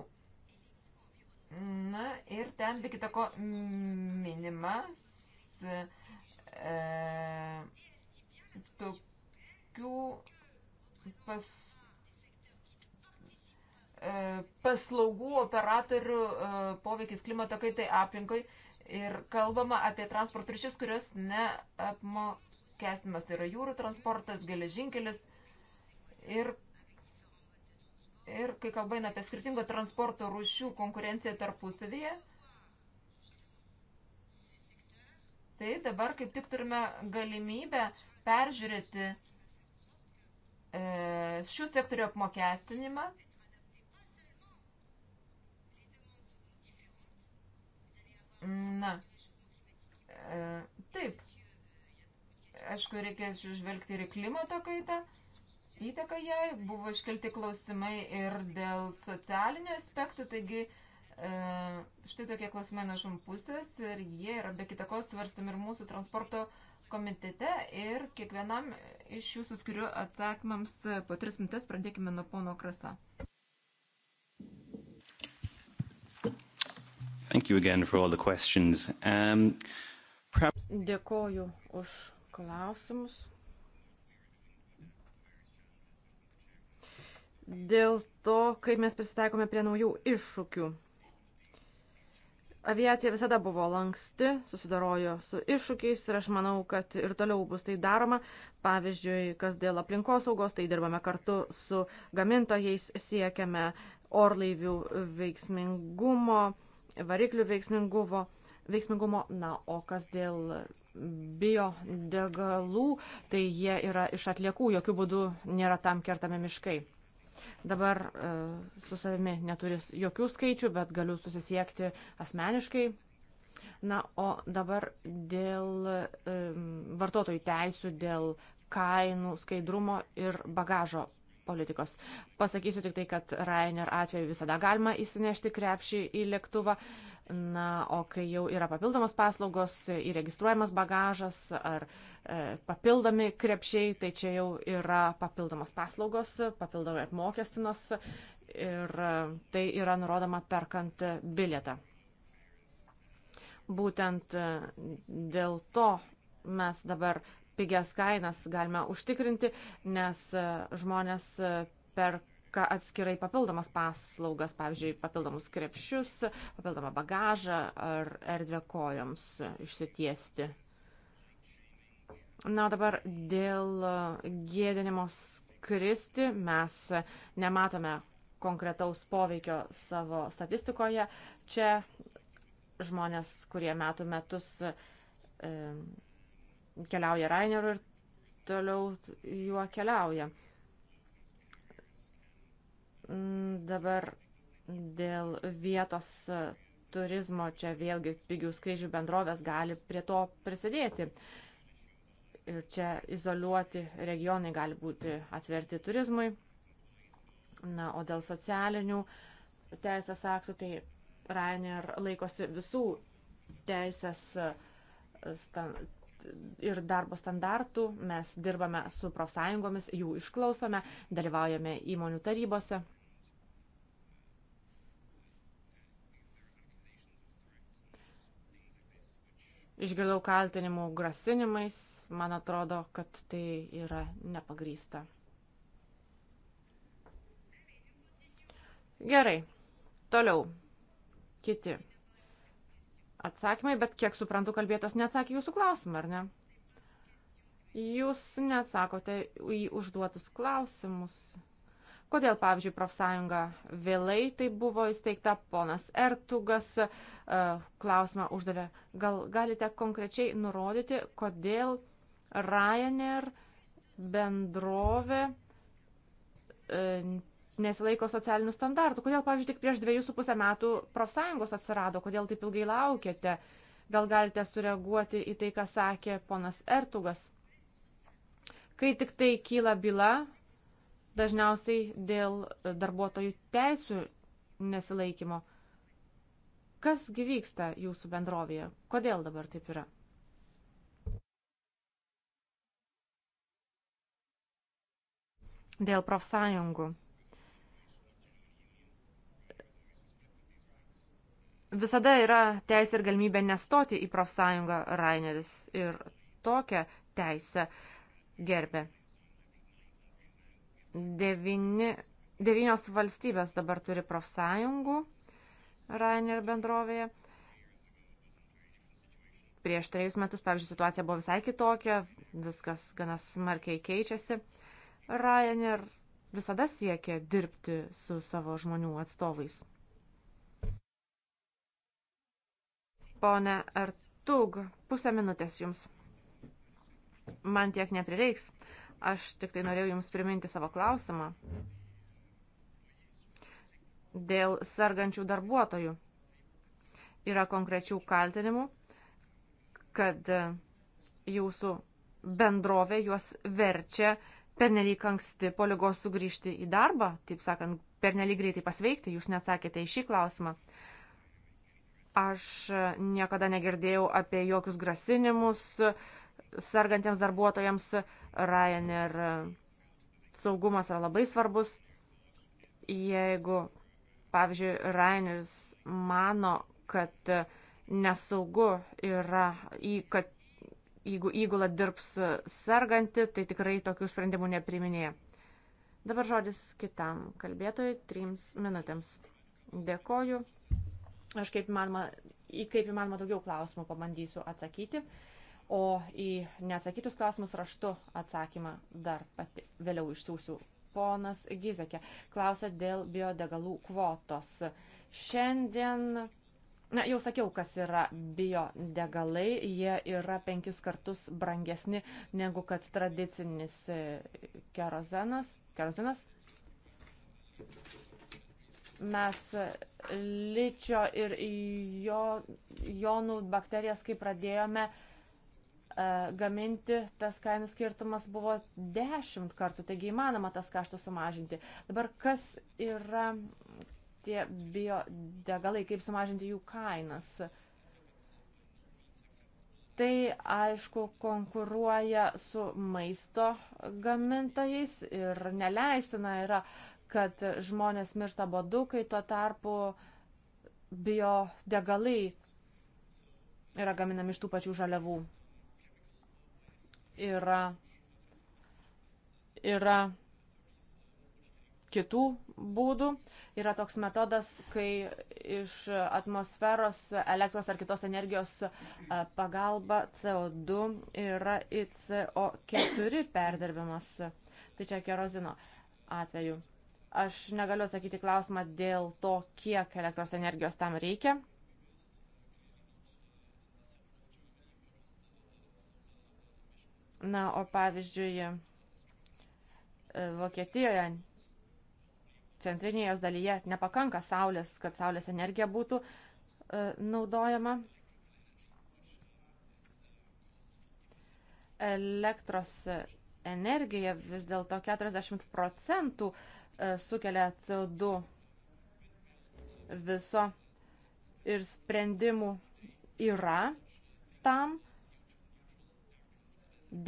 Na ir ten be kitako minimas e, tokių paslaugų E, paslaugų operatorių e, poveikis klimato kaitai aplinkai ir kalbama apie transporto ryšius, kurios neapmokestinimas. Tai yra jūrų transportas, geležinkelis ir, ir kai kalba eina apie skirtingo transporto rūšių konkurenciją tarpusavyje, tai dabar kaip tik turime galimybę peržiūrėti e, šių sektorių apmokestinimą Na, e, taip. Aišku, reikės žvelgti ir į klimato kaitą. Įtaka jai buvo iškelti klausimai ir dėl socialinių aspektų, taigi e, štai tokie klausimai nuo šumpusės ir jie yra be kitakos svarstami ir mūsų transporto komitete ir kiekvienam iš jūsų skiriu atsakymams po tris minutės pradėkime nuo pono Krasa. Thank you again for all the questions. Um, perhaps... Dėkoju už klausimus. Dėl to, kaip mes prisitaikome prie naujų iššūkių. Aviacija visada buvo lanksti, susidarojo su iššūkiais ir aš manau, kad ir toliau bus tai daroma. Pavyzdžiui, kas dėl aplinkosaugos, tai dirbame kartu su gamintojais, siekiame orlaivių veiksmingumo variklių veiksmingumo. veiksmingumo. Na, o kas dėl biodegalų, tai jie yra iš atliekų, jokių būdų nėra tam kertami miškai. Dabar e, su savimi neturis jokių skaičių, bet galiu susisiekti asmeniškai. Na, o dabar dėl e, vartotojų teisų, dėl kainų skaidrumo ir bagažo politikos. Pasakysiu tik tai, kad Ryanair atveju visada galima įsinešti krepšį į lėktuvą. Na, o kai jau yra papildomos paslaugos, įregistruojamas bagažas ar e, papildomi krepšiai, tai čia jau yra papildomos paslaugos, papildomai apmokestinos ir e, tai yra nurodoma perkant bilietą. Būtent e, dėl to mes dabar pigias kainas galime užtikrinti, nes e, žmonės e, perka atskirai papildomas paslaugas, pavyzdžiui, papildomus krepšius, papildomą bagažą ar erdvę kojoms išsitiesti. Na, dabar dėl e, gėdinimo skristi mes nematome konkretaus poveikio savo statistikoje. Čia žmonės, kurie metų metus e, keliauja Raineru ir toliau juo keliauja. Mm, dabar dėl vietos e, turizmo čia vėlgi pigių skrydžių bendrovės gali prie to prisidėti. Ir čia izoliuoti regionai gali būti atverti turizmui. Na, o dėl socialinių teisės aktų, tai Rainer laikosi visų teisės, e, stan, ir darbo standartų, mes dirbame su profsąjungomis, jų išklausome, dalyvaujame įmonių tarybose. Išgirdau kaltinimų grasinimais, man atrodo, kad tai yra nepagrysta. Gerai, toliau. Kiti atsakymai, bet kiek suprantu, kalbėtas neatsakė jūsų klausimą, ar ne? Jūs neatsakote į užduotus klausimus. Kodėl, pavyzdžiui, profsąjunga vėlai tai buvo įsteigta, ponas Ertugas e, klausimą uždavė. Gal galite konkrečiai nurodyti, kodėl Ryanair bendrovė e, nesilaiko socialinių standartų. Kodėl, pavyzdžiui, tik prieš dviejus su pusę metų profsąjungos atsirado, kodėl taip ilgai laukėte? Gal galite sureaguoti į tai, ką sakė ponas Ertugas? Kai tik tai kyla byla, dažniausiai dėl darbuotojų teisų nesilaikymo. Kas gyvyksta jūsų bendrovėje? Kodėl dabar taip yra? Dėl profsąjungų. Visada yra teisė ir galimybė nestoti į profsąjungą Raineris ir tokią teisę gerbė. Devini, devynios valstybės dabar turi profsąjungų Rainer bendrovėje. Prieš trejus metus, pavyzdžiui, situacija buvo visai kitokia, viskas gana smarkiai keičiasi. Rainer visada siekia dirbti su savo žmonių atstovais. Pone Artug, pusę minutės jums. Man tiek neprireiks. Aš tik tai norėjau jums priminti savo klausimą dėl sergančių darbuotojų. Yra konkrečių kaltinimų, kad jūsų bendrovė juos verčia pernelyg anksti po lygos sugrįžti į darbą, taip sakant, pernelyg greitai pasveikti, jūs neatsakėte į šį klausimą. Aš niekada negirdėjau apie jokius grasinimus sergantiems darbuotojams. Ryanair saugumas yra labai svarbus. Jeigu, pavyzdžiui, Ryanairis mano, kad nesaugu yra, kad jeigu įgula dirbs serganti, tai tikrai tokių sprendimų nepriminėja. Dabar žodis kitam kalbėtojui trims minutėms. Dėkoju. Aš kaip įmanoma, į kaip įmanoma daugiau klausimų pabandysiu atsakyti, o į neatsakytus klausimus raštu atsakymą dar pati vėliau išsiųsiu. Ponas Gizekė klausė dėl biodegalų kvotos. Šiandien Na, jau sakiau, kas yra biodegalai. Jie yra penkis kartus brangesni negu kad tradicinis kerozenas. kerozenas mes ličio ir jo, jonų bakterijas, kai pradėjome e, gaminti, tas kainų skirtumas buvo dešimt kartų, taigi įmanoma tas kaštų sumažinti. Dabar kas yra tie biodegalai, kaip sumažinti jų kainas? Tai aišku konkuruoja su maisto gamintojais ir neleistina yra uh, kad žmonės miršta badu, kai tuo tarpu biodegalai yra gaminami iš tų pačių žaliavų. Yra, yra kitų būdų. Yra toks metodas, kai iš atmosferos elektros ar kitos energijos pagalba CO2 yra į CO4 perdirbimas. Tai čia kerozino atveju. Aš negaliu atsakyti klausimą dėl to, kiek elektros energijos tam reikia. Na, o pavyzdžiui, e, Vokietijoje centrinėje jos dalyje nepakanka saulės, kad saulės energija būtų e, naudojama. Elektros energija vis dėlto 40 procentų uh, E, sukelia CO2 viso ir sprendimų yra tam,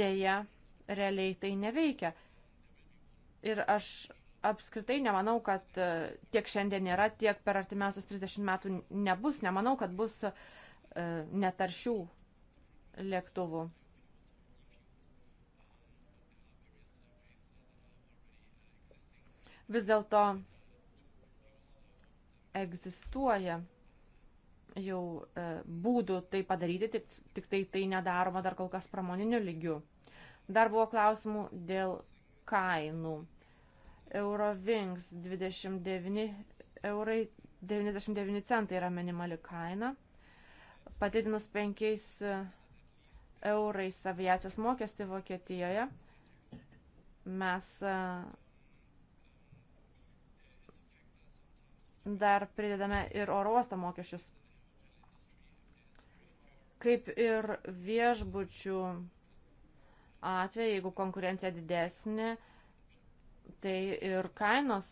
dėja realiai tai neveikia. Ir aš apskritai nemanau, kad e, tiek šiandien nėra, tiek per artimiausius 30 metų nebus. Nemanau, kad bus e, netaršių lėktuvų. vis dėlto egzistuoja jau e, būdų tai padaryti, tik, tik tai tai nedaroma dar kol kas pramoniniu lygiu. Dar buvo klausimų dėl kainų. Eurovings 29 eurai 99 centai yra minimali kaina. Patidinus 5 e, eurais aviacijos mokestį Vokietijoje mes e, dar pridedame ir oro uosto mokesčius. Kaip ir viešbučių atveju, jeigu konkurencija didesnė, tai ir kainos,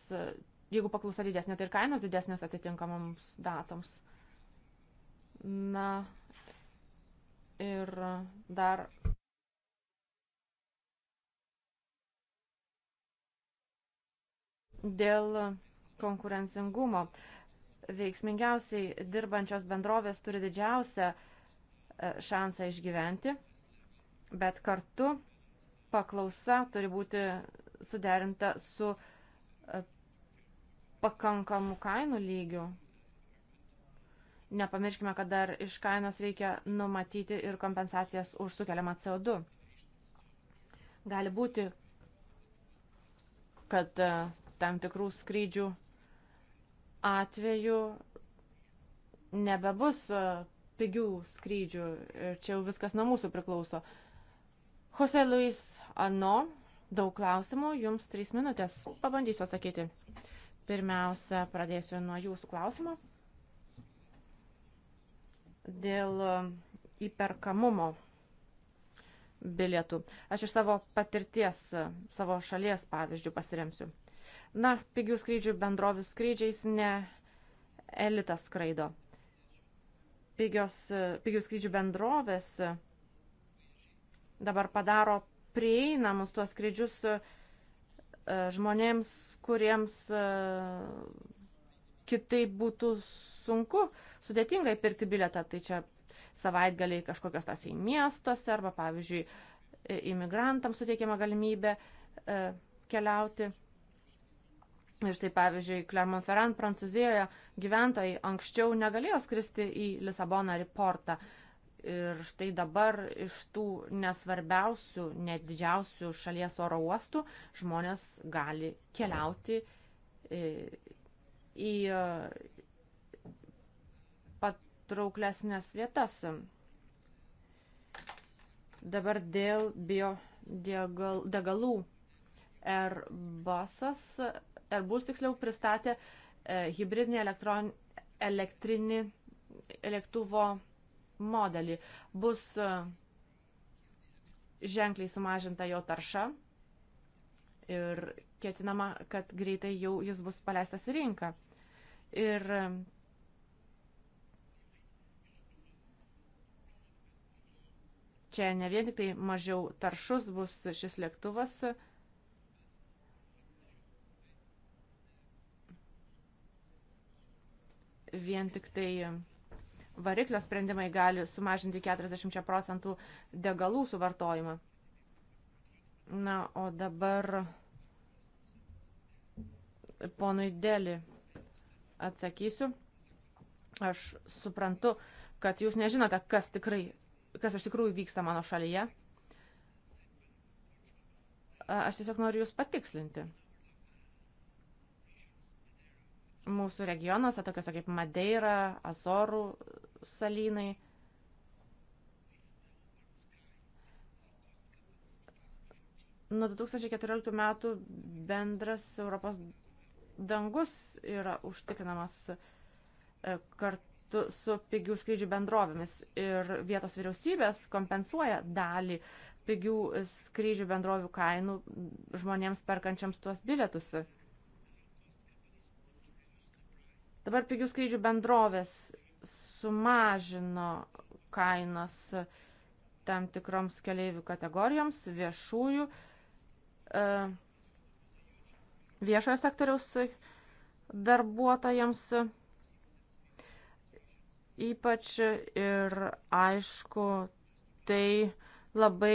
jeigu paklausa didesnė, tai ir kainos didesnės atitinkamams datams. Na ir dar dėl konkurencingumo. Veiksmingiausiai dirbančios bendrovės turi didžiausią e, šansą išgyventi, bet kartu paklausa turi būti suderinta su e, pakankamu kainų lygiu. Nepamirškime, kad dar iš kainos reikia numatyti ir kompensacijas už sukeliamą CO2. Gali būti, kad e, tam tikrų skrydžių atveju nebebus e, pigių skrydžių ir čia jau viskas nuo mūsų priklauso. Jose Luis Ano, daug klausimų, jums trys minutės. Pabandysiu atsakyti. Pirmiausia, pradėsiu nuo jūsų klausimo. Dėl e, įperkamumo bilietų. Aš iš savo patirties, e, savo šalies pavyzdžių pasiremsiu. Na, pigių skrydžių bendrovių skrydžiais ne elitas skraido. Pigios, pigių skrydžių bendrovės dabar padaro prieinamus tuos skrydžius e, žmonėms, kuriems e, kitaip būtų sunku, sudėtingai pirkti biletą. Tai čia savaitgaliai kažkokios tas į miestuose arba, pavyzdžiui, imigrantams suteikiama galimybė e, keliauti. Ir štai pavyzdžiui, Clermont-Ferrand Prancūzijoje gyventojai anksčiau negalėjo skristi į Lisaboną ar į portą. Ir štai dabar iš tų nesvarbiausių, net didžiausių šalies oro uostų žmonės gali keliauti e, į e, patrauklesnės vietas. Dabar dėl biodegalų. Airbusas Airbus tiksliau pristatė e, hybridinį elektron, elektrinį lėktuvo modelį. Bus e, ženkliai sumažinta jo tarša ir ketinama, kad greitai jau jis bus paleistas į rinką. Ir e, čia ne vien tik tai mažiau taršus bus šis lėktuvas, vien tik tai variklio sprendimai gali sumažinti 40 procentų degalų suvartojimą. Na, o dabar ponui Deli atsakysiu. Aš suprantu, kad jūs nežinote, kas tikrai, kas iš tikrųjų vyksta mano šalyje. Aš tiesiog noriu jūs patikslinti mūsų regionuose, tokiuose kaip Madeira, Azorų salynai. Nuo 2014 metų bendras Europos dangus yra užtikrinamas e, kartu su pigių skrydžių bendrovėmis ir vietos vyriausybės kompensuoja dalį pigių skrydžių bendrovių kainų žmonėms perkančiams tuos bilietus. Dabar pigių skrydžių bendrovės sumažino kainas tam tikroms keleivių kategorijoms, viešųjų, e, viešojo sektoriaus darbuotojams ypač ir aišku, tai labai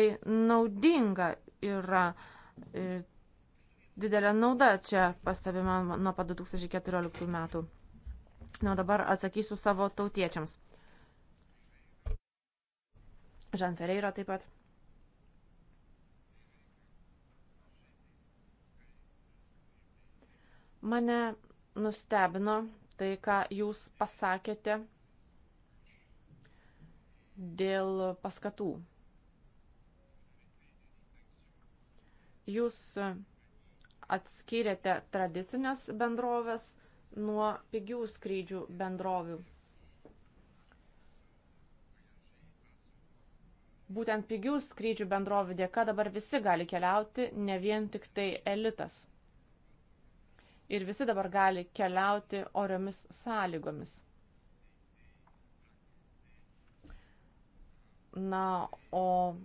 naudinga yra e, didelė nauda čia pastebima nuo pat 2014 metų. Na, dabar atsakysiu savo tautiečiams. Žan Ferreira taip pat. Mane nustebino tai, ką jūs pasakėte dėl paskatų. Jūs atskiriate tradicinės bendrovės nuo pigių skrydžių bendrovių. Būtent pigių skrydžių bendrovių dėka dabar visi gali keliauti, ne vien tik tai elitas. Ir visi dabar gali keliauti oriomis sąlygomis. Na, o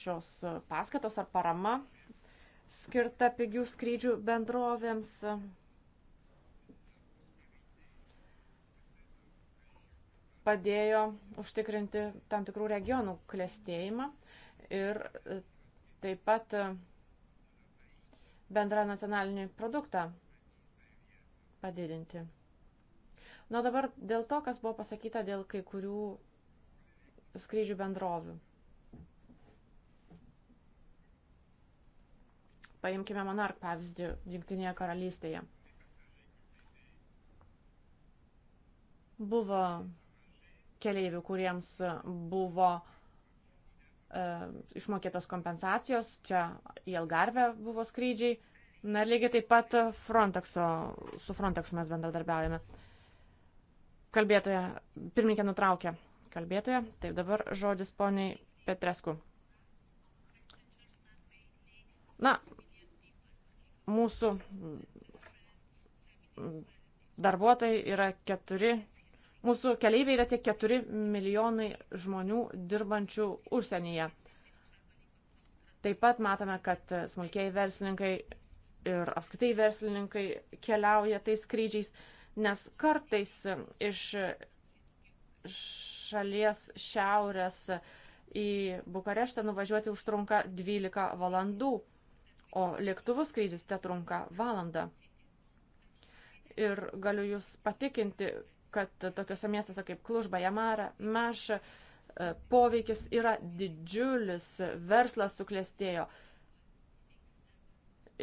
šios paskatos ar parama skirta pigių skrydžių bendrovėms padėjo užtikrinti tam tikrų regionų klėstėjimą ir e, taip pat e, bendrą nacionalinį produktą padidinti. Na dabar dėl to, kas buvo pasakyta dėl kai kurių skrydžių bendrovių. Paimkime Monark pavyzdį Junktinėje karalystėje. Buvo keleivių, kuriems buvo e, išmokėtos kompensacijos, čia į Algarvę buvo skrydžiai. Na ir lygiai taip pat Frontexo, su Frontexu mes bendradarbiaujame. Kalbėtoja, pirmininkė nutraukė kalbėtoja, taip dabar žodis poniai Petresku. Na, mūsų darbuotojai yra 4 Mūsų keleiviai yra tie 4 milijonai žmonių dirbančių užsienyje. Taip pat matome, kad smulkiai verslininkai ir apskaitai verslininkai keliauja tais skrydžiais, nes kartais iš šalies šiaurės į Bukareštą nuvažiuoti užtrunka 12 valandų, o lėktuvų skrydis te trunka valandą. Ir galiu Jūs patikinti, kad tokiuose miestuose kaip Klužba, Jamara, Maš e, poveikis yra didžiulis, verslas suklestėjo.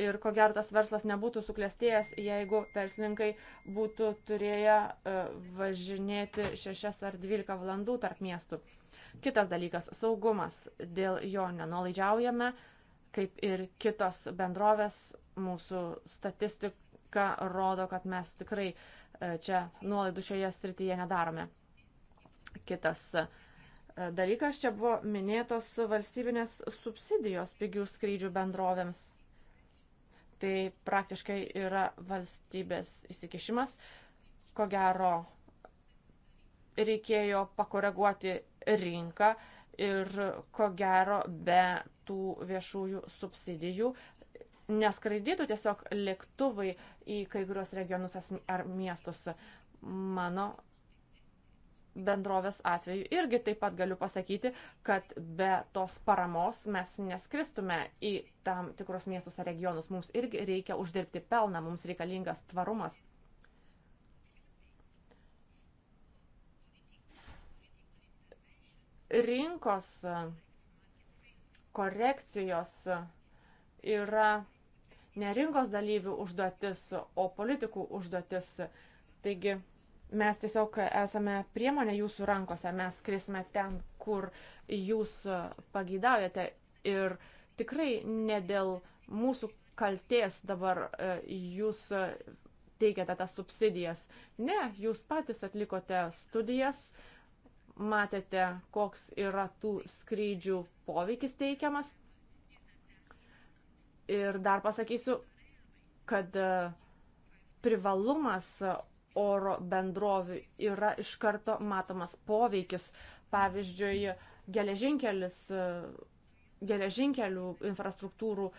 Ir ko gero tas verslas nebūtų suklestėjęs, jeigu verslininkai būtų turėję e, važinėti 6 ar 12 valandų tarp miestų. Kitas dalykas - saugumas. Dėl jo nenolaidžiaujame, kaip ir kitos bendrovės. Mūsų statistika rodo, kad mes tikrai uh, E, čia nuolaidų šioje srityje nedarome. Kitas e, dalykas čia buvo minėtos valstybinės subsidijos pigių skrydžių bendrovėms. Tai praktiškai yra valstybės įsikišimas. Ko gero, reikėjo pakoreguoti rinką ir ko gero be tų viešųjų subsidijų neskraidytų tiesiog lėktuvai į kai kurios regionus ar miestus. Mano bendrovės atveju irgi taip pat galiu pasakyti, kad be tos paramos mes neskristume į tam tikrus miestus ar regionus. Mums irgi reikia uždirbti pelną, mums reikalingas tvarumas. Rinkos korekcijos yra ne rinkos dalyvių užduotis, o politikų užduotis. Taigi mes tiesiog esame priemonė jūsų rankose, mes skrisime ten, kur jūs pageidaujate ir tikrai ne dėl mūsų kalties dabar e, jūs teikiate tas subsidijas. Ne, jūs patys atlikote studijas, matėte, koks yra tų skrydžių poveikis teikiamas Ir dar pasakysiu, kad e, privalumas e, oro bendrovių yra iš karto matomas poveikis. Pavyzdžiui, geležinkelis, e, geležinkelių infrastruktūrų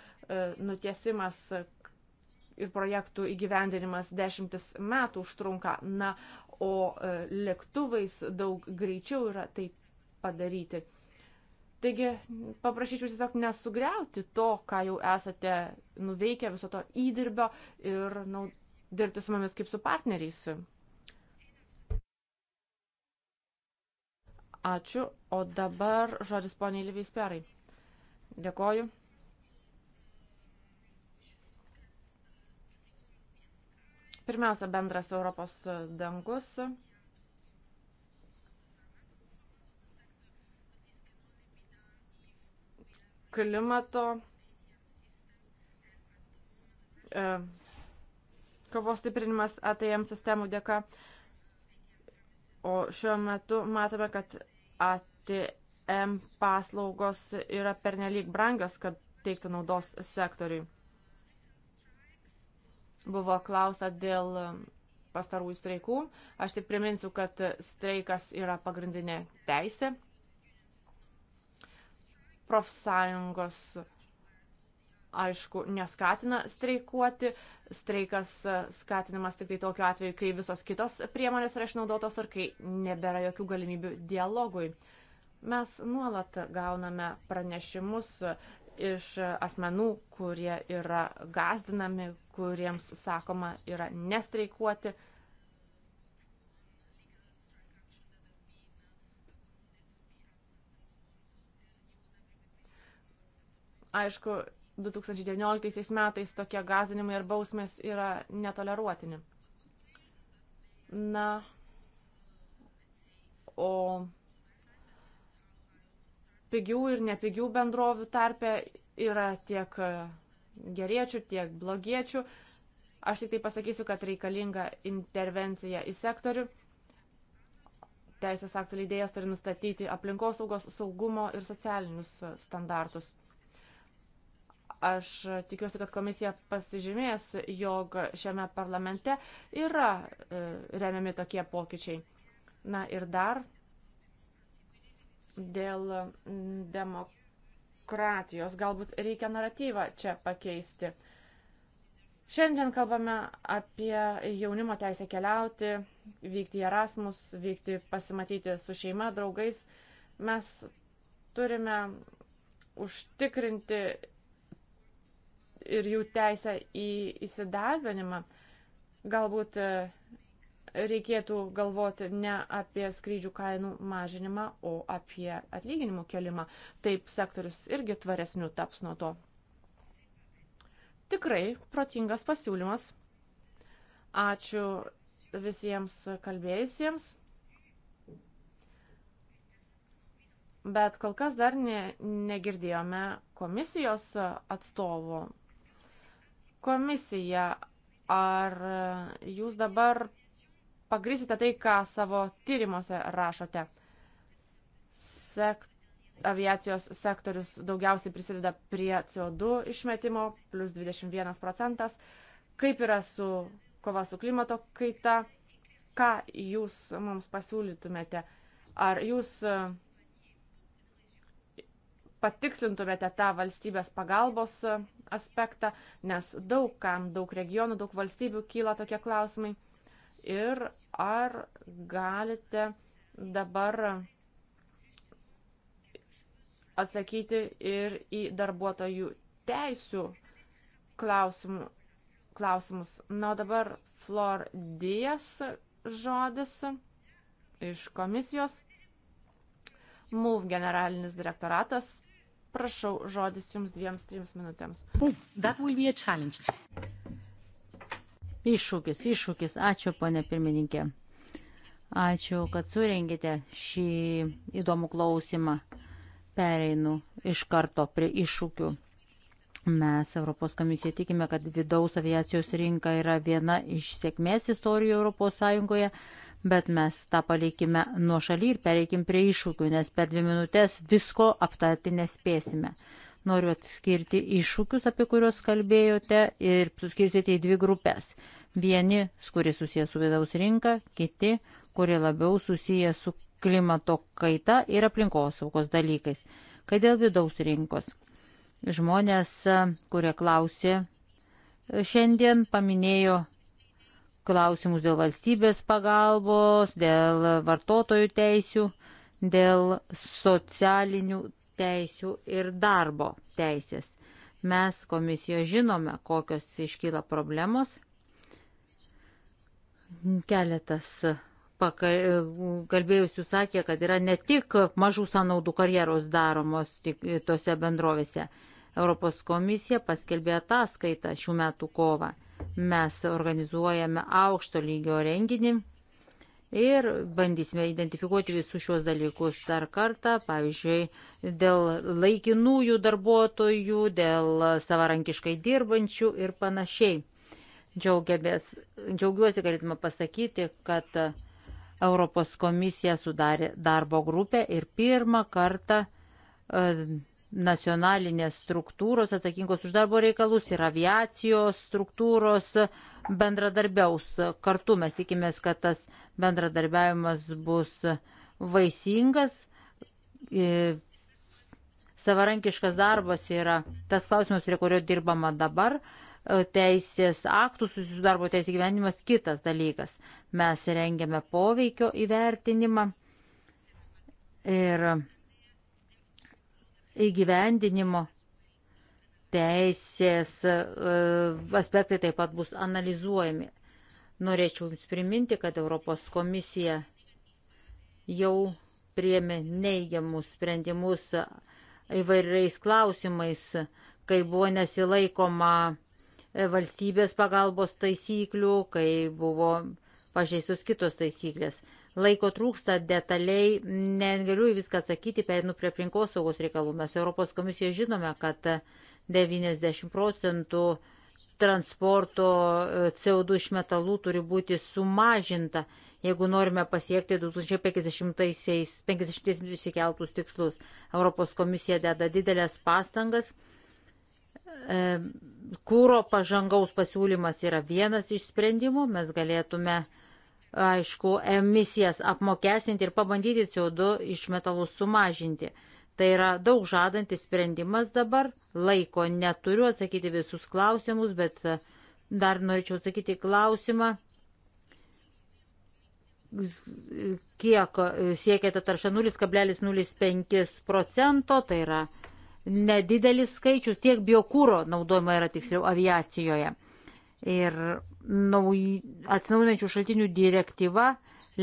nutiesimas ir projektų įgyvendinimas dešimtis metų užtrunka. Na, o lėktuvais daug greičiau yra tai padaryti. Taigi paprašyčiau tiesiog nesugriauti to, ką jau esate nuveikę viso to įdirbio ir nu, dirbti su mumis kaip su partneriais. Ačiū, o dabar žodis poniai Lyviai Sperai. Dėkoju. Pirmiausia, bendras Europos dangus. klimato e, kovos stiprinimas ATM sistemų dėka. O šiuo metu matome, kad ATM paslaugos yra pernelyg brangios, kad teiktų naudos sektoriui. Buvo klausta dėl pastarųjų streikų. Aš tik priminsiu, kad streikas yra pagrindinė teisė profsąjungos, aišku, neskatina streikuoti. Streikas e, skatinimas tik tai tokiu atveju, kai visos kitos priemonės yra išnaudotos ar kai nebėra jokių galimybių dialogui. Mes nuolat gauname pranešimus e, iš asmenų, kurie yra gazdinami, kuriems sakoma yra nestreikuoti. Aišku, 2019 metais tokie gazinimai ir bausmės yra netoleruotini. Na, o pigių ir nepigių bendrovių tarpe yra tiek geriečių, tiek blogiečių. Aš tik tai pasakysiu, kad reikalinga intervencija į sektorių. Teisės aktų leidėjas turi nustatyti aplinkosaugos, saugumo ir socialinius standartus. Aš tikiuosi, kad komisija pasižymės, jog šiame parlamente yra e, remiami tokie pokyčiai. Na ir dar dėl demokratijos. Galbūt reikia naratyvą čia pakeisti. Šiandien kalbame apie jaunimo teisę keliauti, vykti į Erasmus, vykti pasimatyti su šeima, draugais. Mes turime užtikrinti ir jų teisę į įsidarbinimą. Galbūt e, reikėtų galvoti ne apie skrydžių kainų mažinimą, o apie atlyginimų kelimą. Taip sektorius irgi tvaresnių taps nuo to. Tikrai protingas pasiūlymas. Ačiū visiems kalbėjusiems. Bet kol kas dar ne, negirdėjome komisijos atstovo komisija, ar jūs dabar pagrysite tai, ką savo tyrimuose rašote? Sekt, aviacijos sektorius daugiausiai prisideda prie CO2 išmetimo, plus 21 procentas. Kaip yra su kova su klimato kaita? Ką jūs mums pasiūlytumėte? Ar jūs patikslintumėte tą valstybės pagalbos e, aspektą, nes daug kam, daug regionų, daug valstybių kyla tokie klausimai. Ir ar galite dabar atsakyti ir į darbuotojų teisų klausimų, klausimus. Na, o dabar Flor Dijas žodis iš komisijos. MUV generalinis direktoratas Prašau, žodis jums dviems, trims minutėms. Iššūkis, iššūkis. Ačiū, ponė pirmininkė. Ačiū, kad surengėte šį įdomų klausimą. Pereinu iš karto prie iššūkių. Mes Europos komisija tikime, kad vidaus aviacijos rinka yra viena iš sėkmės istorijų ES bet mes tą palikime nuo šaly ir pereikim prie iššūkių, nes per dvi minutės visko aptarti nespėsime. Noriu atskirti iššūkius, apie kuriuos kalbėjote, ir suskirsite į dvi grupės. Vieni, kurie susijęs su vidaus rinka, kiti, kurie labiau susijęs su klimato kaita ir aplinkosaugos dalykais. Kai dėl vidaus rinkos. Žmonės, kurie klausė, šiandien paminėjo klausimus dėl valstybės pagalbos, dėl vartotojų teisių, dėl socialinių teisių ir darbo teisės. Mes komisijoje žinome, kokios iškyla problemos. Keletas kalbėjusių sakė, kad yra ne tik mažų sąnaudų karjeros daromos tose bendrovėse. Europos komisija paskelbė ataskaitą šių metų kovą Mes organizuojame aukšto lygio renginį ir bandysime identifikuoti visus šios dalykus dar kartą, pavyzdžiui, dėl laikinųjų darbuotojų, dėl savarankiškai dirbančių ir panašiai. Džiaugiamės, džiaugiuosi, galėtume pasakyti, kad Europos komisija sudarė darbo grupę ir pirmą kartą e, nacionalinės struktūros atsakingos už darbo reikalus ir aviacijos struktūros bendradarbiaus. Kartu mes tikimės, kad tas bendradarbiavimas bus vaisingas. E, savarankiškas darbas yra tas klausimas, prie kurio dirbama dabar. E, teisės aktų susijusių darbo teisės gyvenimas kitas dalykas. Mes rengiame poveikio įvertinimą ir įgyvendinimo teisės e, aspektai taip pat bus analizuojami. Norėčiau Jums priminti, kad Europos komisija jau priemi neigiamus sprendimus įvairiais klausimais, kai buvo nesilaikoma e, valstybės pagalbos taisyklių, kai buvo pažeistos kitos taisyklės. Laiko trūksta detaliai, negaliu į viską atsakyti, perinu prie aplinkos saugos reikalų. Mes Europos komisijoje žinome, kad 90 procentų transporto e, CO2 iš metalų turi būti sumažinta, jeigu norime pasiekti 2050 įsikeltus tikslus. Europos komisija deda didelės pastangas. E, kūro pažangaus pasiūlymas yra vienas iš sprendimų. Mes galėtume uh, aišku, emisijas apmokestinti ir pabandyti CO2 iš metalų sumažinti. Tai yra daug žadantis sprendimas dabar, laiko neturiu atsakyti visus klausimus, bet e, dar norėčiau atsakyti klausimą, kiek e, siekia ta tarša 0,05 procento, tai yra nedidelis skaičius, tiek biokūro naudojama yra tiksliau aviacijoje. Ir atsinaujinančių šaltinių direktyva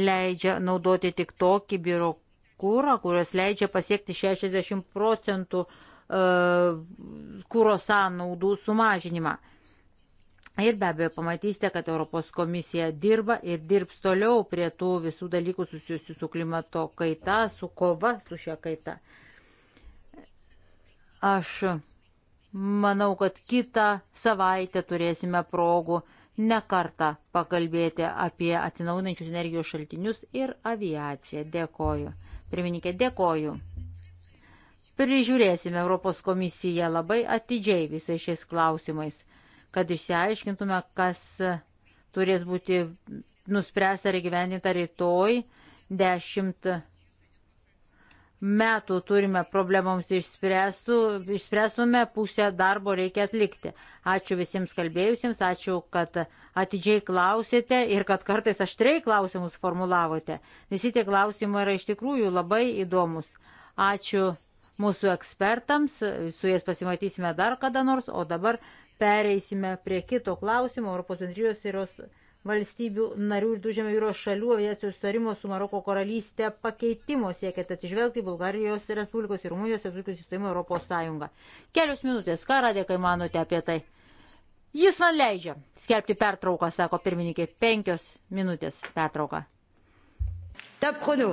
leidžia naudoti tik tokį biuro kūrą, kurios leidžia pasiekti 60 procentų e, kūro sąnaudų sumažinimą. Ir be abejo pamatysite, kad Europos komisija dirba ir dirbs toliau prie tų visų dalykų susijusių su klimato kaita, su kova su šia kaita. Aš manau, kad kitą savaitę turėsime progų uh, nekarta pakalbėti apie atsinaujinančius energijos šaltinius ir aviaciją. Dėkoju. Pirmininkė, dėkoju. Prižiūrėsime Europos komisiją labai atidžiai visais šiais klausimais, kad išsiaiškintume, kas turės būti nuspręsta ir gyvendinta rytoj 10 metų turime problemoms išspręstume, pusę darbo reikia atlikti. Ačiū visiems kalbėjusiems, ačiū, kad atidžiai klausėte ir kad kartais aštriai klausimus formulavote. Visi tie klausimai yra iš tikrųjų labai įdomus. Ačiū mūsų ekspertams, su jais pasimatysime dar kada nors, o dabar pereisime prie kito klausimo Europos bendrijos ir jos valstybių narių ir Dužėmio jūros šalių aviacijos sutarimo su Maroko karalystė pakeitimo siekėt atsižvelgti Bulgarijos Respublikos ir Rumunijos Respublikos įstojimo Europos Sąjungą. Kelios minutės, ką radėkai manote apie tai? Jis man leidžia skelbti pertrauką, sako pirmininkė, penkios minutės pertrauką. Tap chrono.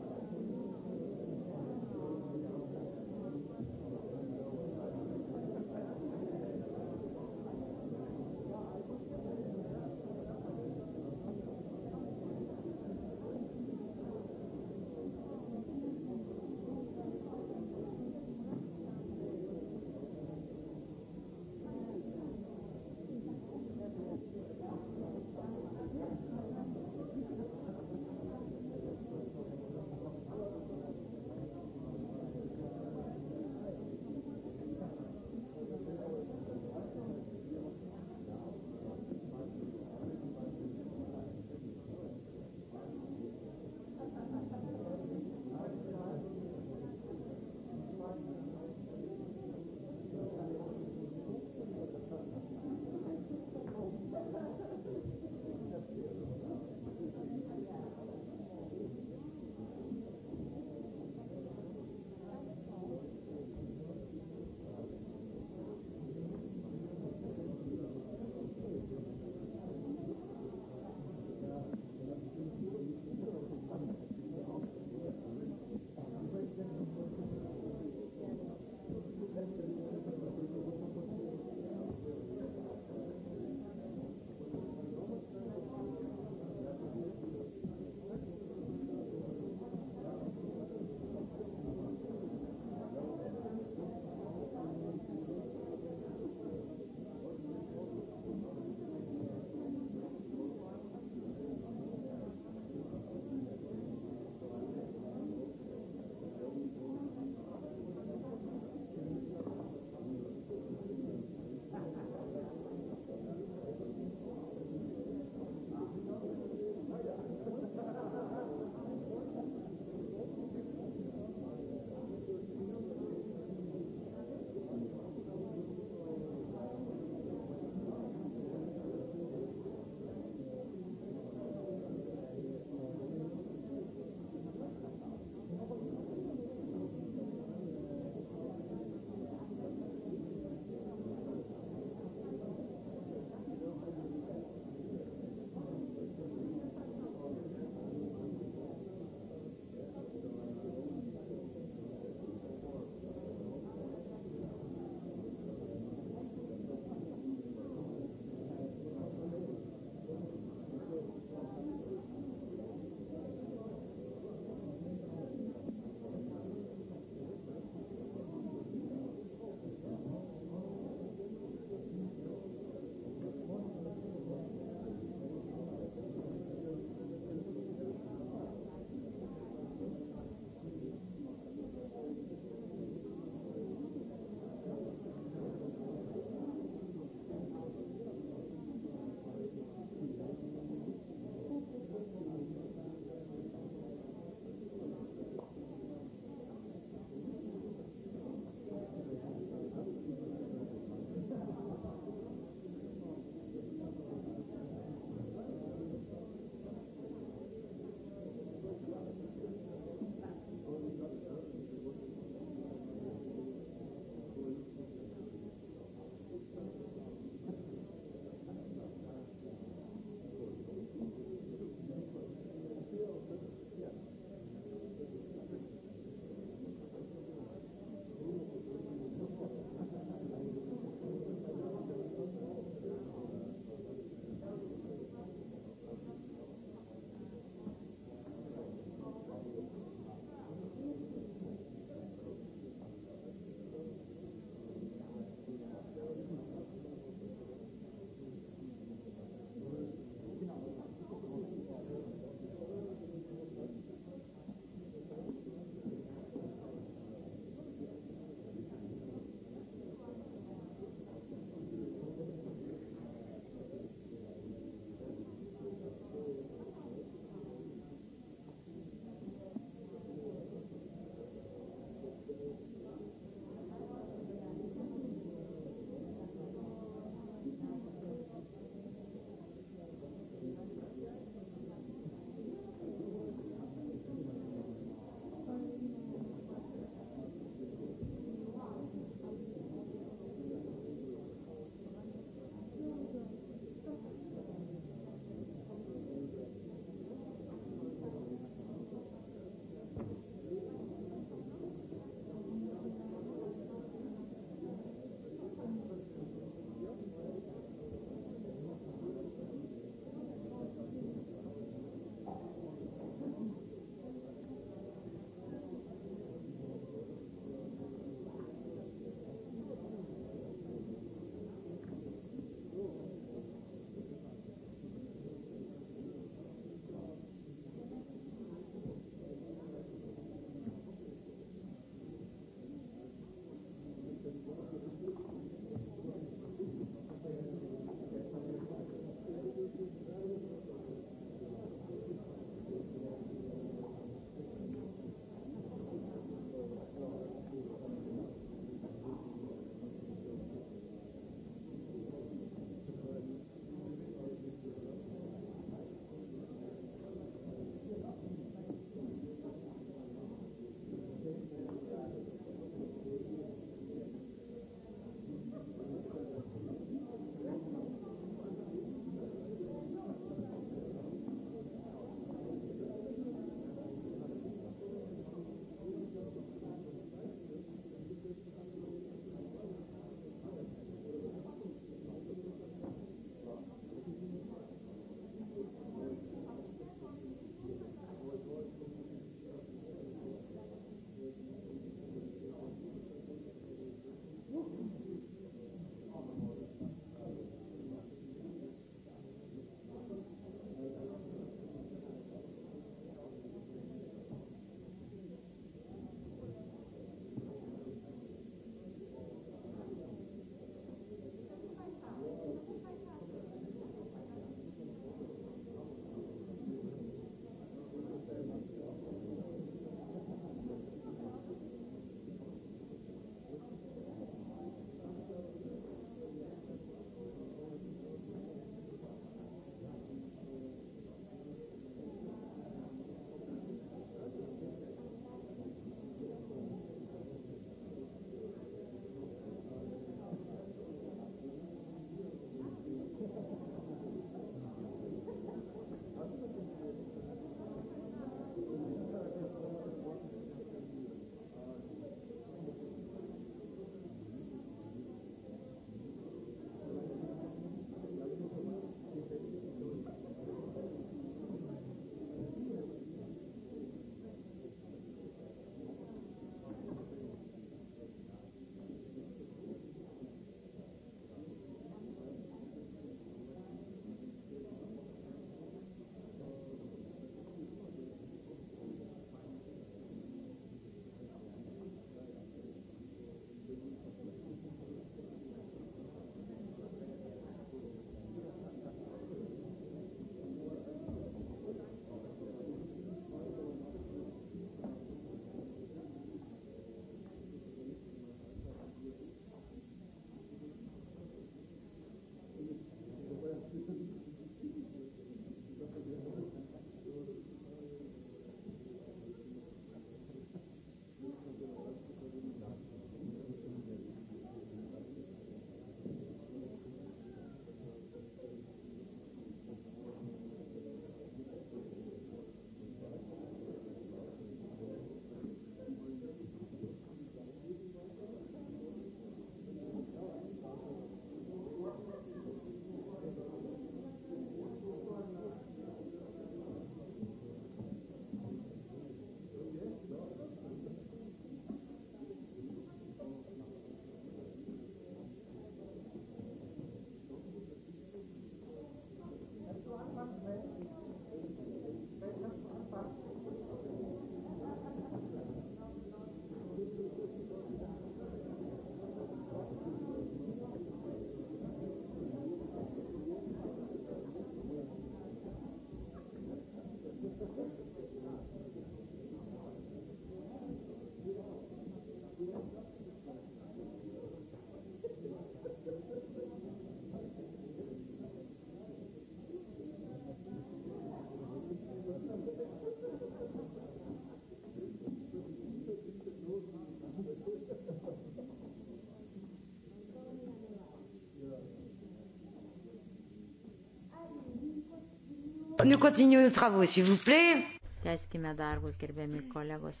Teskime darbus, gerbiami kolegos.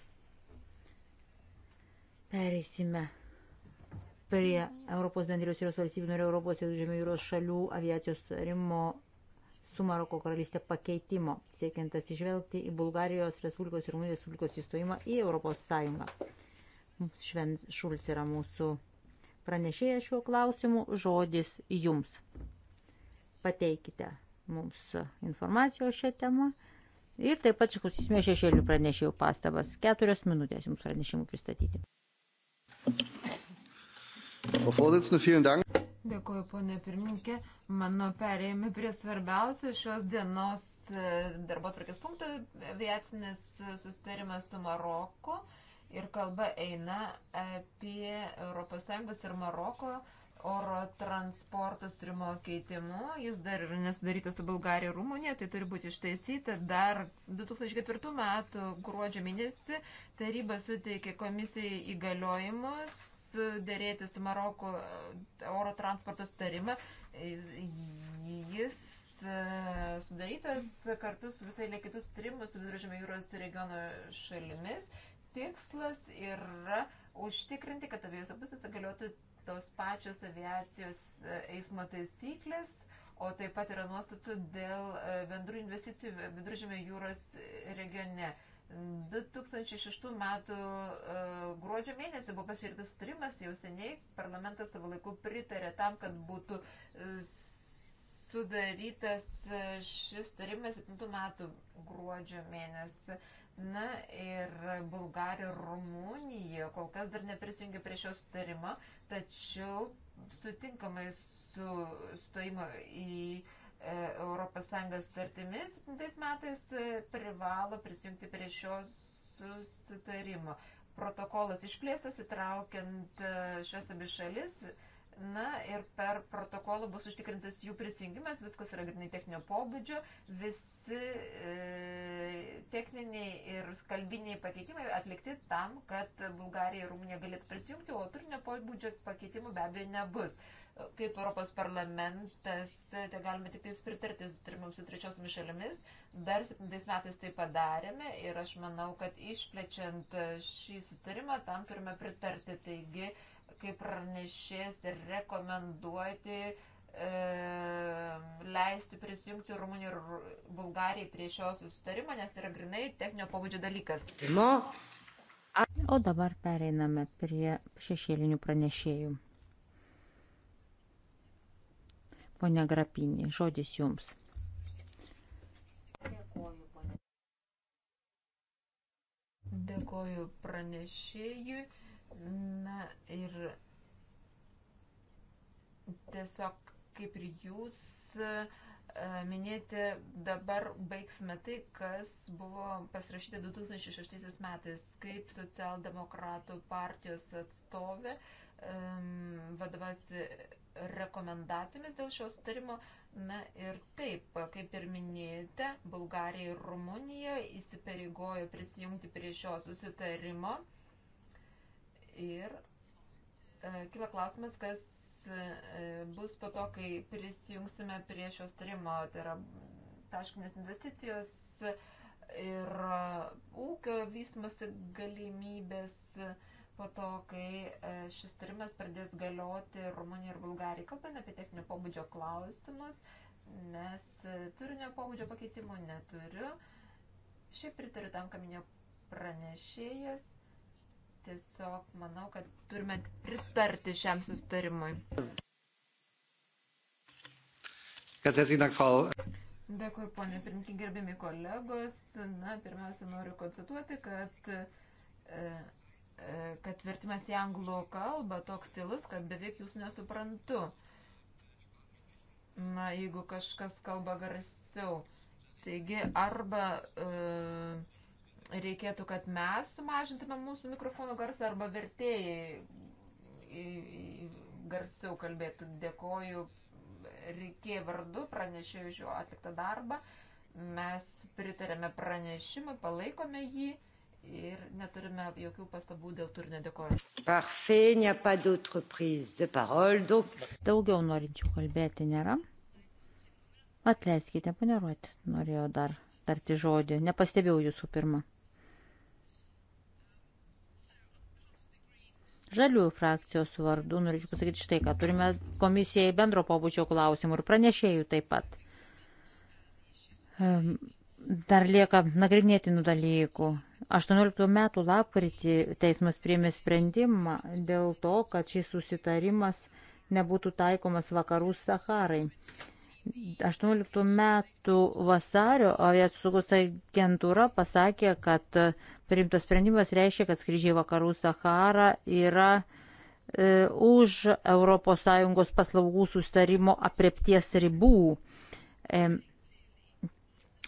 Pereisime prie Europos bendrijos jūros valstybių narių Europos žemė jūros šalių aviacijos rimo su Maroko karalystė pakeitimo, siekiant atsižvelgti į Bulgarijos Respublikos ir Rumunijos Respublikos įstojimą į Europos Sąjungą. Švens Šulc yra mūsų pranešėja šiuo klausimu, žodis jums. Pateikite mums informacijos šią temą. Ir taip pat išklausysime šešėlinių pranešėjų pastabas. Keturios minutės jums pranešimų pristatyti. Dėkuoju, ponė pirmininkė. Mano perėjami prie svarbiausių šios dienos e, darbo tvarkės punktų aviacinis sustarimas su Maroku ir kalba eina apie ES ir Maroko oro transporto strimo keitimu. Jis dar nesudarytas su Bulgarija ir Rumunija, tai turi būti ištaisyta. Dar 2004 metų gruodžio mėnesį taryba suteikė komisijai įgaliojimus dėrėti su Maroko oro transporto sutarimą. Jis e, sudarytas kartu su visai lė kitus trimus viduržėmio jūros regiono šalimis tikslas yra užtikrinti, kad abiejose pusėse galiotų tos pačios aviacijos e, eismo taisyklės, o taip pat yra nuostatų dėl e, bendrų investicijų viduržėmio jūros regione. 2006 metų e, gruodžio mėnesį buvo pasiūlytas sutarimas, jau seniai parlamentas savo laiku pritarė tam, kad būtų sudarytas šis sutarimas 7 metų gruodžio mėnesį. Na ir Bulgarija ir Rumunija kol kas dar neprisijungia prie šio sutarimo, tačiau sutinkamai su stojimo į ES sutartimis tais metais e, privalo prisijungti prie šio susitarimo. Protokolas išplėstas įtraukiant e, šias abi šalis Na ir per protokolą bus užtikrintas jų prisijungimas, viskas yra grinai techninio pobūdžio, visi e, techniniai ir kalbiniai pakeitimai atlikti tam, kad Bulgarija ir Rumunija galėtų prisijungti, o turinio pobūdžio pakeitimų be abejo nebus. Kaip Europos parlamentas, tai galime tik tais pritarti sutarimams su trečiosiomis šalimis. Dar 7 metais tai padarėme ir aš manau, kad išplečiant šį sutarimą tam turime pritarti. Taigi, kaip pranešės rekomenduoti e, leisti prisijungti Rumuniją ir Bulgariją prie šio susitarimo, nes tai yra grinai techninio pabudžio dalykas. No. O dabar pereiname prie šešėlinių pranešėjų. Pone Grapinė, žodis jums. Dėkoju, ponė. Dėkoju pranešėjui. Na ir tiesiog kaip ir jūs e, minėti, dabar baigsime tai, kas buvo pasirašyta 2006 metais, kaip socialdemokratų partijos atstovė vadovasi rekomendacijomis dėl šio sutarimo. Na ir taip, kaip ir minėjote, Bulgarija ir Rumunija įsipareigojo prisijungti prie šio susitarimo. Ir e, kila klausimas, kas e, bus po to, kai prisijungsime prie šios tarimo, tai yra taškinės investicijos ir e, ūkio vystimosi galimybės po to, kai šis tarimas pradės galioti Rumunijai ir Bulgarijai. Kalbant apie techninio pobūdžio klausimus, nes turinio pobūdžio pakeitimų neturiu. Šiaip pritariu tam, ką minėjo pranešėjas. Tiesiog manau, kad turime pritarti šiam sustarimui. Dėkui, ponė Pirmininkė, gerbimi kolegos. Na, pirmiausia, noriu konstatuoti, kad, e, e, kad vertimas į anglų kalbą toks stilus, kad beveik jūs nesuprantu. Na, jeigu kažkas kalba garsiau. Taigi, arba. Uh, reikėtų, kad mes sumažintume mūsų mikrofonų garsą arba vertėjai garsiau kalbėtų. Dėkoju reikė vardu, pranešėjau už jo atliktą darbą. Mes pritarėme pranešimui, palaikome jį ir neturime jokių pastabų dėl turinio. Dėkoju. Daugiau norinčių kalbėti nėra. Atleiskite, paneruoti, norėjau dar tarti žodį. Nepastebėjau jūsų pirmą. Žaliųjų frakcijos vardu norėčiau pasakyti štai, kad turime komisijai bendro pobūdžio klausimų ir pranešėjų taip pat. Ehm, dar lieka nagrinėtinų dalykų. 18 metų lapkritį teismas priėmė sprendimą dėl to, kad šis susitarimas nebūtų taikomas vakarų Saharai. 18 metų aviacijos aviacijos agentūra pasakė, kad priimtas sprendimas reiškia, kad skrydžiai vakarų Sahara yra e, už ES paslaugų sustarimo apriepties ribų. E,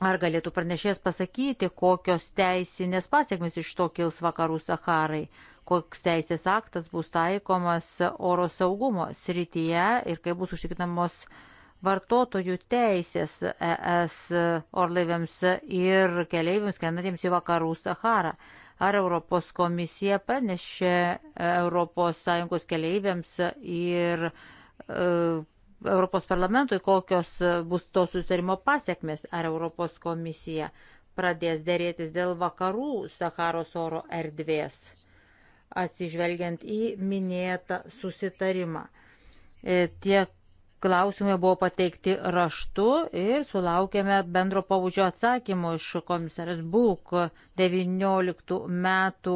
ar galėtų pranešėjas pasakyti, kokios teisinės pasiekmes iš to kils vakarų Saharai? koks teisės aktas bus taikomas oro saugumo srityje ir kaip bus užtikrinamos uh, vartotojų teisės ES orlaiviams ir keleiviams skrendantiems į vakarų Saharą. Ar Europos komisija panešė ES keleiviams ir e, Europos parlamentui, kokios bus to susitarimo pasiekmes, ar Europos komisija pradės dėrėtis dėl vakarų Saharos oro erdvės, atsižvelgiant į minėtą susitarimą. E, tiek Klausimai buvo pateikti raštu ir sulaukėme bendro pavudžio atsakymų iš komisarės Būk 19 metų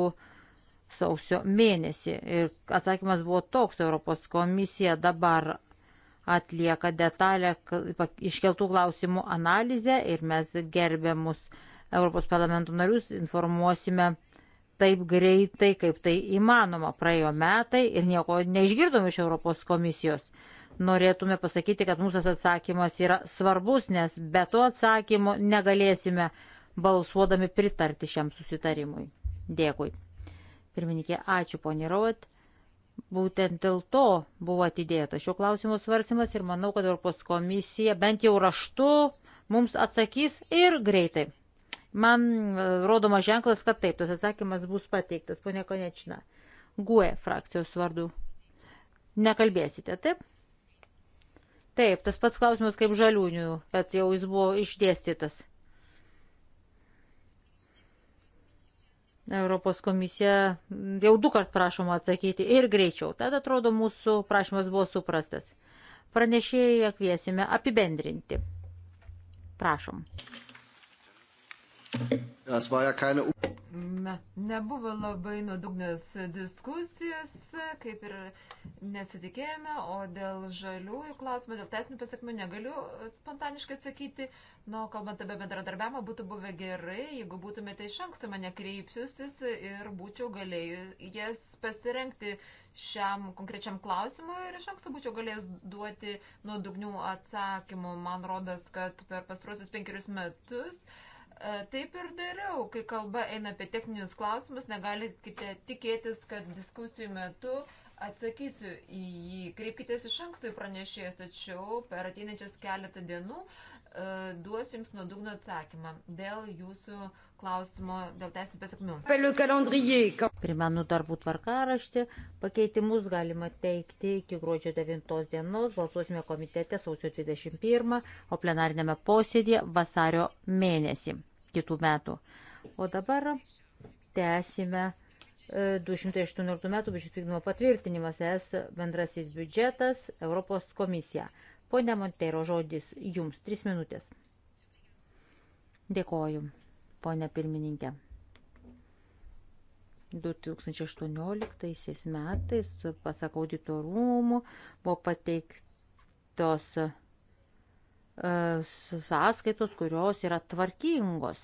sausio mėnesį. Ir atsakymas buvo toks, Europos komisija dabar atlieka detalę iškeltų klausimų analizę ir mes gerbiamus Europos parlamento narius informuosime taip greitai, kaip tai įmanoma. Praėjo metai ir nieko neišgirdom iš Europos komisijos norėtume pasakyti, kad mūsų atsakymas yra svarbus, nes be to atsakymo negalėsime balsuodami pritarti šiam susitarimui. Dėkui. Pirmininkė, ačiū ponė Rauet. Būtent dėl to buvo atidėta šio klausimo svarsimas ir manau, kad Europos komisija bent jau raštu mums atsakys ir greitai. Man e, rodoma ženklas, kad taip, tas atsakymas bus pateiktas, ponė Konečina. GUE frakcijos vardu. Nekalbėsite, taip? Taip, tas pats klausimas kaip žaliųjų, bet jau jis buvo išdėstytas. Europos komisija jau du kart prašoma atsakyti ir greičiau. Tada atrodo mūsų prašymas buvo suprastas. Pranešėjai kviesime apibendrinti. Prašom. Na, nebuvo labai nuodugnios diskusijos, kaip ir nesitikėjome, o dėl žaliųjų klausimų, dėl teisinių pasiekmių negaliu spontaniškai atsakyti. Nu, kalbant apie bendradarbiavimą, būtų buvę gerai, jeigu būtumėte iš anksto mane kreipiusis ir būčiau galėjęs pasirengti šiam konkrečiam klausimui ir iš anksto būčiau galėjęs duoti nuodugnių atsakymų. Man rodas, kad per pastruosius penkerius metus uh, E, taip ir dariau, kai kalba eina apie techninius klausimus, negalite tikėtis, kad diskusijų metu atsakysiu į jį. Kreipkitės iš anksto į pranešėjas, tačiau per ateinančias keletą dienų uh, duosiu jums nuodugno atsakymą dėl jūsų klausimo dėl teisinių pasiekmių. Primenu darbų tvarkaraštį. Pakeitimus galima teikti iki gruodžio 9 dienos. Balsuosime komitete sausio 21, o plenarinėme posėdėje vasario mėnesį kitų metų. O dabar tęsime 218 e, metų biudžeto vykdymo patvirtinimas es bendrasis biudžetas Europos komisija. Pone Monteiro, žodis jums. Tris minutės. Dėkoju ponė pirmininkė. 2018 metais, pasak auditorumų, buvo pateiktos e, sąskaitos, kurios yra tvarkingos.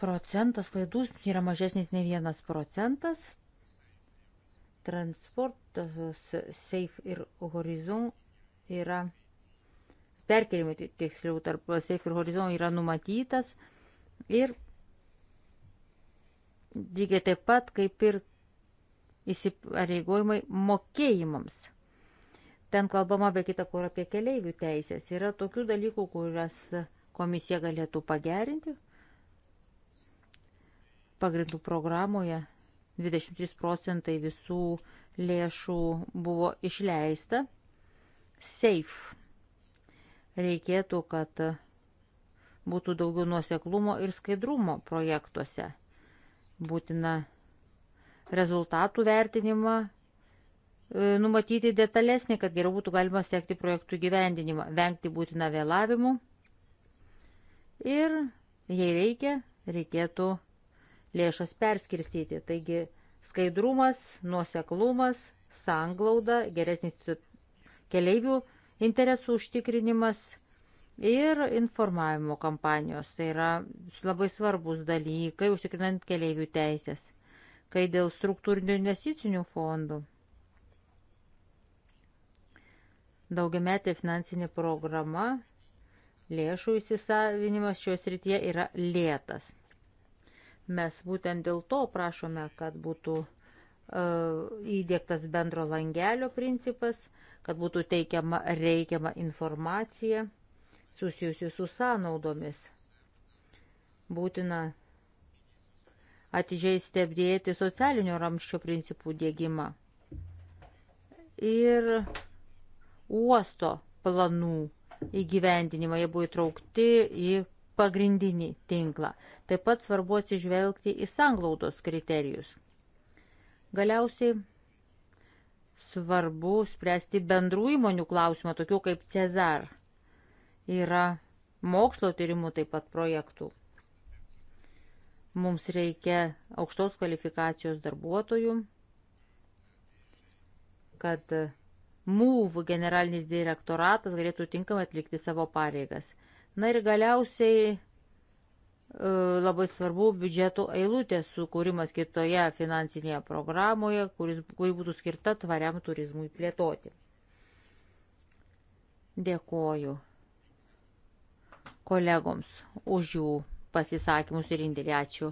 Procentas klaidų yra mažesnis ne vienas procentas. Transportas Safe ir Horizon yra perkelimui tiksliau tarp SAFE ir Horizon yra numatytas ir lygiai taip pat kaip ir įsipareigojimai mokėjimams. Ten kalbama be kita kur apie keleivių teisės. Yra tokių dalykų, kurias komisija galėtų pagerinti. Pagrindų programoje 23 procentai visų lėšų buvo išleista. Safe reikėtų, kad būtų daugiau nuoseklumo ir skaidrumo projektuose. Būtina rezultatų vertinimą e, numatyti detalesnį, kad geriau būtų galima sekti projektų gyvendinimą, vengti būtina vėlavimų ir, jei reikia, reikėtų lėšas perskirstyti. Taigi skaidrumas, nuoseklumas, sanglauda, geresnis keliaivių interesų užtikrinimas ir informavimo kampanijos. Tai yra labai svarbus dalykai, užtikrinant keliaivių teisės, kai dėl struktūrinių investicinių fondų. Daugiametė finansinė programa, lėšų įsisavinimas šios rytyje yra lėtas. Mes būtent dėl to prašome, kad būtų uh, e, įdėktas bendro langelio principas – kad būtų teikiama reikiama informacija susijusi su sąnaudomis. Būtina atidžiai stebėti socialinio ramščio principų dėgymą ir uosto planų įgyvendinimą, jie buvo įtraukti į pagrindinį tinklą. Taip pat svarbu atsižvelgti į sanglaudos kriterijus. Galiausiai svarbu spręsti bendrų įmonių klausimą, tokių kaip Cezar. Yra mokslo tyrimų taip pat projektų. Mums reikia aukštos kvalifikacijos darbuotojų, kad MUV generalinis direktoratas galėtų tinkamai atlikti savo pareigas. Na ir galiausiai E, labai svarbu biudžeto eilutės sukūrimas kitoje finansinėje programoje, kuris, kuri būtų skirta tvariam turizmui plėtoti. Dėkoju kolegoms už jų pasisakymus ir indėlį. Ačiū.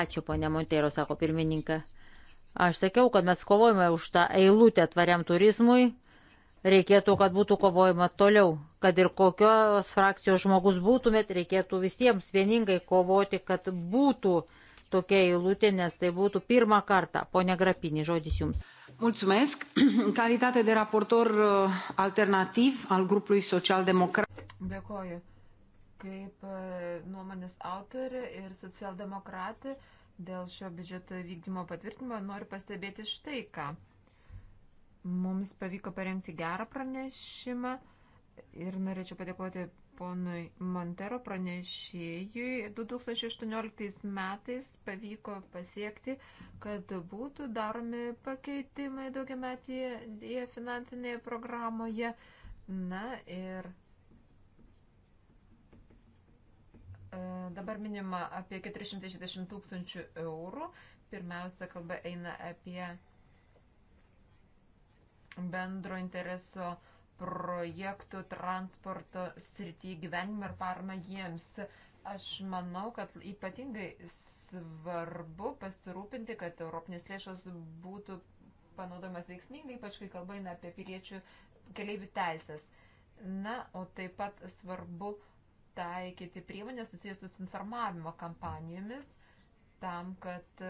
Ačiū, ponė Monteiro, sako pirmininkė. Aš sakiau, kad mes kovojame už tą eilutę tvariam turizmui reikėtų, kad būtų kovojama toliau, kad ir kokios frakcijos žmogus būtumėt, reikėtų visiems vieningai kovoti, kad būtų tokia eilutė, nes tai būtų pirmą kartą. Pone Grapinį, žodis jums. Mulțumesc. În calitate de raportor uh, alternativ al grupului social-democrat. Dėkoju. Kaip uh, nuomonės autorė ir socialdemokratė dėl šio biudžeto vykdymo patvirtinimo noriu pastebėti štai ką. Mums pavyko parengti gerą pranešimą ir norėčiau padėkoti ponui Montero pranešėjui. 2018 metais pavyko pasiekti, kad būtų daromi pakeitimai daugiametėje finansinėje programoje. Na ir e, dabar minima apie 460 tūkstančių eurų. Pirmiausia, kalba eina apie bendro intereso projektų transporto srityje gyvenimą ir parmą jiems. Aš manau, kad ypatingai svarbu pasirūpinti, kad europinės lėšos būtų panaudomas veiksmingai, ypač kai kalba eina apie piliečių keliaivių teisės. Na, o taip pat svarbu taikyti priemonės susijusius informavimo kampanijomis tam, kad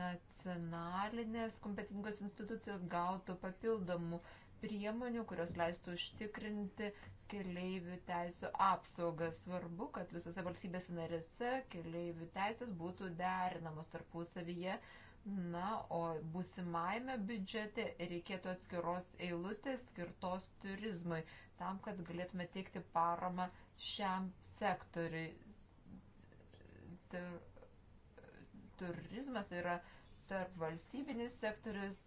nacionalinės kompetingos institucijos gautų papildomų priemonių, kurios leistų užtikrinti keleivių teisų apsaugą. Svarbu, kad visose valstybėse narėse keleivių teisės būtų derinamos tarpusavyje. Na, o busimaime biudžete reikėtų atskiros eilutės skirtos turizmui, tam, kad galėtume teikti paramą šiam sektoriui. Tur turizmas yra tarp valstybinis sektorius,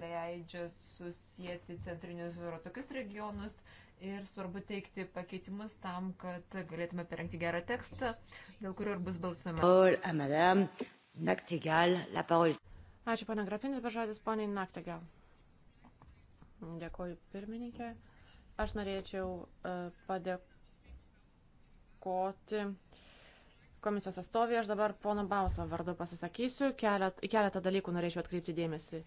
leidžia susijęti centrinius ir tokius regionus ir svarbu teikti pakeitimus tam, kad galėtume parengti gerą tekstą, dėl kurio ir bus balsuojama. Ačiū, pana Grapinė, per žodis, poniai Naktigal. Dėkuoju, pirmininkė. Aš norėčiau uh, padėkoti. Uh, komisijos atstovė, aš dabar pono Bauso vardu pasisakysiu, Kelet, keletą dalykų norėčiau atkreipti dėmesį.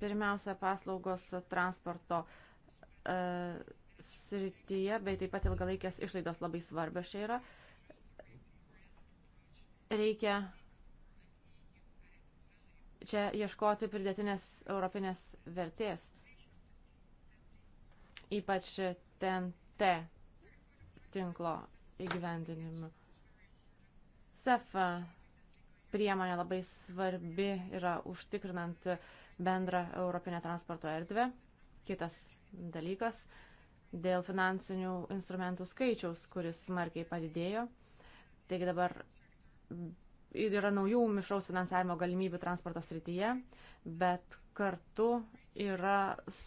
Pirmiausia, paslaugos transporto e, srityje, bei taip pat ilgalaikės išlaidos labai svarbios čia yra. Reikia čia ieškoti pridėtinės europinės vertės, ypač ten T tinklo įgyvendinimu. SEFA priemonė labai svarbi yra užtikrinant bendrą Europinę transporto erdvę. Kitas dalykas dėl finansinių instrumentų skaičiaus, kuris smarkiai padidėjo. Taigi dabar yra naujų mišraus finansavimo galimybių transporto srityje, bet kartu yra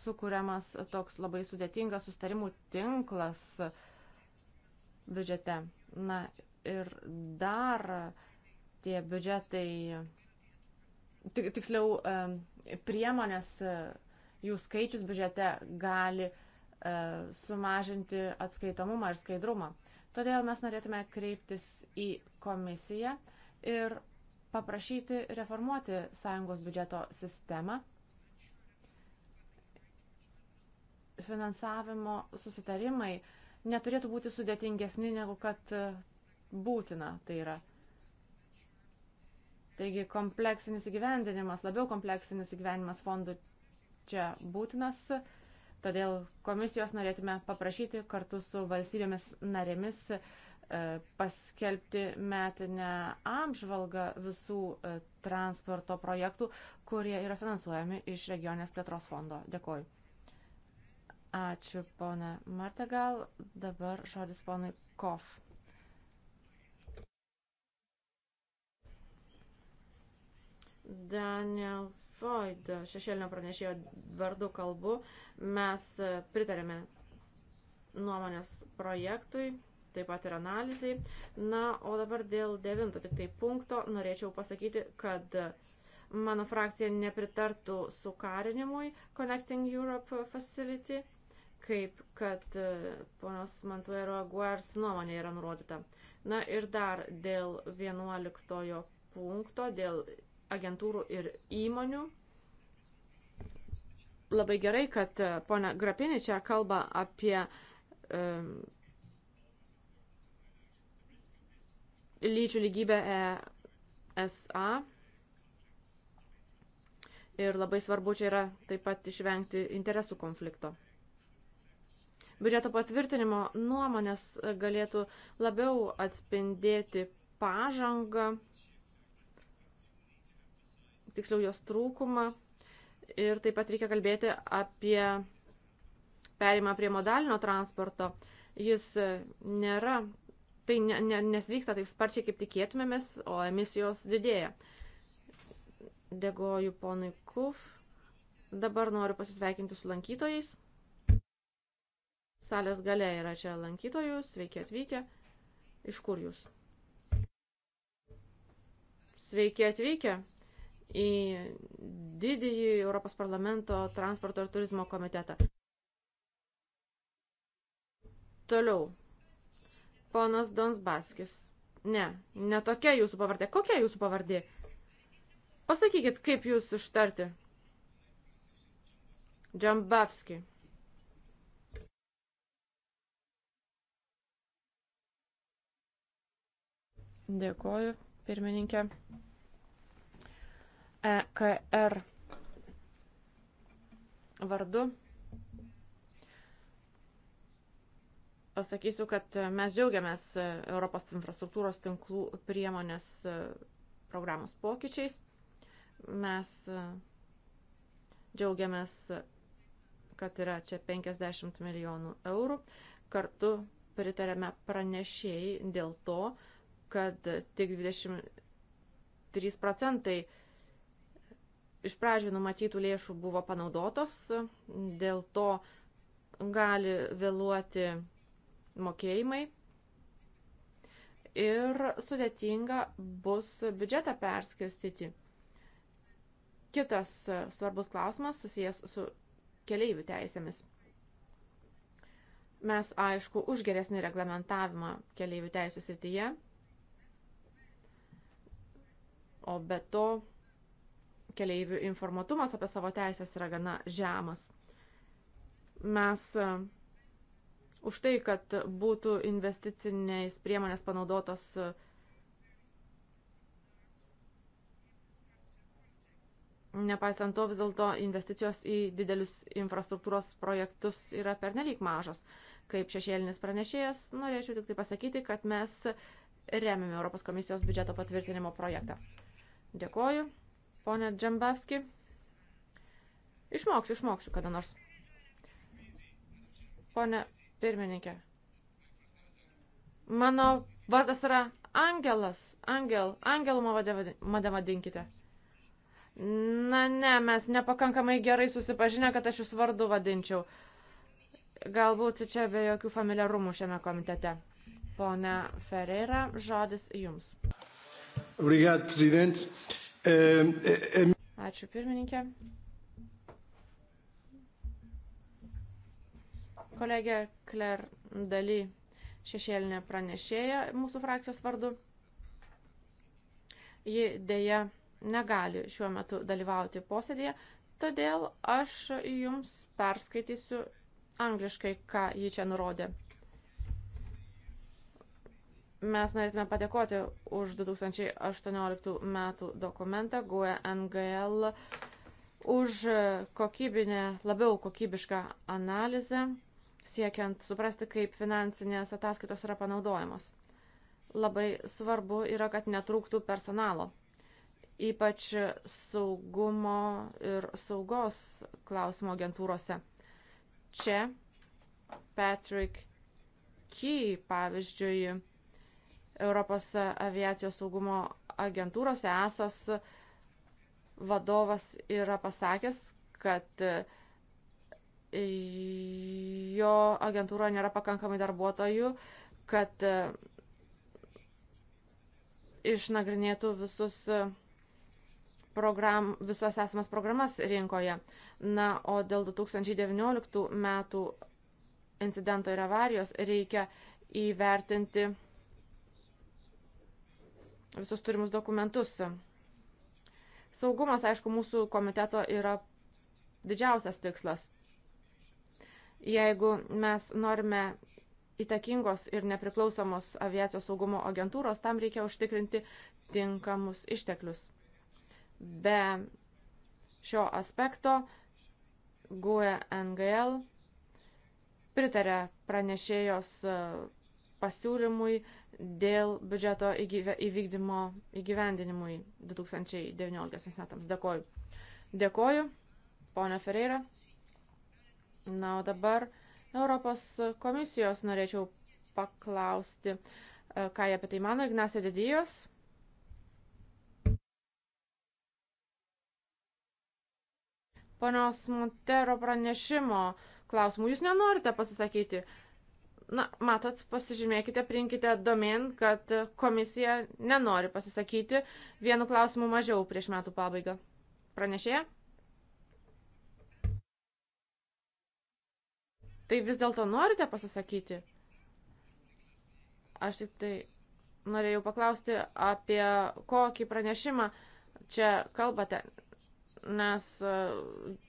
sukūriamas toks labai sudėtingas sustarimų tinklas, uh, biudžete. Na ir dar tie biudžetai, tik, tiksliau, priemonės, jų skaičius biudžete gali e, sumažinti atskaitomumą ir skaidrumą. Todėl mes norėtume kreiptis į komisiją ir paprašyti reformuoti sąjungos biudžeto sistemą finansavimo susitarimai uh, neturėtų būti sudėtingesni negu kad e, būtina tai yra. Taigi kompleksinis įgyvendinimas, labiau kompleksinis įgyvendinimas fondų čia būtinas, todėl komisijos norėtume paprašyti kartu su valstybėmis narėmis e, paskelbti metinę apžvalgą visų e, transporto projektų, kurie yra finansuojami iš regionės plėtros fondo. Dėkoju. Ačiū, ponė Martegal. Dabar žodis ponui Kof. Daniel Floyd, šešėlinio pranešėjo vardu kalbu, mes e, pritarėme nuomonės projektui, taip pat ir analizai. Na, o dabar dėl devinto, tik tai punkto, norėčiau pasakyti, kad e, mano frakcija nepritartų sukarinimui Connecting Europe Facility kaip kad e, ponios Mantuero Guars nuomonė yra nurodyta. Na ir dar dėl 11 punkto, dėl agentūrų ir įmonių. Labai gerai, kad e, ponia Grapinė čia kalba apie um, lyčių lygybę ESA. Ir labai svarbu čia yra taip pat išvengti interesų konflikto biudžeto patvirtinimo nuomonės galėtų labiau atspindėti pažangą, tiksliau jos trūkumą. Ir taip pat reikia kalbėti apie perimą prie modalinio transporto. Jis e, nėra, tai ne, ne, nesvyksta taip sparčiai, kaip tikėtumėmės, o emisijos didėja. Dėkoju ponui Kuf. Dabar noriu pasisveikinti su lankytojais. Salės gale yra čia lankytojų, sveiki atvykę. Iš kur jūs? Sveiki atvykę į didįjį Europos parlamento transporto ir turizmo komitetą. Toliau. Ponas Donsbaskis. Ne, ne tokia jūsų pavardė. Kokia jūsų pavardė? Pasakykit, kaip jūs ištarti. Džambavski. Dėkoju, pirmininkė. EKR vardu. Pasakysiu, kad mes džiaugiamės Europos infrastruktūros tinklų priemonės programos pokyčiais. Mes džiaugiamės, kad yra čia 50 milijonų eurų. Kartu pritarėme pranešėjai dėl to, kad tik 23 procentai iš pradžių numatytų lėšų buvo panaudotos, dėl to gali vėluoti mokėjimai ir sudėtinga bus biudžetą perskirstyti. Kitas svarbus klausimas susijęs su keleivių teisėmis. Mes, aišku, už geresnį reglamentavimą keleivių teisų srityje O be to, keleivių informatumas apie savo teisės yra gana žemas. Mes e, už tai, kad būtų investiciniais priemonės panaudotos e, Nepaisant to, vis dėlto investicijos į didelius infrastruktūros projektus yra pernelyg mažos. Kaip šešėlinis pranešėjas, norėčiau tik tai pasakyti, kad mes remiame Europos komisijos biudžeto patvirtinimo projektą. Dėkoju, ponė Džambavski. Išmoksiu, išmoksiu kada nors. Pone pirmininkė. Mano vardas yra Angelas. Angel. Angelų mane vadinkite. Na ne, mes nepakankamai gerai susipažinę, kad aš jūs vardu vadinčiau. Galbūt čia be jokių familiarumų šiame komitete. Pone Ferreira, žodis jums. Obrigado, Presidente. Ehm, e, e Ačiū pirmininkė. Kolegė Kler Daly, šešėlinė pranešėja mūsų frakcijos vardu. Ji dėja negali šiuo metu dalyvauti posėdėje, todėl aš jums perskaitysiu angliškai, ką ji čia nurodė. Mes norėtume padėkoti už 2018 metų dokumentą GUE NGL, už kokybinę, labiau kokybišką analizę, siekiant suprasti, kaip finansinės ataskaitos yra panaudojamos. Labai svarbu yra, kad netrūktų personalo, ypač saugumo ir saugos klausimo agentūrose. Čia Patrick Key, pavyzdžiui, Europos aviacijos saugumo agentūros ESOS vadovas yra pasakęs, kad jo agentūroje nėra pakankamai darbuotojų, kad išnagrinėtų visus program, visas esamas programas rinkoje. Na, o dėl 2019 metų incidento ir avarijos reikia įvertinti visus turimus dokumentus. Saugumas, aišku, mūsų komiteto yra didžiausias tikslas. Jeigu mes norime įtakingos ir nepriklausomos aviacijos saugumo agentūros, tam reikia užtikrinti tinkamus išteklius. Be šio aspekto GUE NGL pritarė pranešėjos e, pasiūlymui dėl biudžeto įvykdymo įgyvendinimui 2019 metams. Dėkoju. Dėkoju, ponia Ferreira. Na, o dabar Europos komisijos norėčiau paklausti, e, ką jie apie tai mano, Ignacio Didijos. Ponios Montero pranešimo klausimų. Jūs nenorite pasisakyti. Na, matot, pasižymėkite, prinkite domin, kad komisija nenori pasisakyti. Vienu klausimu mažiau prieš metų pabaigą. Pranešėja? Tai vis dėlto norite pasisakyti? Aš tik tai norėjau paklausti, apie kokį pranešimą čia kalbate, nes e,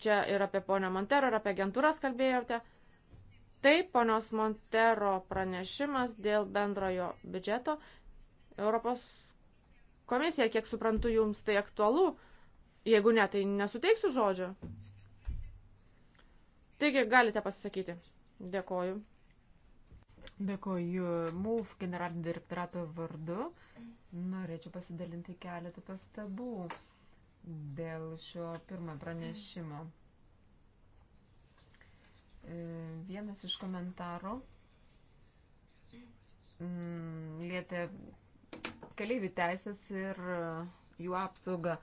čia ir apie ponę Monterą, ir apie agentūras kalbėjote. Taip, ponios Montero pranešimas dėl bendrojo biudžeto. Europos komisija, kiek suprantu, jums tai aktualu. Jeigu ne, tai nesuteiksiu žodžio. Taigi, galite pasisakyti. Dėkoju. Dėkoju MUF generalinio direktorato vardu. Norėčiau pasidalinti keletą pastabų dėl šio pirmo pranešimo. Mm. Vienas iš komentarų mm, lietė keliaivių teisės ir e, jų apsaugą.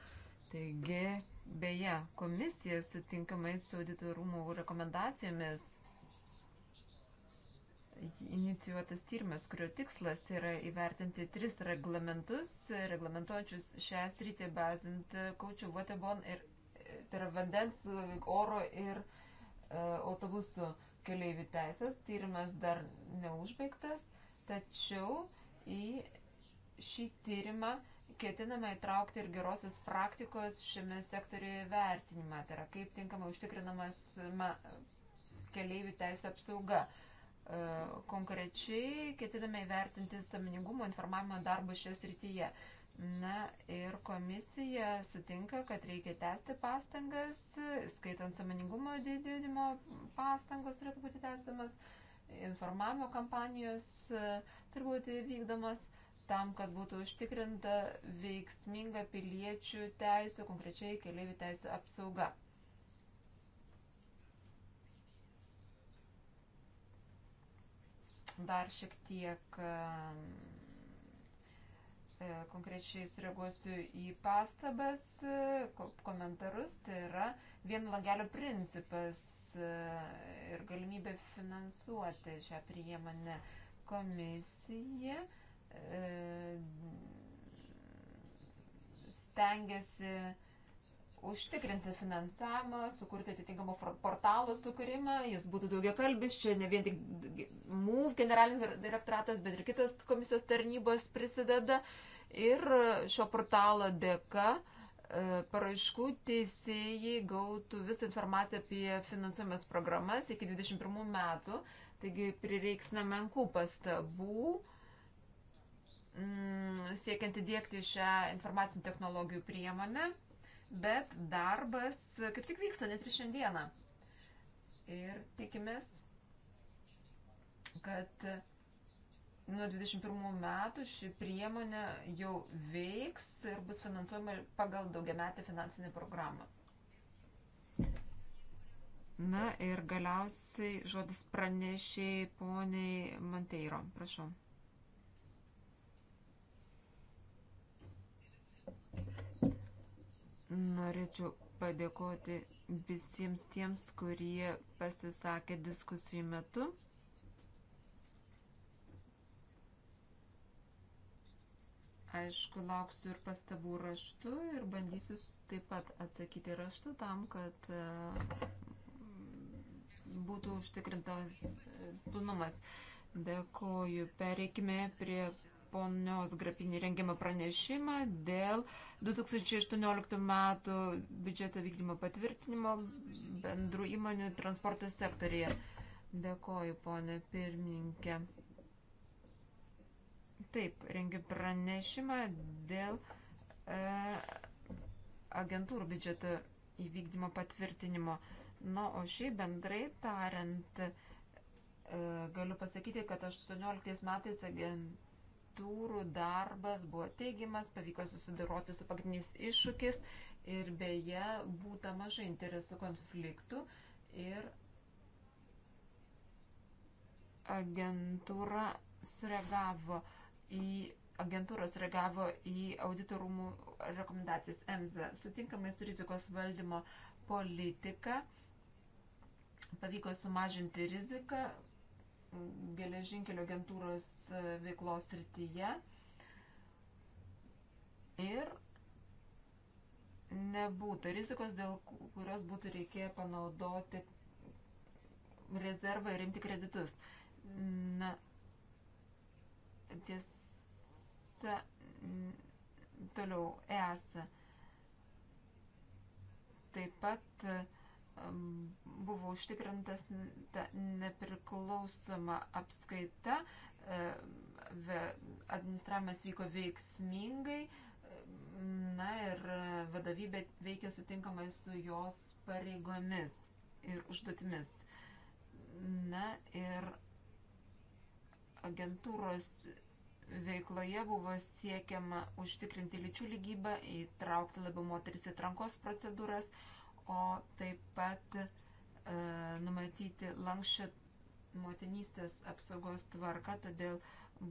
Taigi, beje, komisija sutinkamai su auditų rūmų rekomendacijomis inicijuotas tyrimas, kurio tikslas yra įvertinti tris reglamentus, reglamentuojančius šią sritį bazint Kaučių, Vatebon ir e, tai yra vandens, oro ir uh, autobusų keliaivių teisės. Tyrimas dar neužbaigtas, tačiau į šį tyrimą ketinama įtraukti ir gerosios praktikos šiame sektoriuje vertinimą, tai yra kaip tinkamai užtikrinamas keliaivių teisų apsauga. E, konkrečiai ketiname įvertinti samoningumo informavimo darbo šioje srityje. Na ir komisija sutinka, kad reikia tęsti pastangas, skaitant samoningumo didinimo pastangos turėtų būti tęsiamas, informavimo kampanijos e, turi būti vykdomas tam, kad būtų užtikrinta veiksminga piliečių teisų, konkrečiai keliaivių teisų apsauga. Dar šiek tiek E, konkrečiai sureaguosiu į pastabas, e, komentarus. Tai yra vieno langelio principas e, ir galimybė finansuoti šią priemonę komisiją. Stengiasi užtikrinti finansavimą, sukurti atitinkamą portalo sukūrimą, jis būtų daugia kalbis, čia ne vien tik MUV generalinis direktoratas, bet ir kitos komisijos tarnybos prisideda. Uh, Ir šio portalo dėka e, paraiškų teisėjai gautų visą informaciją apie finansuojamas programas iki 21 metų, taigi prireiks nemenkų pastabų mm, siekiant įdėkti šią informacinių technologijų priemonę, bet darbas kaip tik vyksta net ir šiandieną. Ir tikimės, kad nuo 21 metų ši priemonė jau veiks ir bus finansuojama pagal daugiametę finansinę programą. Na ir galiausiai žodis pranešiai poniai Monteiro. Prašau. Norėčiau padėkoti visiems tiems, kurie pasisakė diskusijų metu. Aišku, lauksiu ir pastabų raštu ir bandysiu taip pat atsakyti raštu tam, kad e, būtų užtikrintas pilnumas. E, Dėkoju. Pereikime prie ponios Grapinį rengiamą pranešimą dėl 2018 metų biudžeto vykdymo patvirtinimo bendrų įmonių transporto sektorėje. Dėkoju, ponė pirmininkė. Taip, rengiu pranešimą dėl e, agentūrų biudžeto įvykdymo patvirtinimo. Na, o šiaip bendrai tariant, e, galiu pasakyti, kad 18 metais agentūrų darbas buvo teigiamas, pavyko susidoroti su pagrindiniais iššūkis ir beje būta mažai interesų konfliktų ir agentūra sureagavo uh, į agentūros reagavo į auditorumų rekomendacijas EMSA. Sutinkamai su rizikos valdymo politika pavyko sumažinti riziką geležinkelio agentūros e, veiklos rytyje ir nebūtų rizikos, dėl kurios būtų reikėję panaudoti rezervą ir rimti kreditus. Na, ties Mm, toliau EASA. Taip pat mm, buvo užtikrintas ta nepriklausoma apskaita, mm, administravimas vyko veiksmingai, na ir vadovybė veikia sutinkamai su jos pareigomis ir užduotimis. Na ir agentūros veikloje buvo siekiama užtikrinti lyčių lygybę, įtraukti labiau moteris į trankos procedūras, o taip pat e, numatyti lankščią motinystės apsaugos tvarką, todėl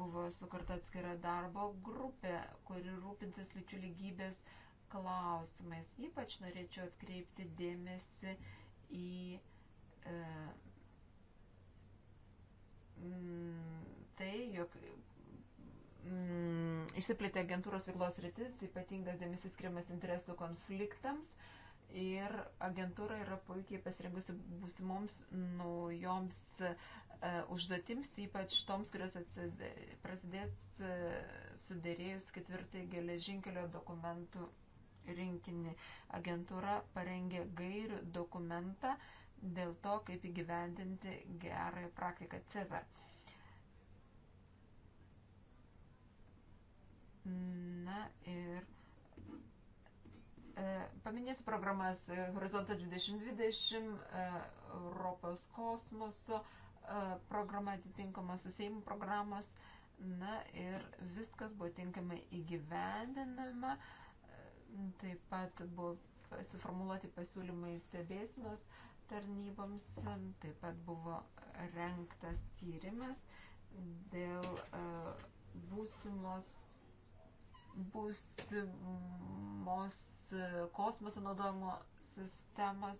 buvo sukurta atskira darbo grupė, kuri rūpinsis lyčių lygybės klausimais. Ypač norėčiau atkreipti dėmesį į e, tai, jog mm, išsiplėtė agentūros veiklos rytis, ypatingas dėmesys skiriamas interesų konfliktams ir agentūra yra puikiai pasirengusi būsimoms naujoms e, užduotims, ypač toms, kurios atsidė, prasidės e, sudėrėjus ketvirtai geležinkelio dokumentų rinkinį. Agentūra parengė gairių dokumentą dėl to, kaip įgyvendinti gerąją praktiką Cezar. E, Na ir e, paminėsiu programas e, Horizontas 2020, e, Europos kosmoso programa atitinkama susėjimų programos. Na ir viskas buvo tinkamai įgyvendinama. Taip pat buvo suformuoluoti pasiūlymai stebėsinos tarnyboms. Taip pat buvo renktas tyrimas dėl būsimos būsimos e, kosmoso naudojimo sistemos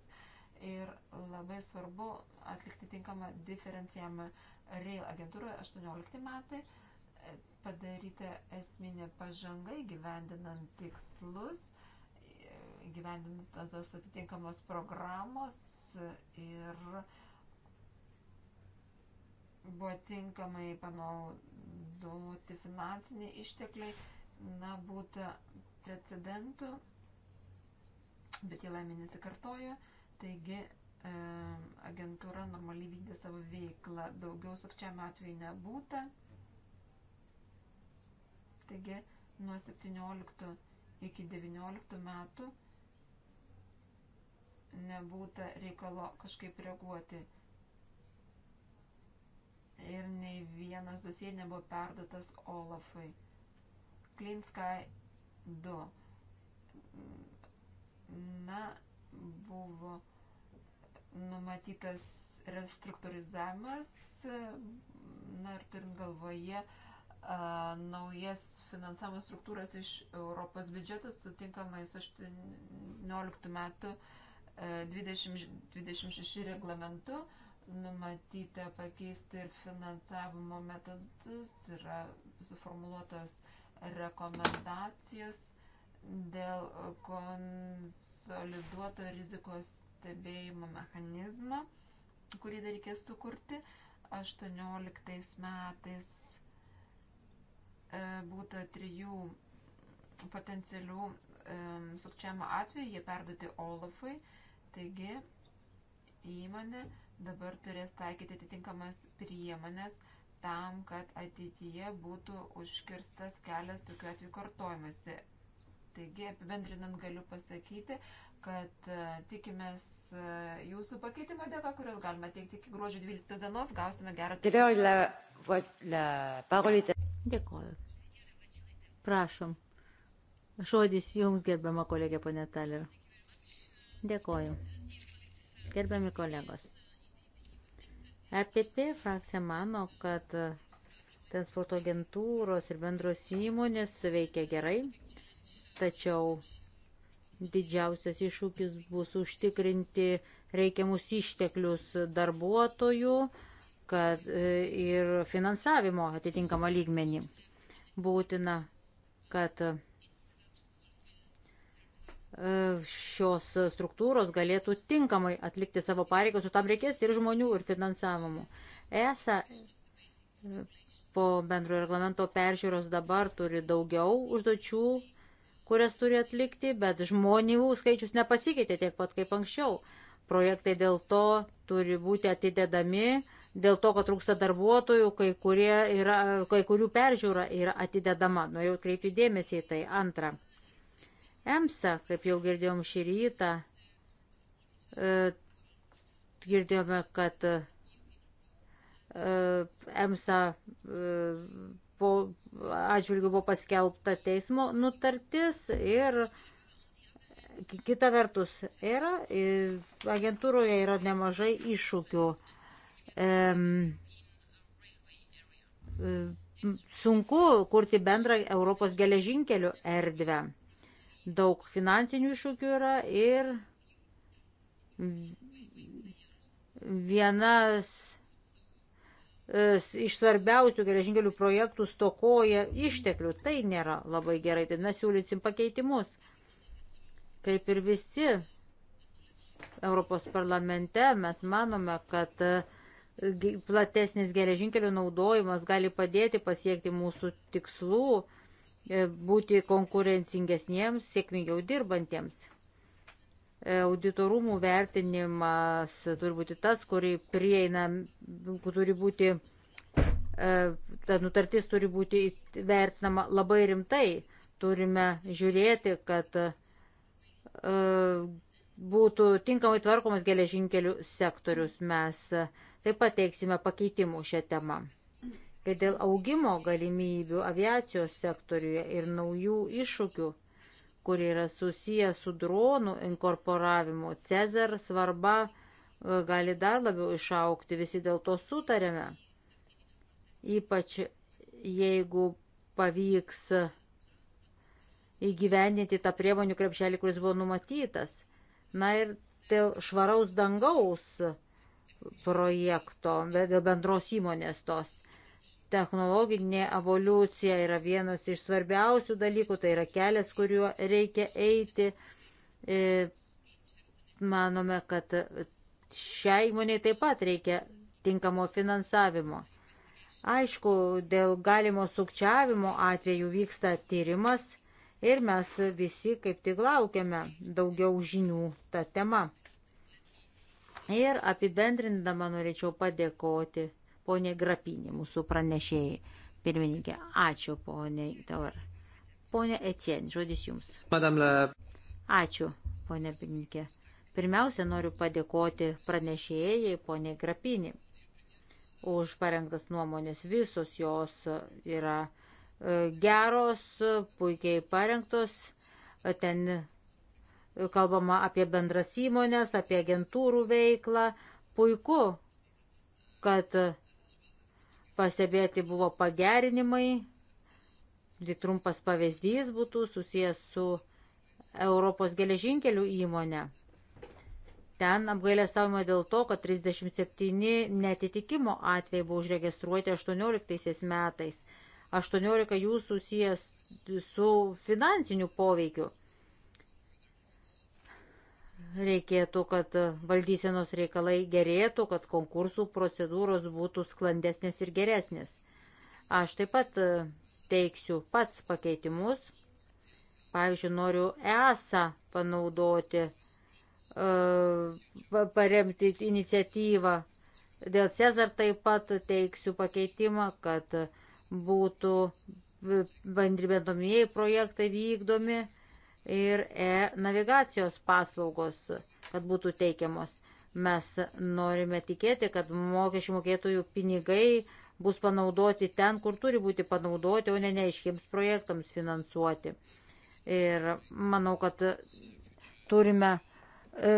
ir labai svarbu atlikti tinkamą diferencijamą Rail agentūroje 18 metai e, padaryta esminė pažanga įgyvendinant tikslus, e, įgyvendinant tos atitinkamos programos ir buvo tinkamai panaudoti finansiniai ištekliai na, būta precedentų, bet jie laimė nesikartojo, taigi e, agentūra normaliai vykdė savo veiklą, daugiau sukčiam atveju nebūta. Taigi nuo 17 iki 19 metų nebūta reikalo kažkaip reaguoti. Ir nei vienas dosie nebuvo perdotas Olafui. Klinska 2. Na, buvo numatytas restruktūrizavimas, na ir turint galvoje a, naujas finansavimo struktūras iš Europos biudžeto sutinkamai su 18 metų 2026 e, reglamentu numatyta pakeisti ir finansavimo metodus, yra suformuoluotos rekomendacijos dėl konsoliduoto rizikos stebėjimo mechanizmą, kurį dar reikės sukurti. 18 metais e, būta trijų potencialių e, sukčiamo atveju, jie perduoti Olafui, taigi įmonė dabar turės taikyti atitinkamas priemonės, tam, kad ateityje būtų užkirstas kelias tokiu atveju kartojimuose. Taigi, apibendrinant galiu pasakyti, kad e, tikimės e, jūsų pakeitimo dėka, kurios galima teikti iki gruodžio 12 dienos, gausime gerą. Dėkuoju. Prašom. Žodis jums, gerbiama kolegė ponė Taler. Dėkuoju. Gerbiami kolegos. EPP frakcija mano, kad transporto agentūros ir bendros įmonės veikia gerai, tačiau didžiausias iššūkis bus užtikrinti reikiamus išteklius darbuotojų kad, e, ir finansavimo atitinkamą lygmenį. Būtina, kad šios struktūros galėtų tinkamai atlikti savo pareigas, o tam reikės ir žmonių, ir finansavimų. ESA po bendrojo reglamento peržiūros dabar turi daugiau užduočių, kurias turi atlikti, bet žmonių skaičius nepasikeitė tiek pat kaip anksčiau. Projektai dėl to turi būti atidedami, dėl to, kad trūksta darbuotojų, kai, yra, kai kurių peržiūra yra atidedama. Noriu nu, kreipti dėmesį į tai. Antra. EMSA, kaip jau girdėjom šį rytą, e, girdėjome, kad e, EMSA e, po atžvilgių buvo paskelbta teismo nutartis ir kita vertus yra, agentūroje yra nemažai iššūkių. Sunku kurti bendrą Europos geležinkelių erdvę daug finansinių iššūkių yra ir vienas e, iš svarbiausių geležinkelių projektų stokoja išteklių. Tai nėra labai gerai, tai mes siūlysim pakeitimus. Kaip ir visi Europos parlamente, mes manome, kad e, platesnis geležinkelių naudojimas gali padėti pasiekti mūsų tikslų E, būti konkurencingesniems, sėkmingiau dirbantiems. E, auditorumų vertinimas turi būti tas, kuri prieina, turi būti, e, ta nutartis turi būti vertinama labai rimtai. Turime žiūrėti, kad būtų tinkamai tvarkomas geležinkelių sektorius. Mes taip pat teiksime pakeitimų šią temą. Kai dėl augimo galimybių aviacijos sektoriuje ir naujų iššūkių, kurie yra susiję su dronų inkorporavimu, Cezar svarba e, gali dar labiau išaukti, visi dėl to sutarėme. Ypač jeigu pavyks įgyvendinti tą priemonių krepšelį, kuris buvo numatytas. Na ir dėl švaraus dangaus projekto, dėl bendros įmonės tos. Technologinė evoliucija yra vienas iš svarbiausių dalykų, tai yra kelias, kuriuo reikia eiti. E, manome, kad šiai įmoniai taip pat reikia tinkamo finansavimo. Aišku, dėl galimo sukčiavimo atveju vyksta tyrimas ir mes visi kaip tik laukiame daugiau žinių tą temą. Ir apibendrindama norėčiau padėkoti ponė Grapinė, mūsų pranešėjai. Pirmininkė, ačiū ponė Taur. Ponė Etien, žodis jums. Madame. Ačiū, ponė pirmininkė. Pirmiausia, noriu padėkoti pranešėjai, ponė Grapinė, už parengtas nuomonės. Visos jos yra e, geros, puikiai parengtos. Ten e, kalbama apie bendras įmonės, apie agentūrų veiklą. Puiku, kad pastebėti buvo pagerinimai. Tai trumpas pavyzdys būtų susijęs su Europos geležinkelių įmonė. Ten apgailę savimą dėl to, kad 37 netitikimo atvejai buvo užregistruoti 18 metais. 18 jų susijęs su finansiniu poveikiu reikėtų, kad valdysenos reikalai gerėtų, kad konkursų procedūros būtų sklandesnės ir geresnės. Aš taip pat e, teiksiu pats pakeitimus. Pavyzdžiui, noriu ESA panaudoti, e, paremti iniciatyvą. Dėl Cezar taip pat teiksiu pakeitimą, kad būtų bendri bendromieji projektai vykdomi ir e-navigacijos paslaugos, kad būtų teikiamos. Mes norime tikėti, kad mokesčių mokėtojų pinigai bus panaudoti ten, kur turi būti panaudoti, o ne neaiškiems projektams finansuoti. Ir manau, kad turime e,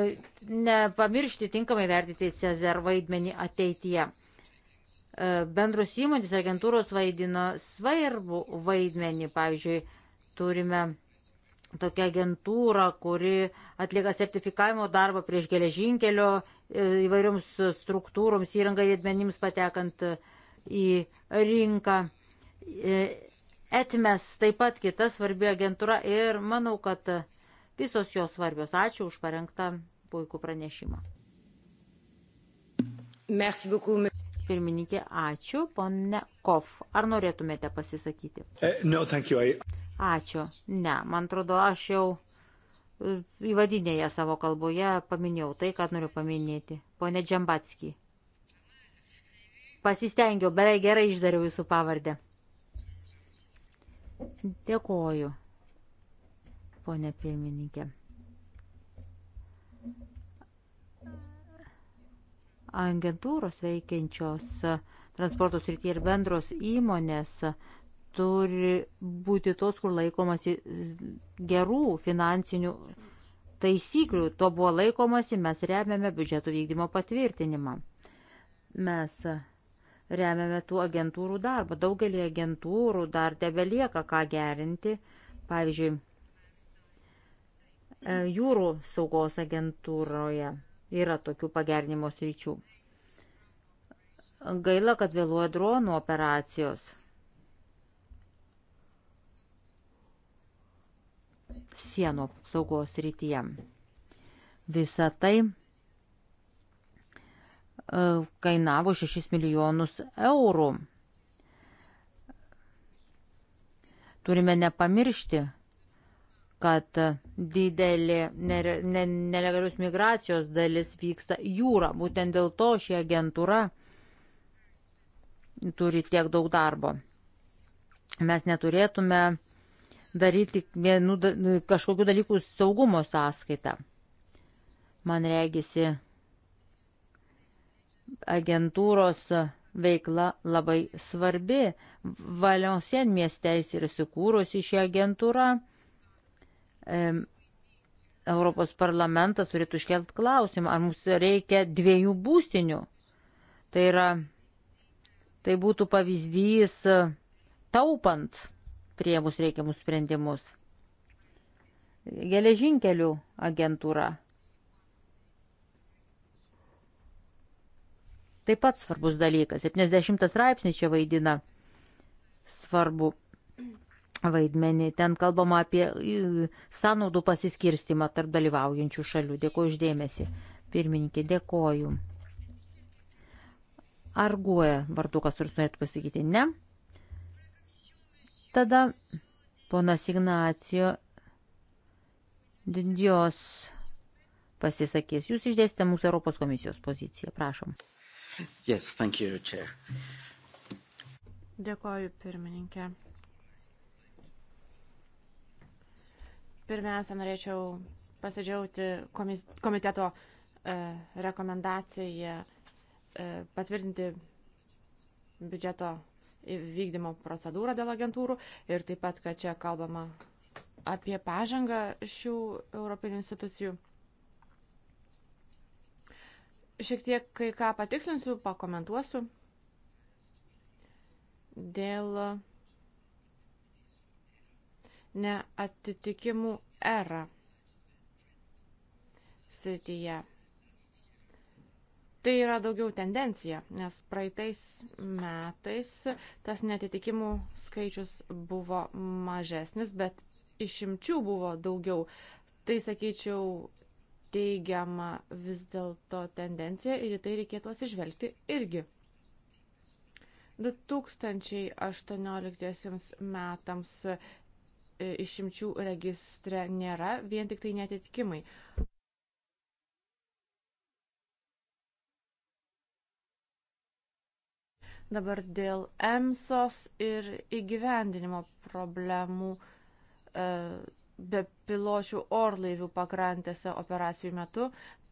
nepamiršti tinkamai vertinti CZR vaidmenį ateityje. E, bendros įmonės agentūros vaidino svarbų vaidmenį, pavyzdžiui, turime tokia agentūra, kuri atlieka sertifikavimo darbą prieš geležinkelio e, įvairioms struktūroms, įrangai didmenims patekant e, į rinką. E, Etmes taip pat kita svarbi agentūra ir manau, kad visos jos svarbios. Ačiū už parengtą puikų pranešimą. Merci beaucoup. Pirmininkė, ačiū. Pone Kof, ar norėtumėte pasisakyti? Uh, no, thank you. I... Ačiū. Ne, man atrodo, aš jau e, įvadinėje savo kalboje paminėjau tai, ką noriu paminėti. Pone Džambatski. Pasistengiau, beveik gerai išdariau jūsų pavardę. Dėkoju, ponė pirmininkė. Agentūros veikiančios transporto srityje ir bendros įmonės turi būti tos, kur laikomasi gerų finansinių taisyklių. To buvo laikomasi, mes remiame biudžeto vykdymo patvirtinimą. Mes remiame tų agentūrų darbą. Daugelį agentūrų dar tebelieka ką gerinti. Pavyzdžiui, e, jūrų saugos agentūroje yra tokių pagernimo sričių. Gaila, kad vėluoja dronų operacijos. sienų saugos rytyje. Visa tai e, kainavo 6 milijonus eurų. Turime nepamiršti, kad didelė nelegalius migracijos dalis vyksta jūra. Būtent dėl to ši agentūra turi tiek daug darbo. Mes neturėtume uh, daryti vienų, kažkokių dalykų saugumo sąskaitą. Man regisi, agentūros veikla labai svarbi. Valionsien miesteis ir sukūrusi šią agentūrą. E, Europos parlamentas turėtų iškelt klausimą, ar mums reikia dviejų būstinių. Tai yra, tai būtų pavyzdys taupant prieimus reikiamus sprendimus. Geležinkelių agentūra. Taip pat svarbus dalykas. 70 straipsnis čia vaidina svarbu vaidmenį. Ten kalbama apie e, sąnaudų pasiskirstimą tarp dalyvaujančių šalių. Dėkuoju uždėmesi. Pirmininkė, dėkoju. Ar guoja vardu, kas nors norėtų pasakyti? Ne. Tada ponas Ignacijo Dindijos pasisakys. Jūs išdėstėte mūsų Europos komisijos poziciją. Prašom. Yes, thank you, chair. Dėkoju, pirmininkė. Pirmiausia, norėčiau pasidžiaugti komiteto e, rekomendaciją e, patvirtinti biudžeto vykdymo procedūrą dėl agentūrų ir taip pat, kad čia kalbama apie pažangą šių europinių institucijų. Šiek tiek kai ką patikslinsiu, pakomentuosiu dėl neatitikimų era srityje. Tai yra daugiau tendencija, nes praeitais metais tas netitikimų skaičius buvo mažesnis, bet išimčių buvo daugiau. Tai sakyčiau, teigiama vis dėlto tendencija ir į tai reikėtų atsižvelgti irgi. 2018 metams e, išimčių registre nėra, vien tik tai netitikimai. Dabar dėl EMSOS ir įgyvendinimo problemų e, be piločių orlaivių pakrantėse operacijų metu.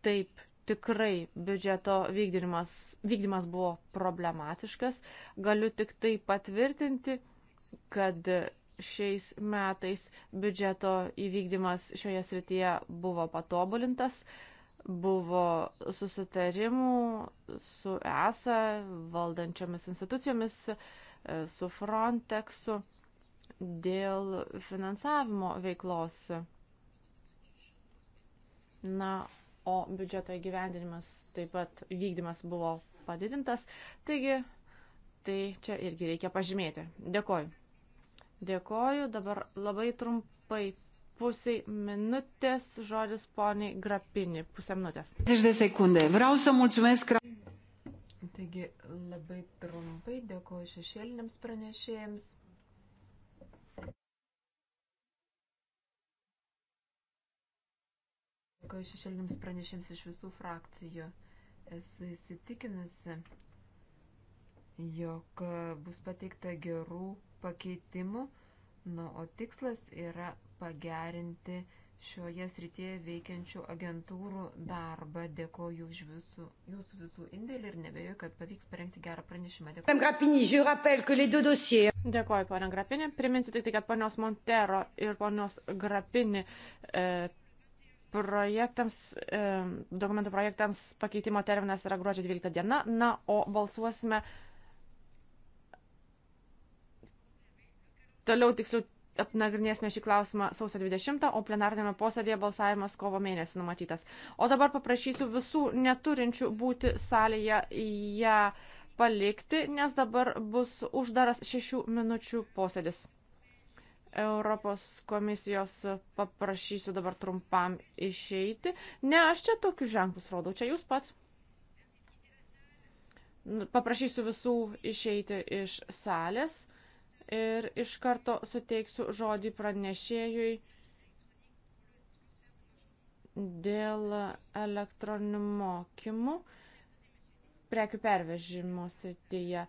Taip, tikrai biudžeto vykdymas, vykdymas buvo problematiškas. Galiu tik tai patvirtinti, kad šiais metais biudžeto įvykdymas šioje srityje buvo patobulintas. E, buvo susitarimų su ESA, valdančiomis institucijomis, e, su Frontexu dėl finansavimo veiklos. Na, o biudžeto įgyvendinimas taip pat vykdymas buvo padidintas. Taigi, tai čia irgi reikia pažymėti. Dėkoju. Dėkoju. Dabar labai trumpai pusiai minutės žodis poniai Grapini, pusę minutės. 30 sekundė. Vreau să mulțumesc. Taigi labai trumpai dėkoju šešėliniams pranešėjams. Dėkoju šešėliniams pranešėjams iš visų frakcijų. Esu įsitikinusi, jog bus pateikta gerų pakeitimų Nu, o tikslas yra pagerinti šioje srityje veikiančių agentūrų darbą. Dėkoju už visų, jūsų visų indėlį ir nebejoju, kad pavyks parengti gerą pranešimą. Dėkoju. Dėkoju, ponia Grapinė. Priminsiu tik tai, kad ponios Montero ir ponios Grapinė e, projektams, e, dokumentų projektams pakeitimo terminas yra gruodžio 12 diena, na, o balsuosime Toliau tiksliau apnagrinėsime šį klausimą sausio 20, o plenarnėme posėdėje balsavimas kovo mėnesį numatytas. O dabar paprašysiu visų neturinčių būti salėje ją palikti, nes dabar bus uždaras šešių minučių posėdis. Europos komisijos paprašysiu dabar trumpam išeiti. Ne, aš čia tokius ženklus rodau, čia jūs pats. Paprašysiu visų išeiti iš salės ir iš karto suteiksiu žodį pranešėjui dėl elektroninių mokymų prekių pervežimo srityje.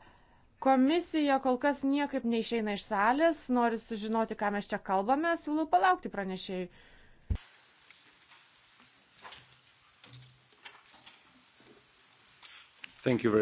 Komisija kol kas niekaip neišeina iš salės, nori sužinoti, ką mes čia kalbame, siūlau palaukti pranešėjui.